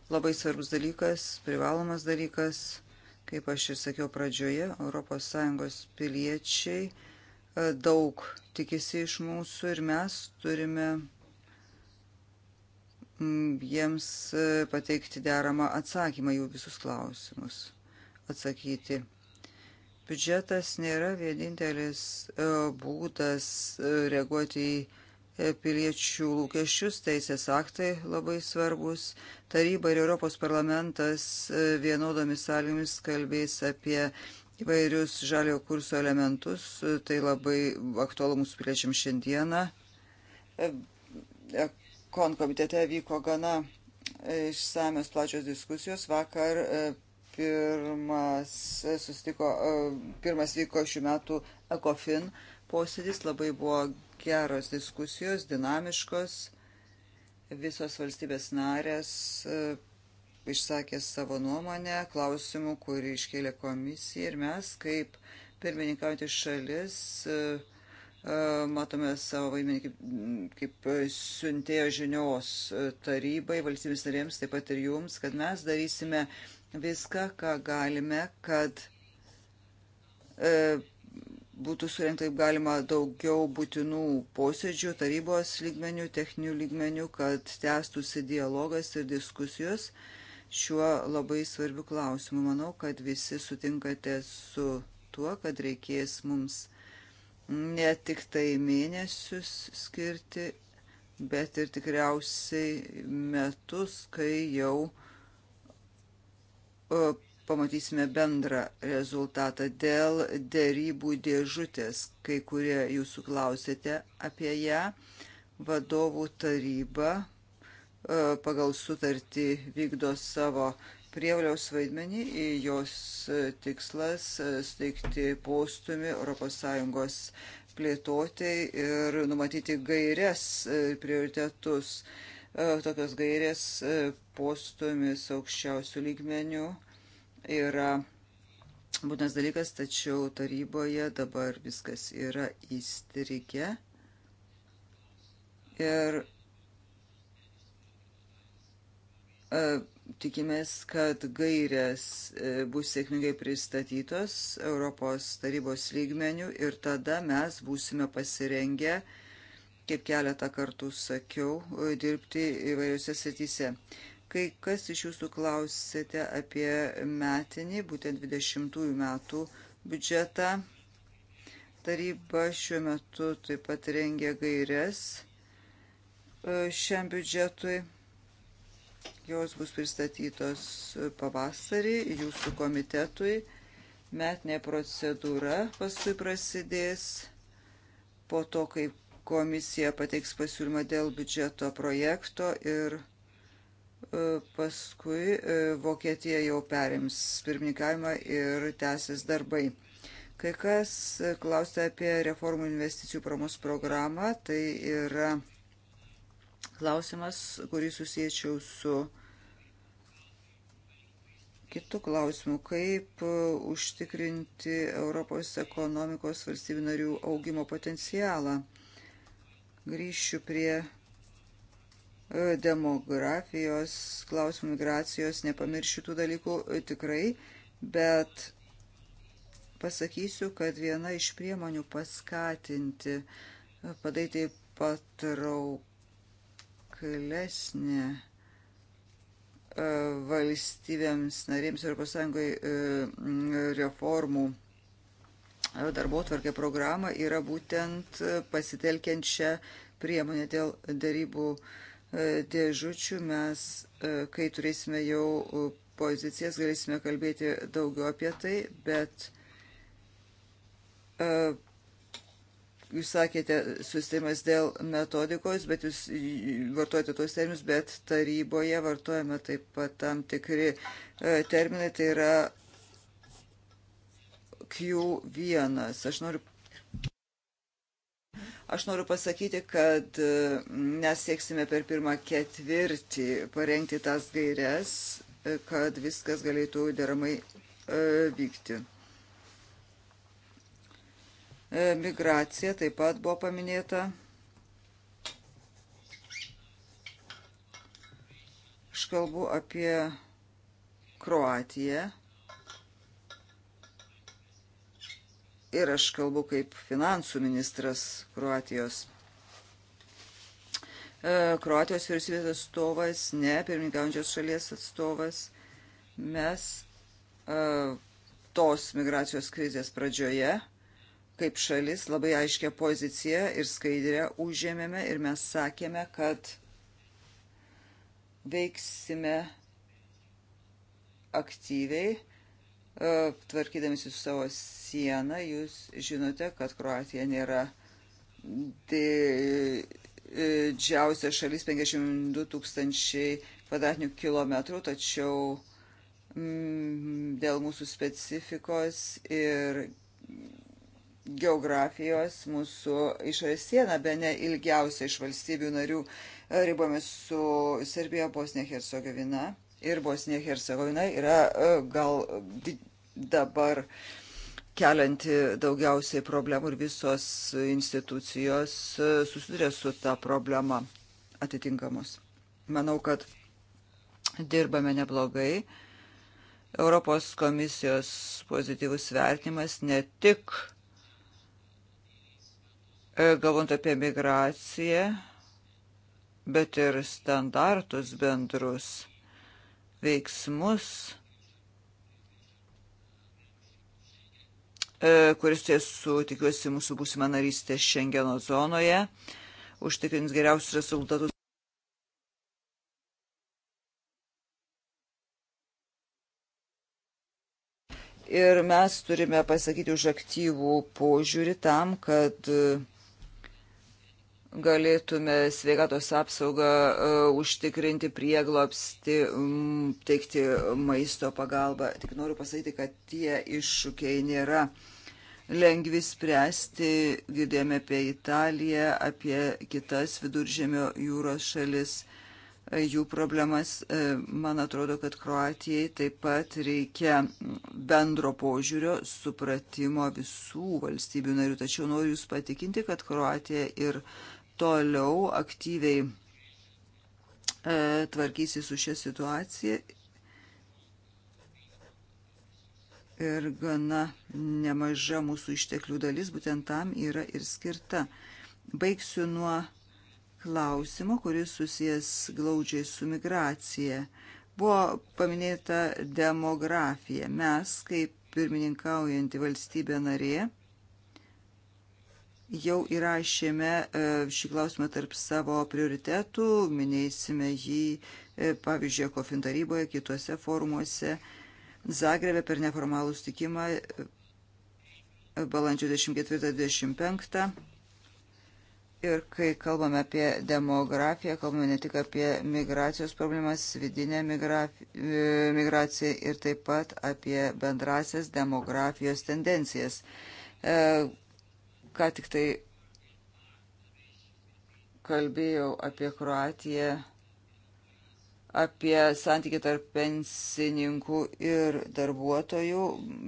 Labai svarbus dalykas, privalomas dalykas, kaip aš ir sakiau pradžioje, ES piliečiai e, daug tikisi iš mūsų ir mes turime mm, jiems e, pateikti deramą atsakymą jų visus klausimus. Atsakyti. Biudžetas nėra vienintelis e, būdas reaguoti į E, piliečių lūkesčius, teisės aktai labai svarbus. Taryba ir Europos parlamentas e, vienodomis sąlygomis kalbės apie įvairius žaliojo kurso elementus. E, tai labai aktualu mūsų piliečiam šiandieną. Kon komitete vyko gana išsamios plačios diskusijos. Vakar pirmas, susitiko, pirmas vyko šių metų ECOFIN posėdis, labai buvo geros diskusijos, dinamiškos. Visos valstybės narės e, išsakė savo nuomonę, klausimų, kurį iškėlė komisija ir mes, kaip pirmininkauti šalis, e, e, matome savo vaidmenį kaip, kaip siuntėjo žinios tarybai, valstybės narėms, taip pat ir jums, kad mes darysime viską, ką galime, kad būtų surinkta kaip galima daugiau būtinų posėdžių tarybos lygmenių, techninių lygmenių, kad tęstųsi dialogas ir diskusijos šiuo labai svarbiu klausimu. Manau, kad visi sutinkate su tuo, kad reikės mums ne tik tai mėnesius skirti, bet ir tikriausiai metus, kai jau e, pamatysime bendrą rezultatą dėl dėrybų dėžutės, kai kurie jūsų klausėte apie ją. Vadovų taryba e, pagal sutartį vykdo savo prievaliaus vaidmenį, jos e, tikslas e, steigti postumį ES plėtotei ir numatyti gairias ir prioritetus. Tokios gairės postumis aukščiausių lygmenių yra būtinas dalykas, tačiau taryboje dabar viskas yra įstrigę. Ir e, tikimės, kad gairės e, bus sėkmingai pristatytos Europos tarybos lygmenių ir tada mes būsime pasirengę, kaip keletą kartų sakiau, e, dirbti įvairiose srityse. Kai kas iš jūsų klausėte apie metinį, būtent 20 metų biudžetą. Taryba šiuo metu taip pat rengia gairias e, šiam biudžetui. Jos bus pristatytos pavasarį jūsų komitetui. Metinė procedūra paskui prasidės po to, kai komisija pateiks pasiūlymą dėl biudžeto projekto ir biudžeto E, paskui e, Vokietija jau perims pirmininkavimą ir tęsis darbai. Kai kas e, klausė apie reformų investicijų promos programą, tai yra klausimas, kurį susiečiau su kitų klausimų, kaip užtikrinti Europos ekonomikos valstybių narių augimo potencialą. Grįšiu prie E, demografijos klausimų, migracijos, nepamiršiu tų dalykų e, tikrai, bet pasakysiu, kad viena iš priemonių paskatinti, e, padaryti patrauklesnė valstybėms narėms Europos Sąjungai reformų darbo tvarkė programą yra būtent pasitelkiančią priemonę dėl darybų uh, E, dėžučių mes, e, kai turėsime jau e, pozicijas, galėsime kalbėti daugiau apie tai, bet jūs sakėte susitimas dėl metodikos, bet jūs vartojate tuos terminus, bet taryboje vartojame taip pat tam tikri terminai, tai yra Q1. Aš noriu Aš noriu pasakyti, kad e, mes sieksime per pirmą ketvirtį parengti tas gairias, e, kad viskas galėtų deramai e, vykti. Migracija taip pat buvo paminėta. Aš kalbu apie Kroatiją. ir aš kalbu kaip finansų ministras Kroatijos. E, Kroatijos vyriausybės atstovas, ne pirmininkaujančios šalies atstovas. Mes e, tos migracijos krizės pradžioje kaip šalis labai aiškę poziciją ir skaidrę užėmėme ir mes sakėme, kad veiksime aktyviai E, tvarkydamėsi su savo sieną, jūs žinote, kad Kroatija nėra e, didžiausia šalis 52 tūkstančiai kvadratinių kilometrų, tačiau mm, dėl mūsų specifikos ir geografijos mūsų išorės siena, be ne ilgiausia iš valstybių narių e, ribomis su Serbija, Bosnija, Hercegovina ir Bosnija Hercegovina yra e, gal dabar kelianti daugiausiai problemų ir visos institucijos e, susiduria su tą problemą atitinkamos. Manau, kad dirbame neblogai. Europos komisijos pozityvus vertinimas ne tik e, galvant apie migraciją, bet ir standartus bendrus veiksmus, e, kuris tiesų, tikiuosi, mūsų būsima narystė Šengeno zonoje, užtikrins geriausius rezultatus. Ir mes turime pasakyti už aktyvų požiūrį tam, kad uh, galėtume sveikatos apsaugą e, užtikrinti prieglopsti, teikti maisto pagalbą. Tik noriu pasakyti, kad tie iššūkiai nėra lengvi spręsti. Girdėjome apie Italiją, apie kitas viduržėmio jūros šalis, e, jų problemas. E, man atrodo, kad Kroatijai taip pat reikia bendro požiūrio, supratimo visų valstybių narių. Tačiau noriu Jūs patikinti, kad Kroatija ir Kroatija toliau aktyviai e, tvarkysi su šią situaciją ir gana nemaža mūsų išteklių dalis būtent tam yra ir skirta. Baigsiu nuo klausimo, kuris susijęs glaudžiai su migracija. Buvo paminėta demografija. Mes, kaip pirmininkaujanti valstybė narė, jau įrašėme e, šį klausimą tarp savo prioritetų, minėsime jį, e, pavyzdžiui, Kofin taryboje, kitose forumuose, Zagrebe per neformalų stikimą e, balandžio 24-25. Ir kai kalbame apie demografiją, kalbame ne tik apie migracijos problemas, vidinę migraciją ir taip pat apie bendrasias demografijos tendencijas Ką tik tai kalbėjau apie Kroatiją, apie santykį tarp pensininkų ir darbuotojų.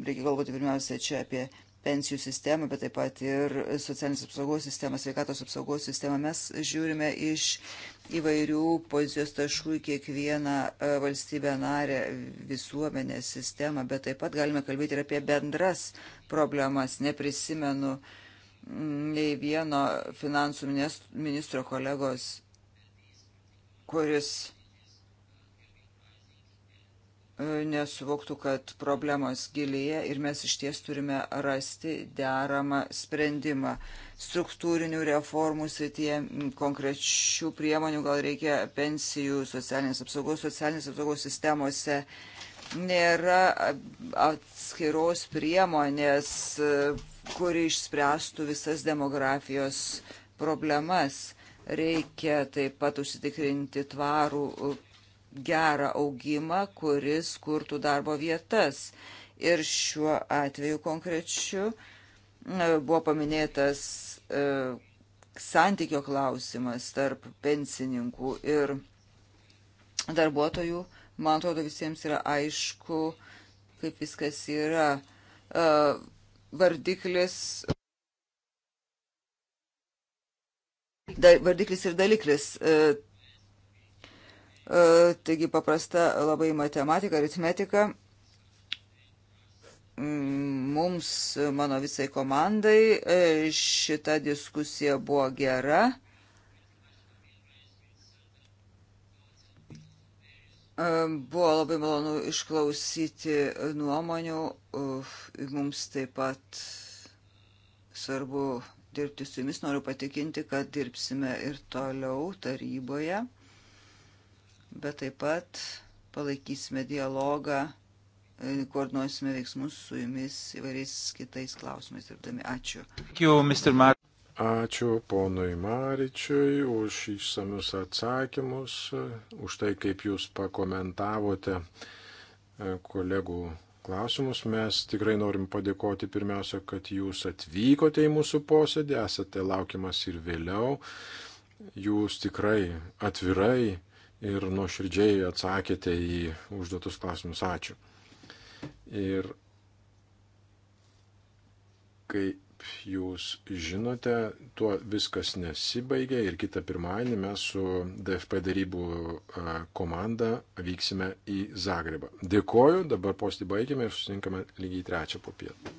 Reikia galvoti pirmiausia čia apie pensijų sistemą, bet taip pat ir socialinės apsaugos sistemą, sveikatos apsaugos sistemą. Mes žiūrime iš įvairių pozicijos taškų į kiekvieną e, valstybę narę visuomenės sistemą, bet taip pat galime kalbėti ir apie bendras problemas. Neprisimenu uh, nei vieno finansų ministro kolegos, kuris e, nesuvoktų, kad problemos gilėja ir mes iš ties turime rasti deramą sprendimą. Struktūrinių reformų srityje konkrečių priemonių gal reikia pensijų, socialinės apsaugos, socialinės apsaugos sistemose. Nėra atskiros priemonės e, kuri išspręstų visas demografijos problemas. Reikia taip pat užsitikrinti tvarų gerą augimą, kuris kurtų darbo vietas. Ir šiuo atveju konkrečiu buvo paminėtas e, santykio klausimas tarp pensininkų ir darbuotojų. Man atrodo, visiems yra aišku, kaip viskas yra e, vardiklis. Da, vardiklis ir daliklis. E, e, taigi paprasta labai matematika, aritmetika. Mm, mums, mano visai komandai, e, šita diskusija buvo gera. Buvo labai malonu išklausyti nuomonių. Mums taip pat svarbu dirbti su jumis. Noriu patikinti, kad dirbsime ir toliau taryboje, bet taip pat palaikysime dialogą, e, koordinuosime veiksmus su jumis įvairiais kitais klausimais dirbdami. Ačiū. Ačiū, Mr. Mar. Ačiū ponui Maričiui už išsamius atsakymus, už tai, kaip jūs pakomentavote e, kolegų klausimus. Mes tikrai norim padėkoti pirmiausia, kad jūs atvykote į mūsų posėdį, esate laukiamas ir vėliau. Jūs tikrai atvirai ir nuoširdžiai atsakėte į užduotus klausimus. Ačiū. Ir kai Kaip jūs žinote, tuo viskas nesibaigė ir kitą pirmadienį mes su DFP darybų komanda vyksime į Zagrebą. Dėkoju, dabar postį baigėme ir susitinkame lygiai trečią po pietų.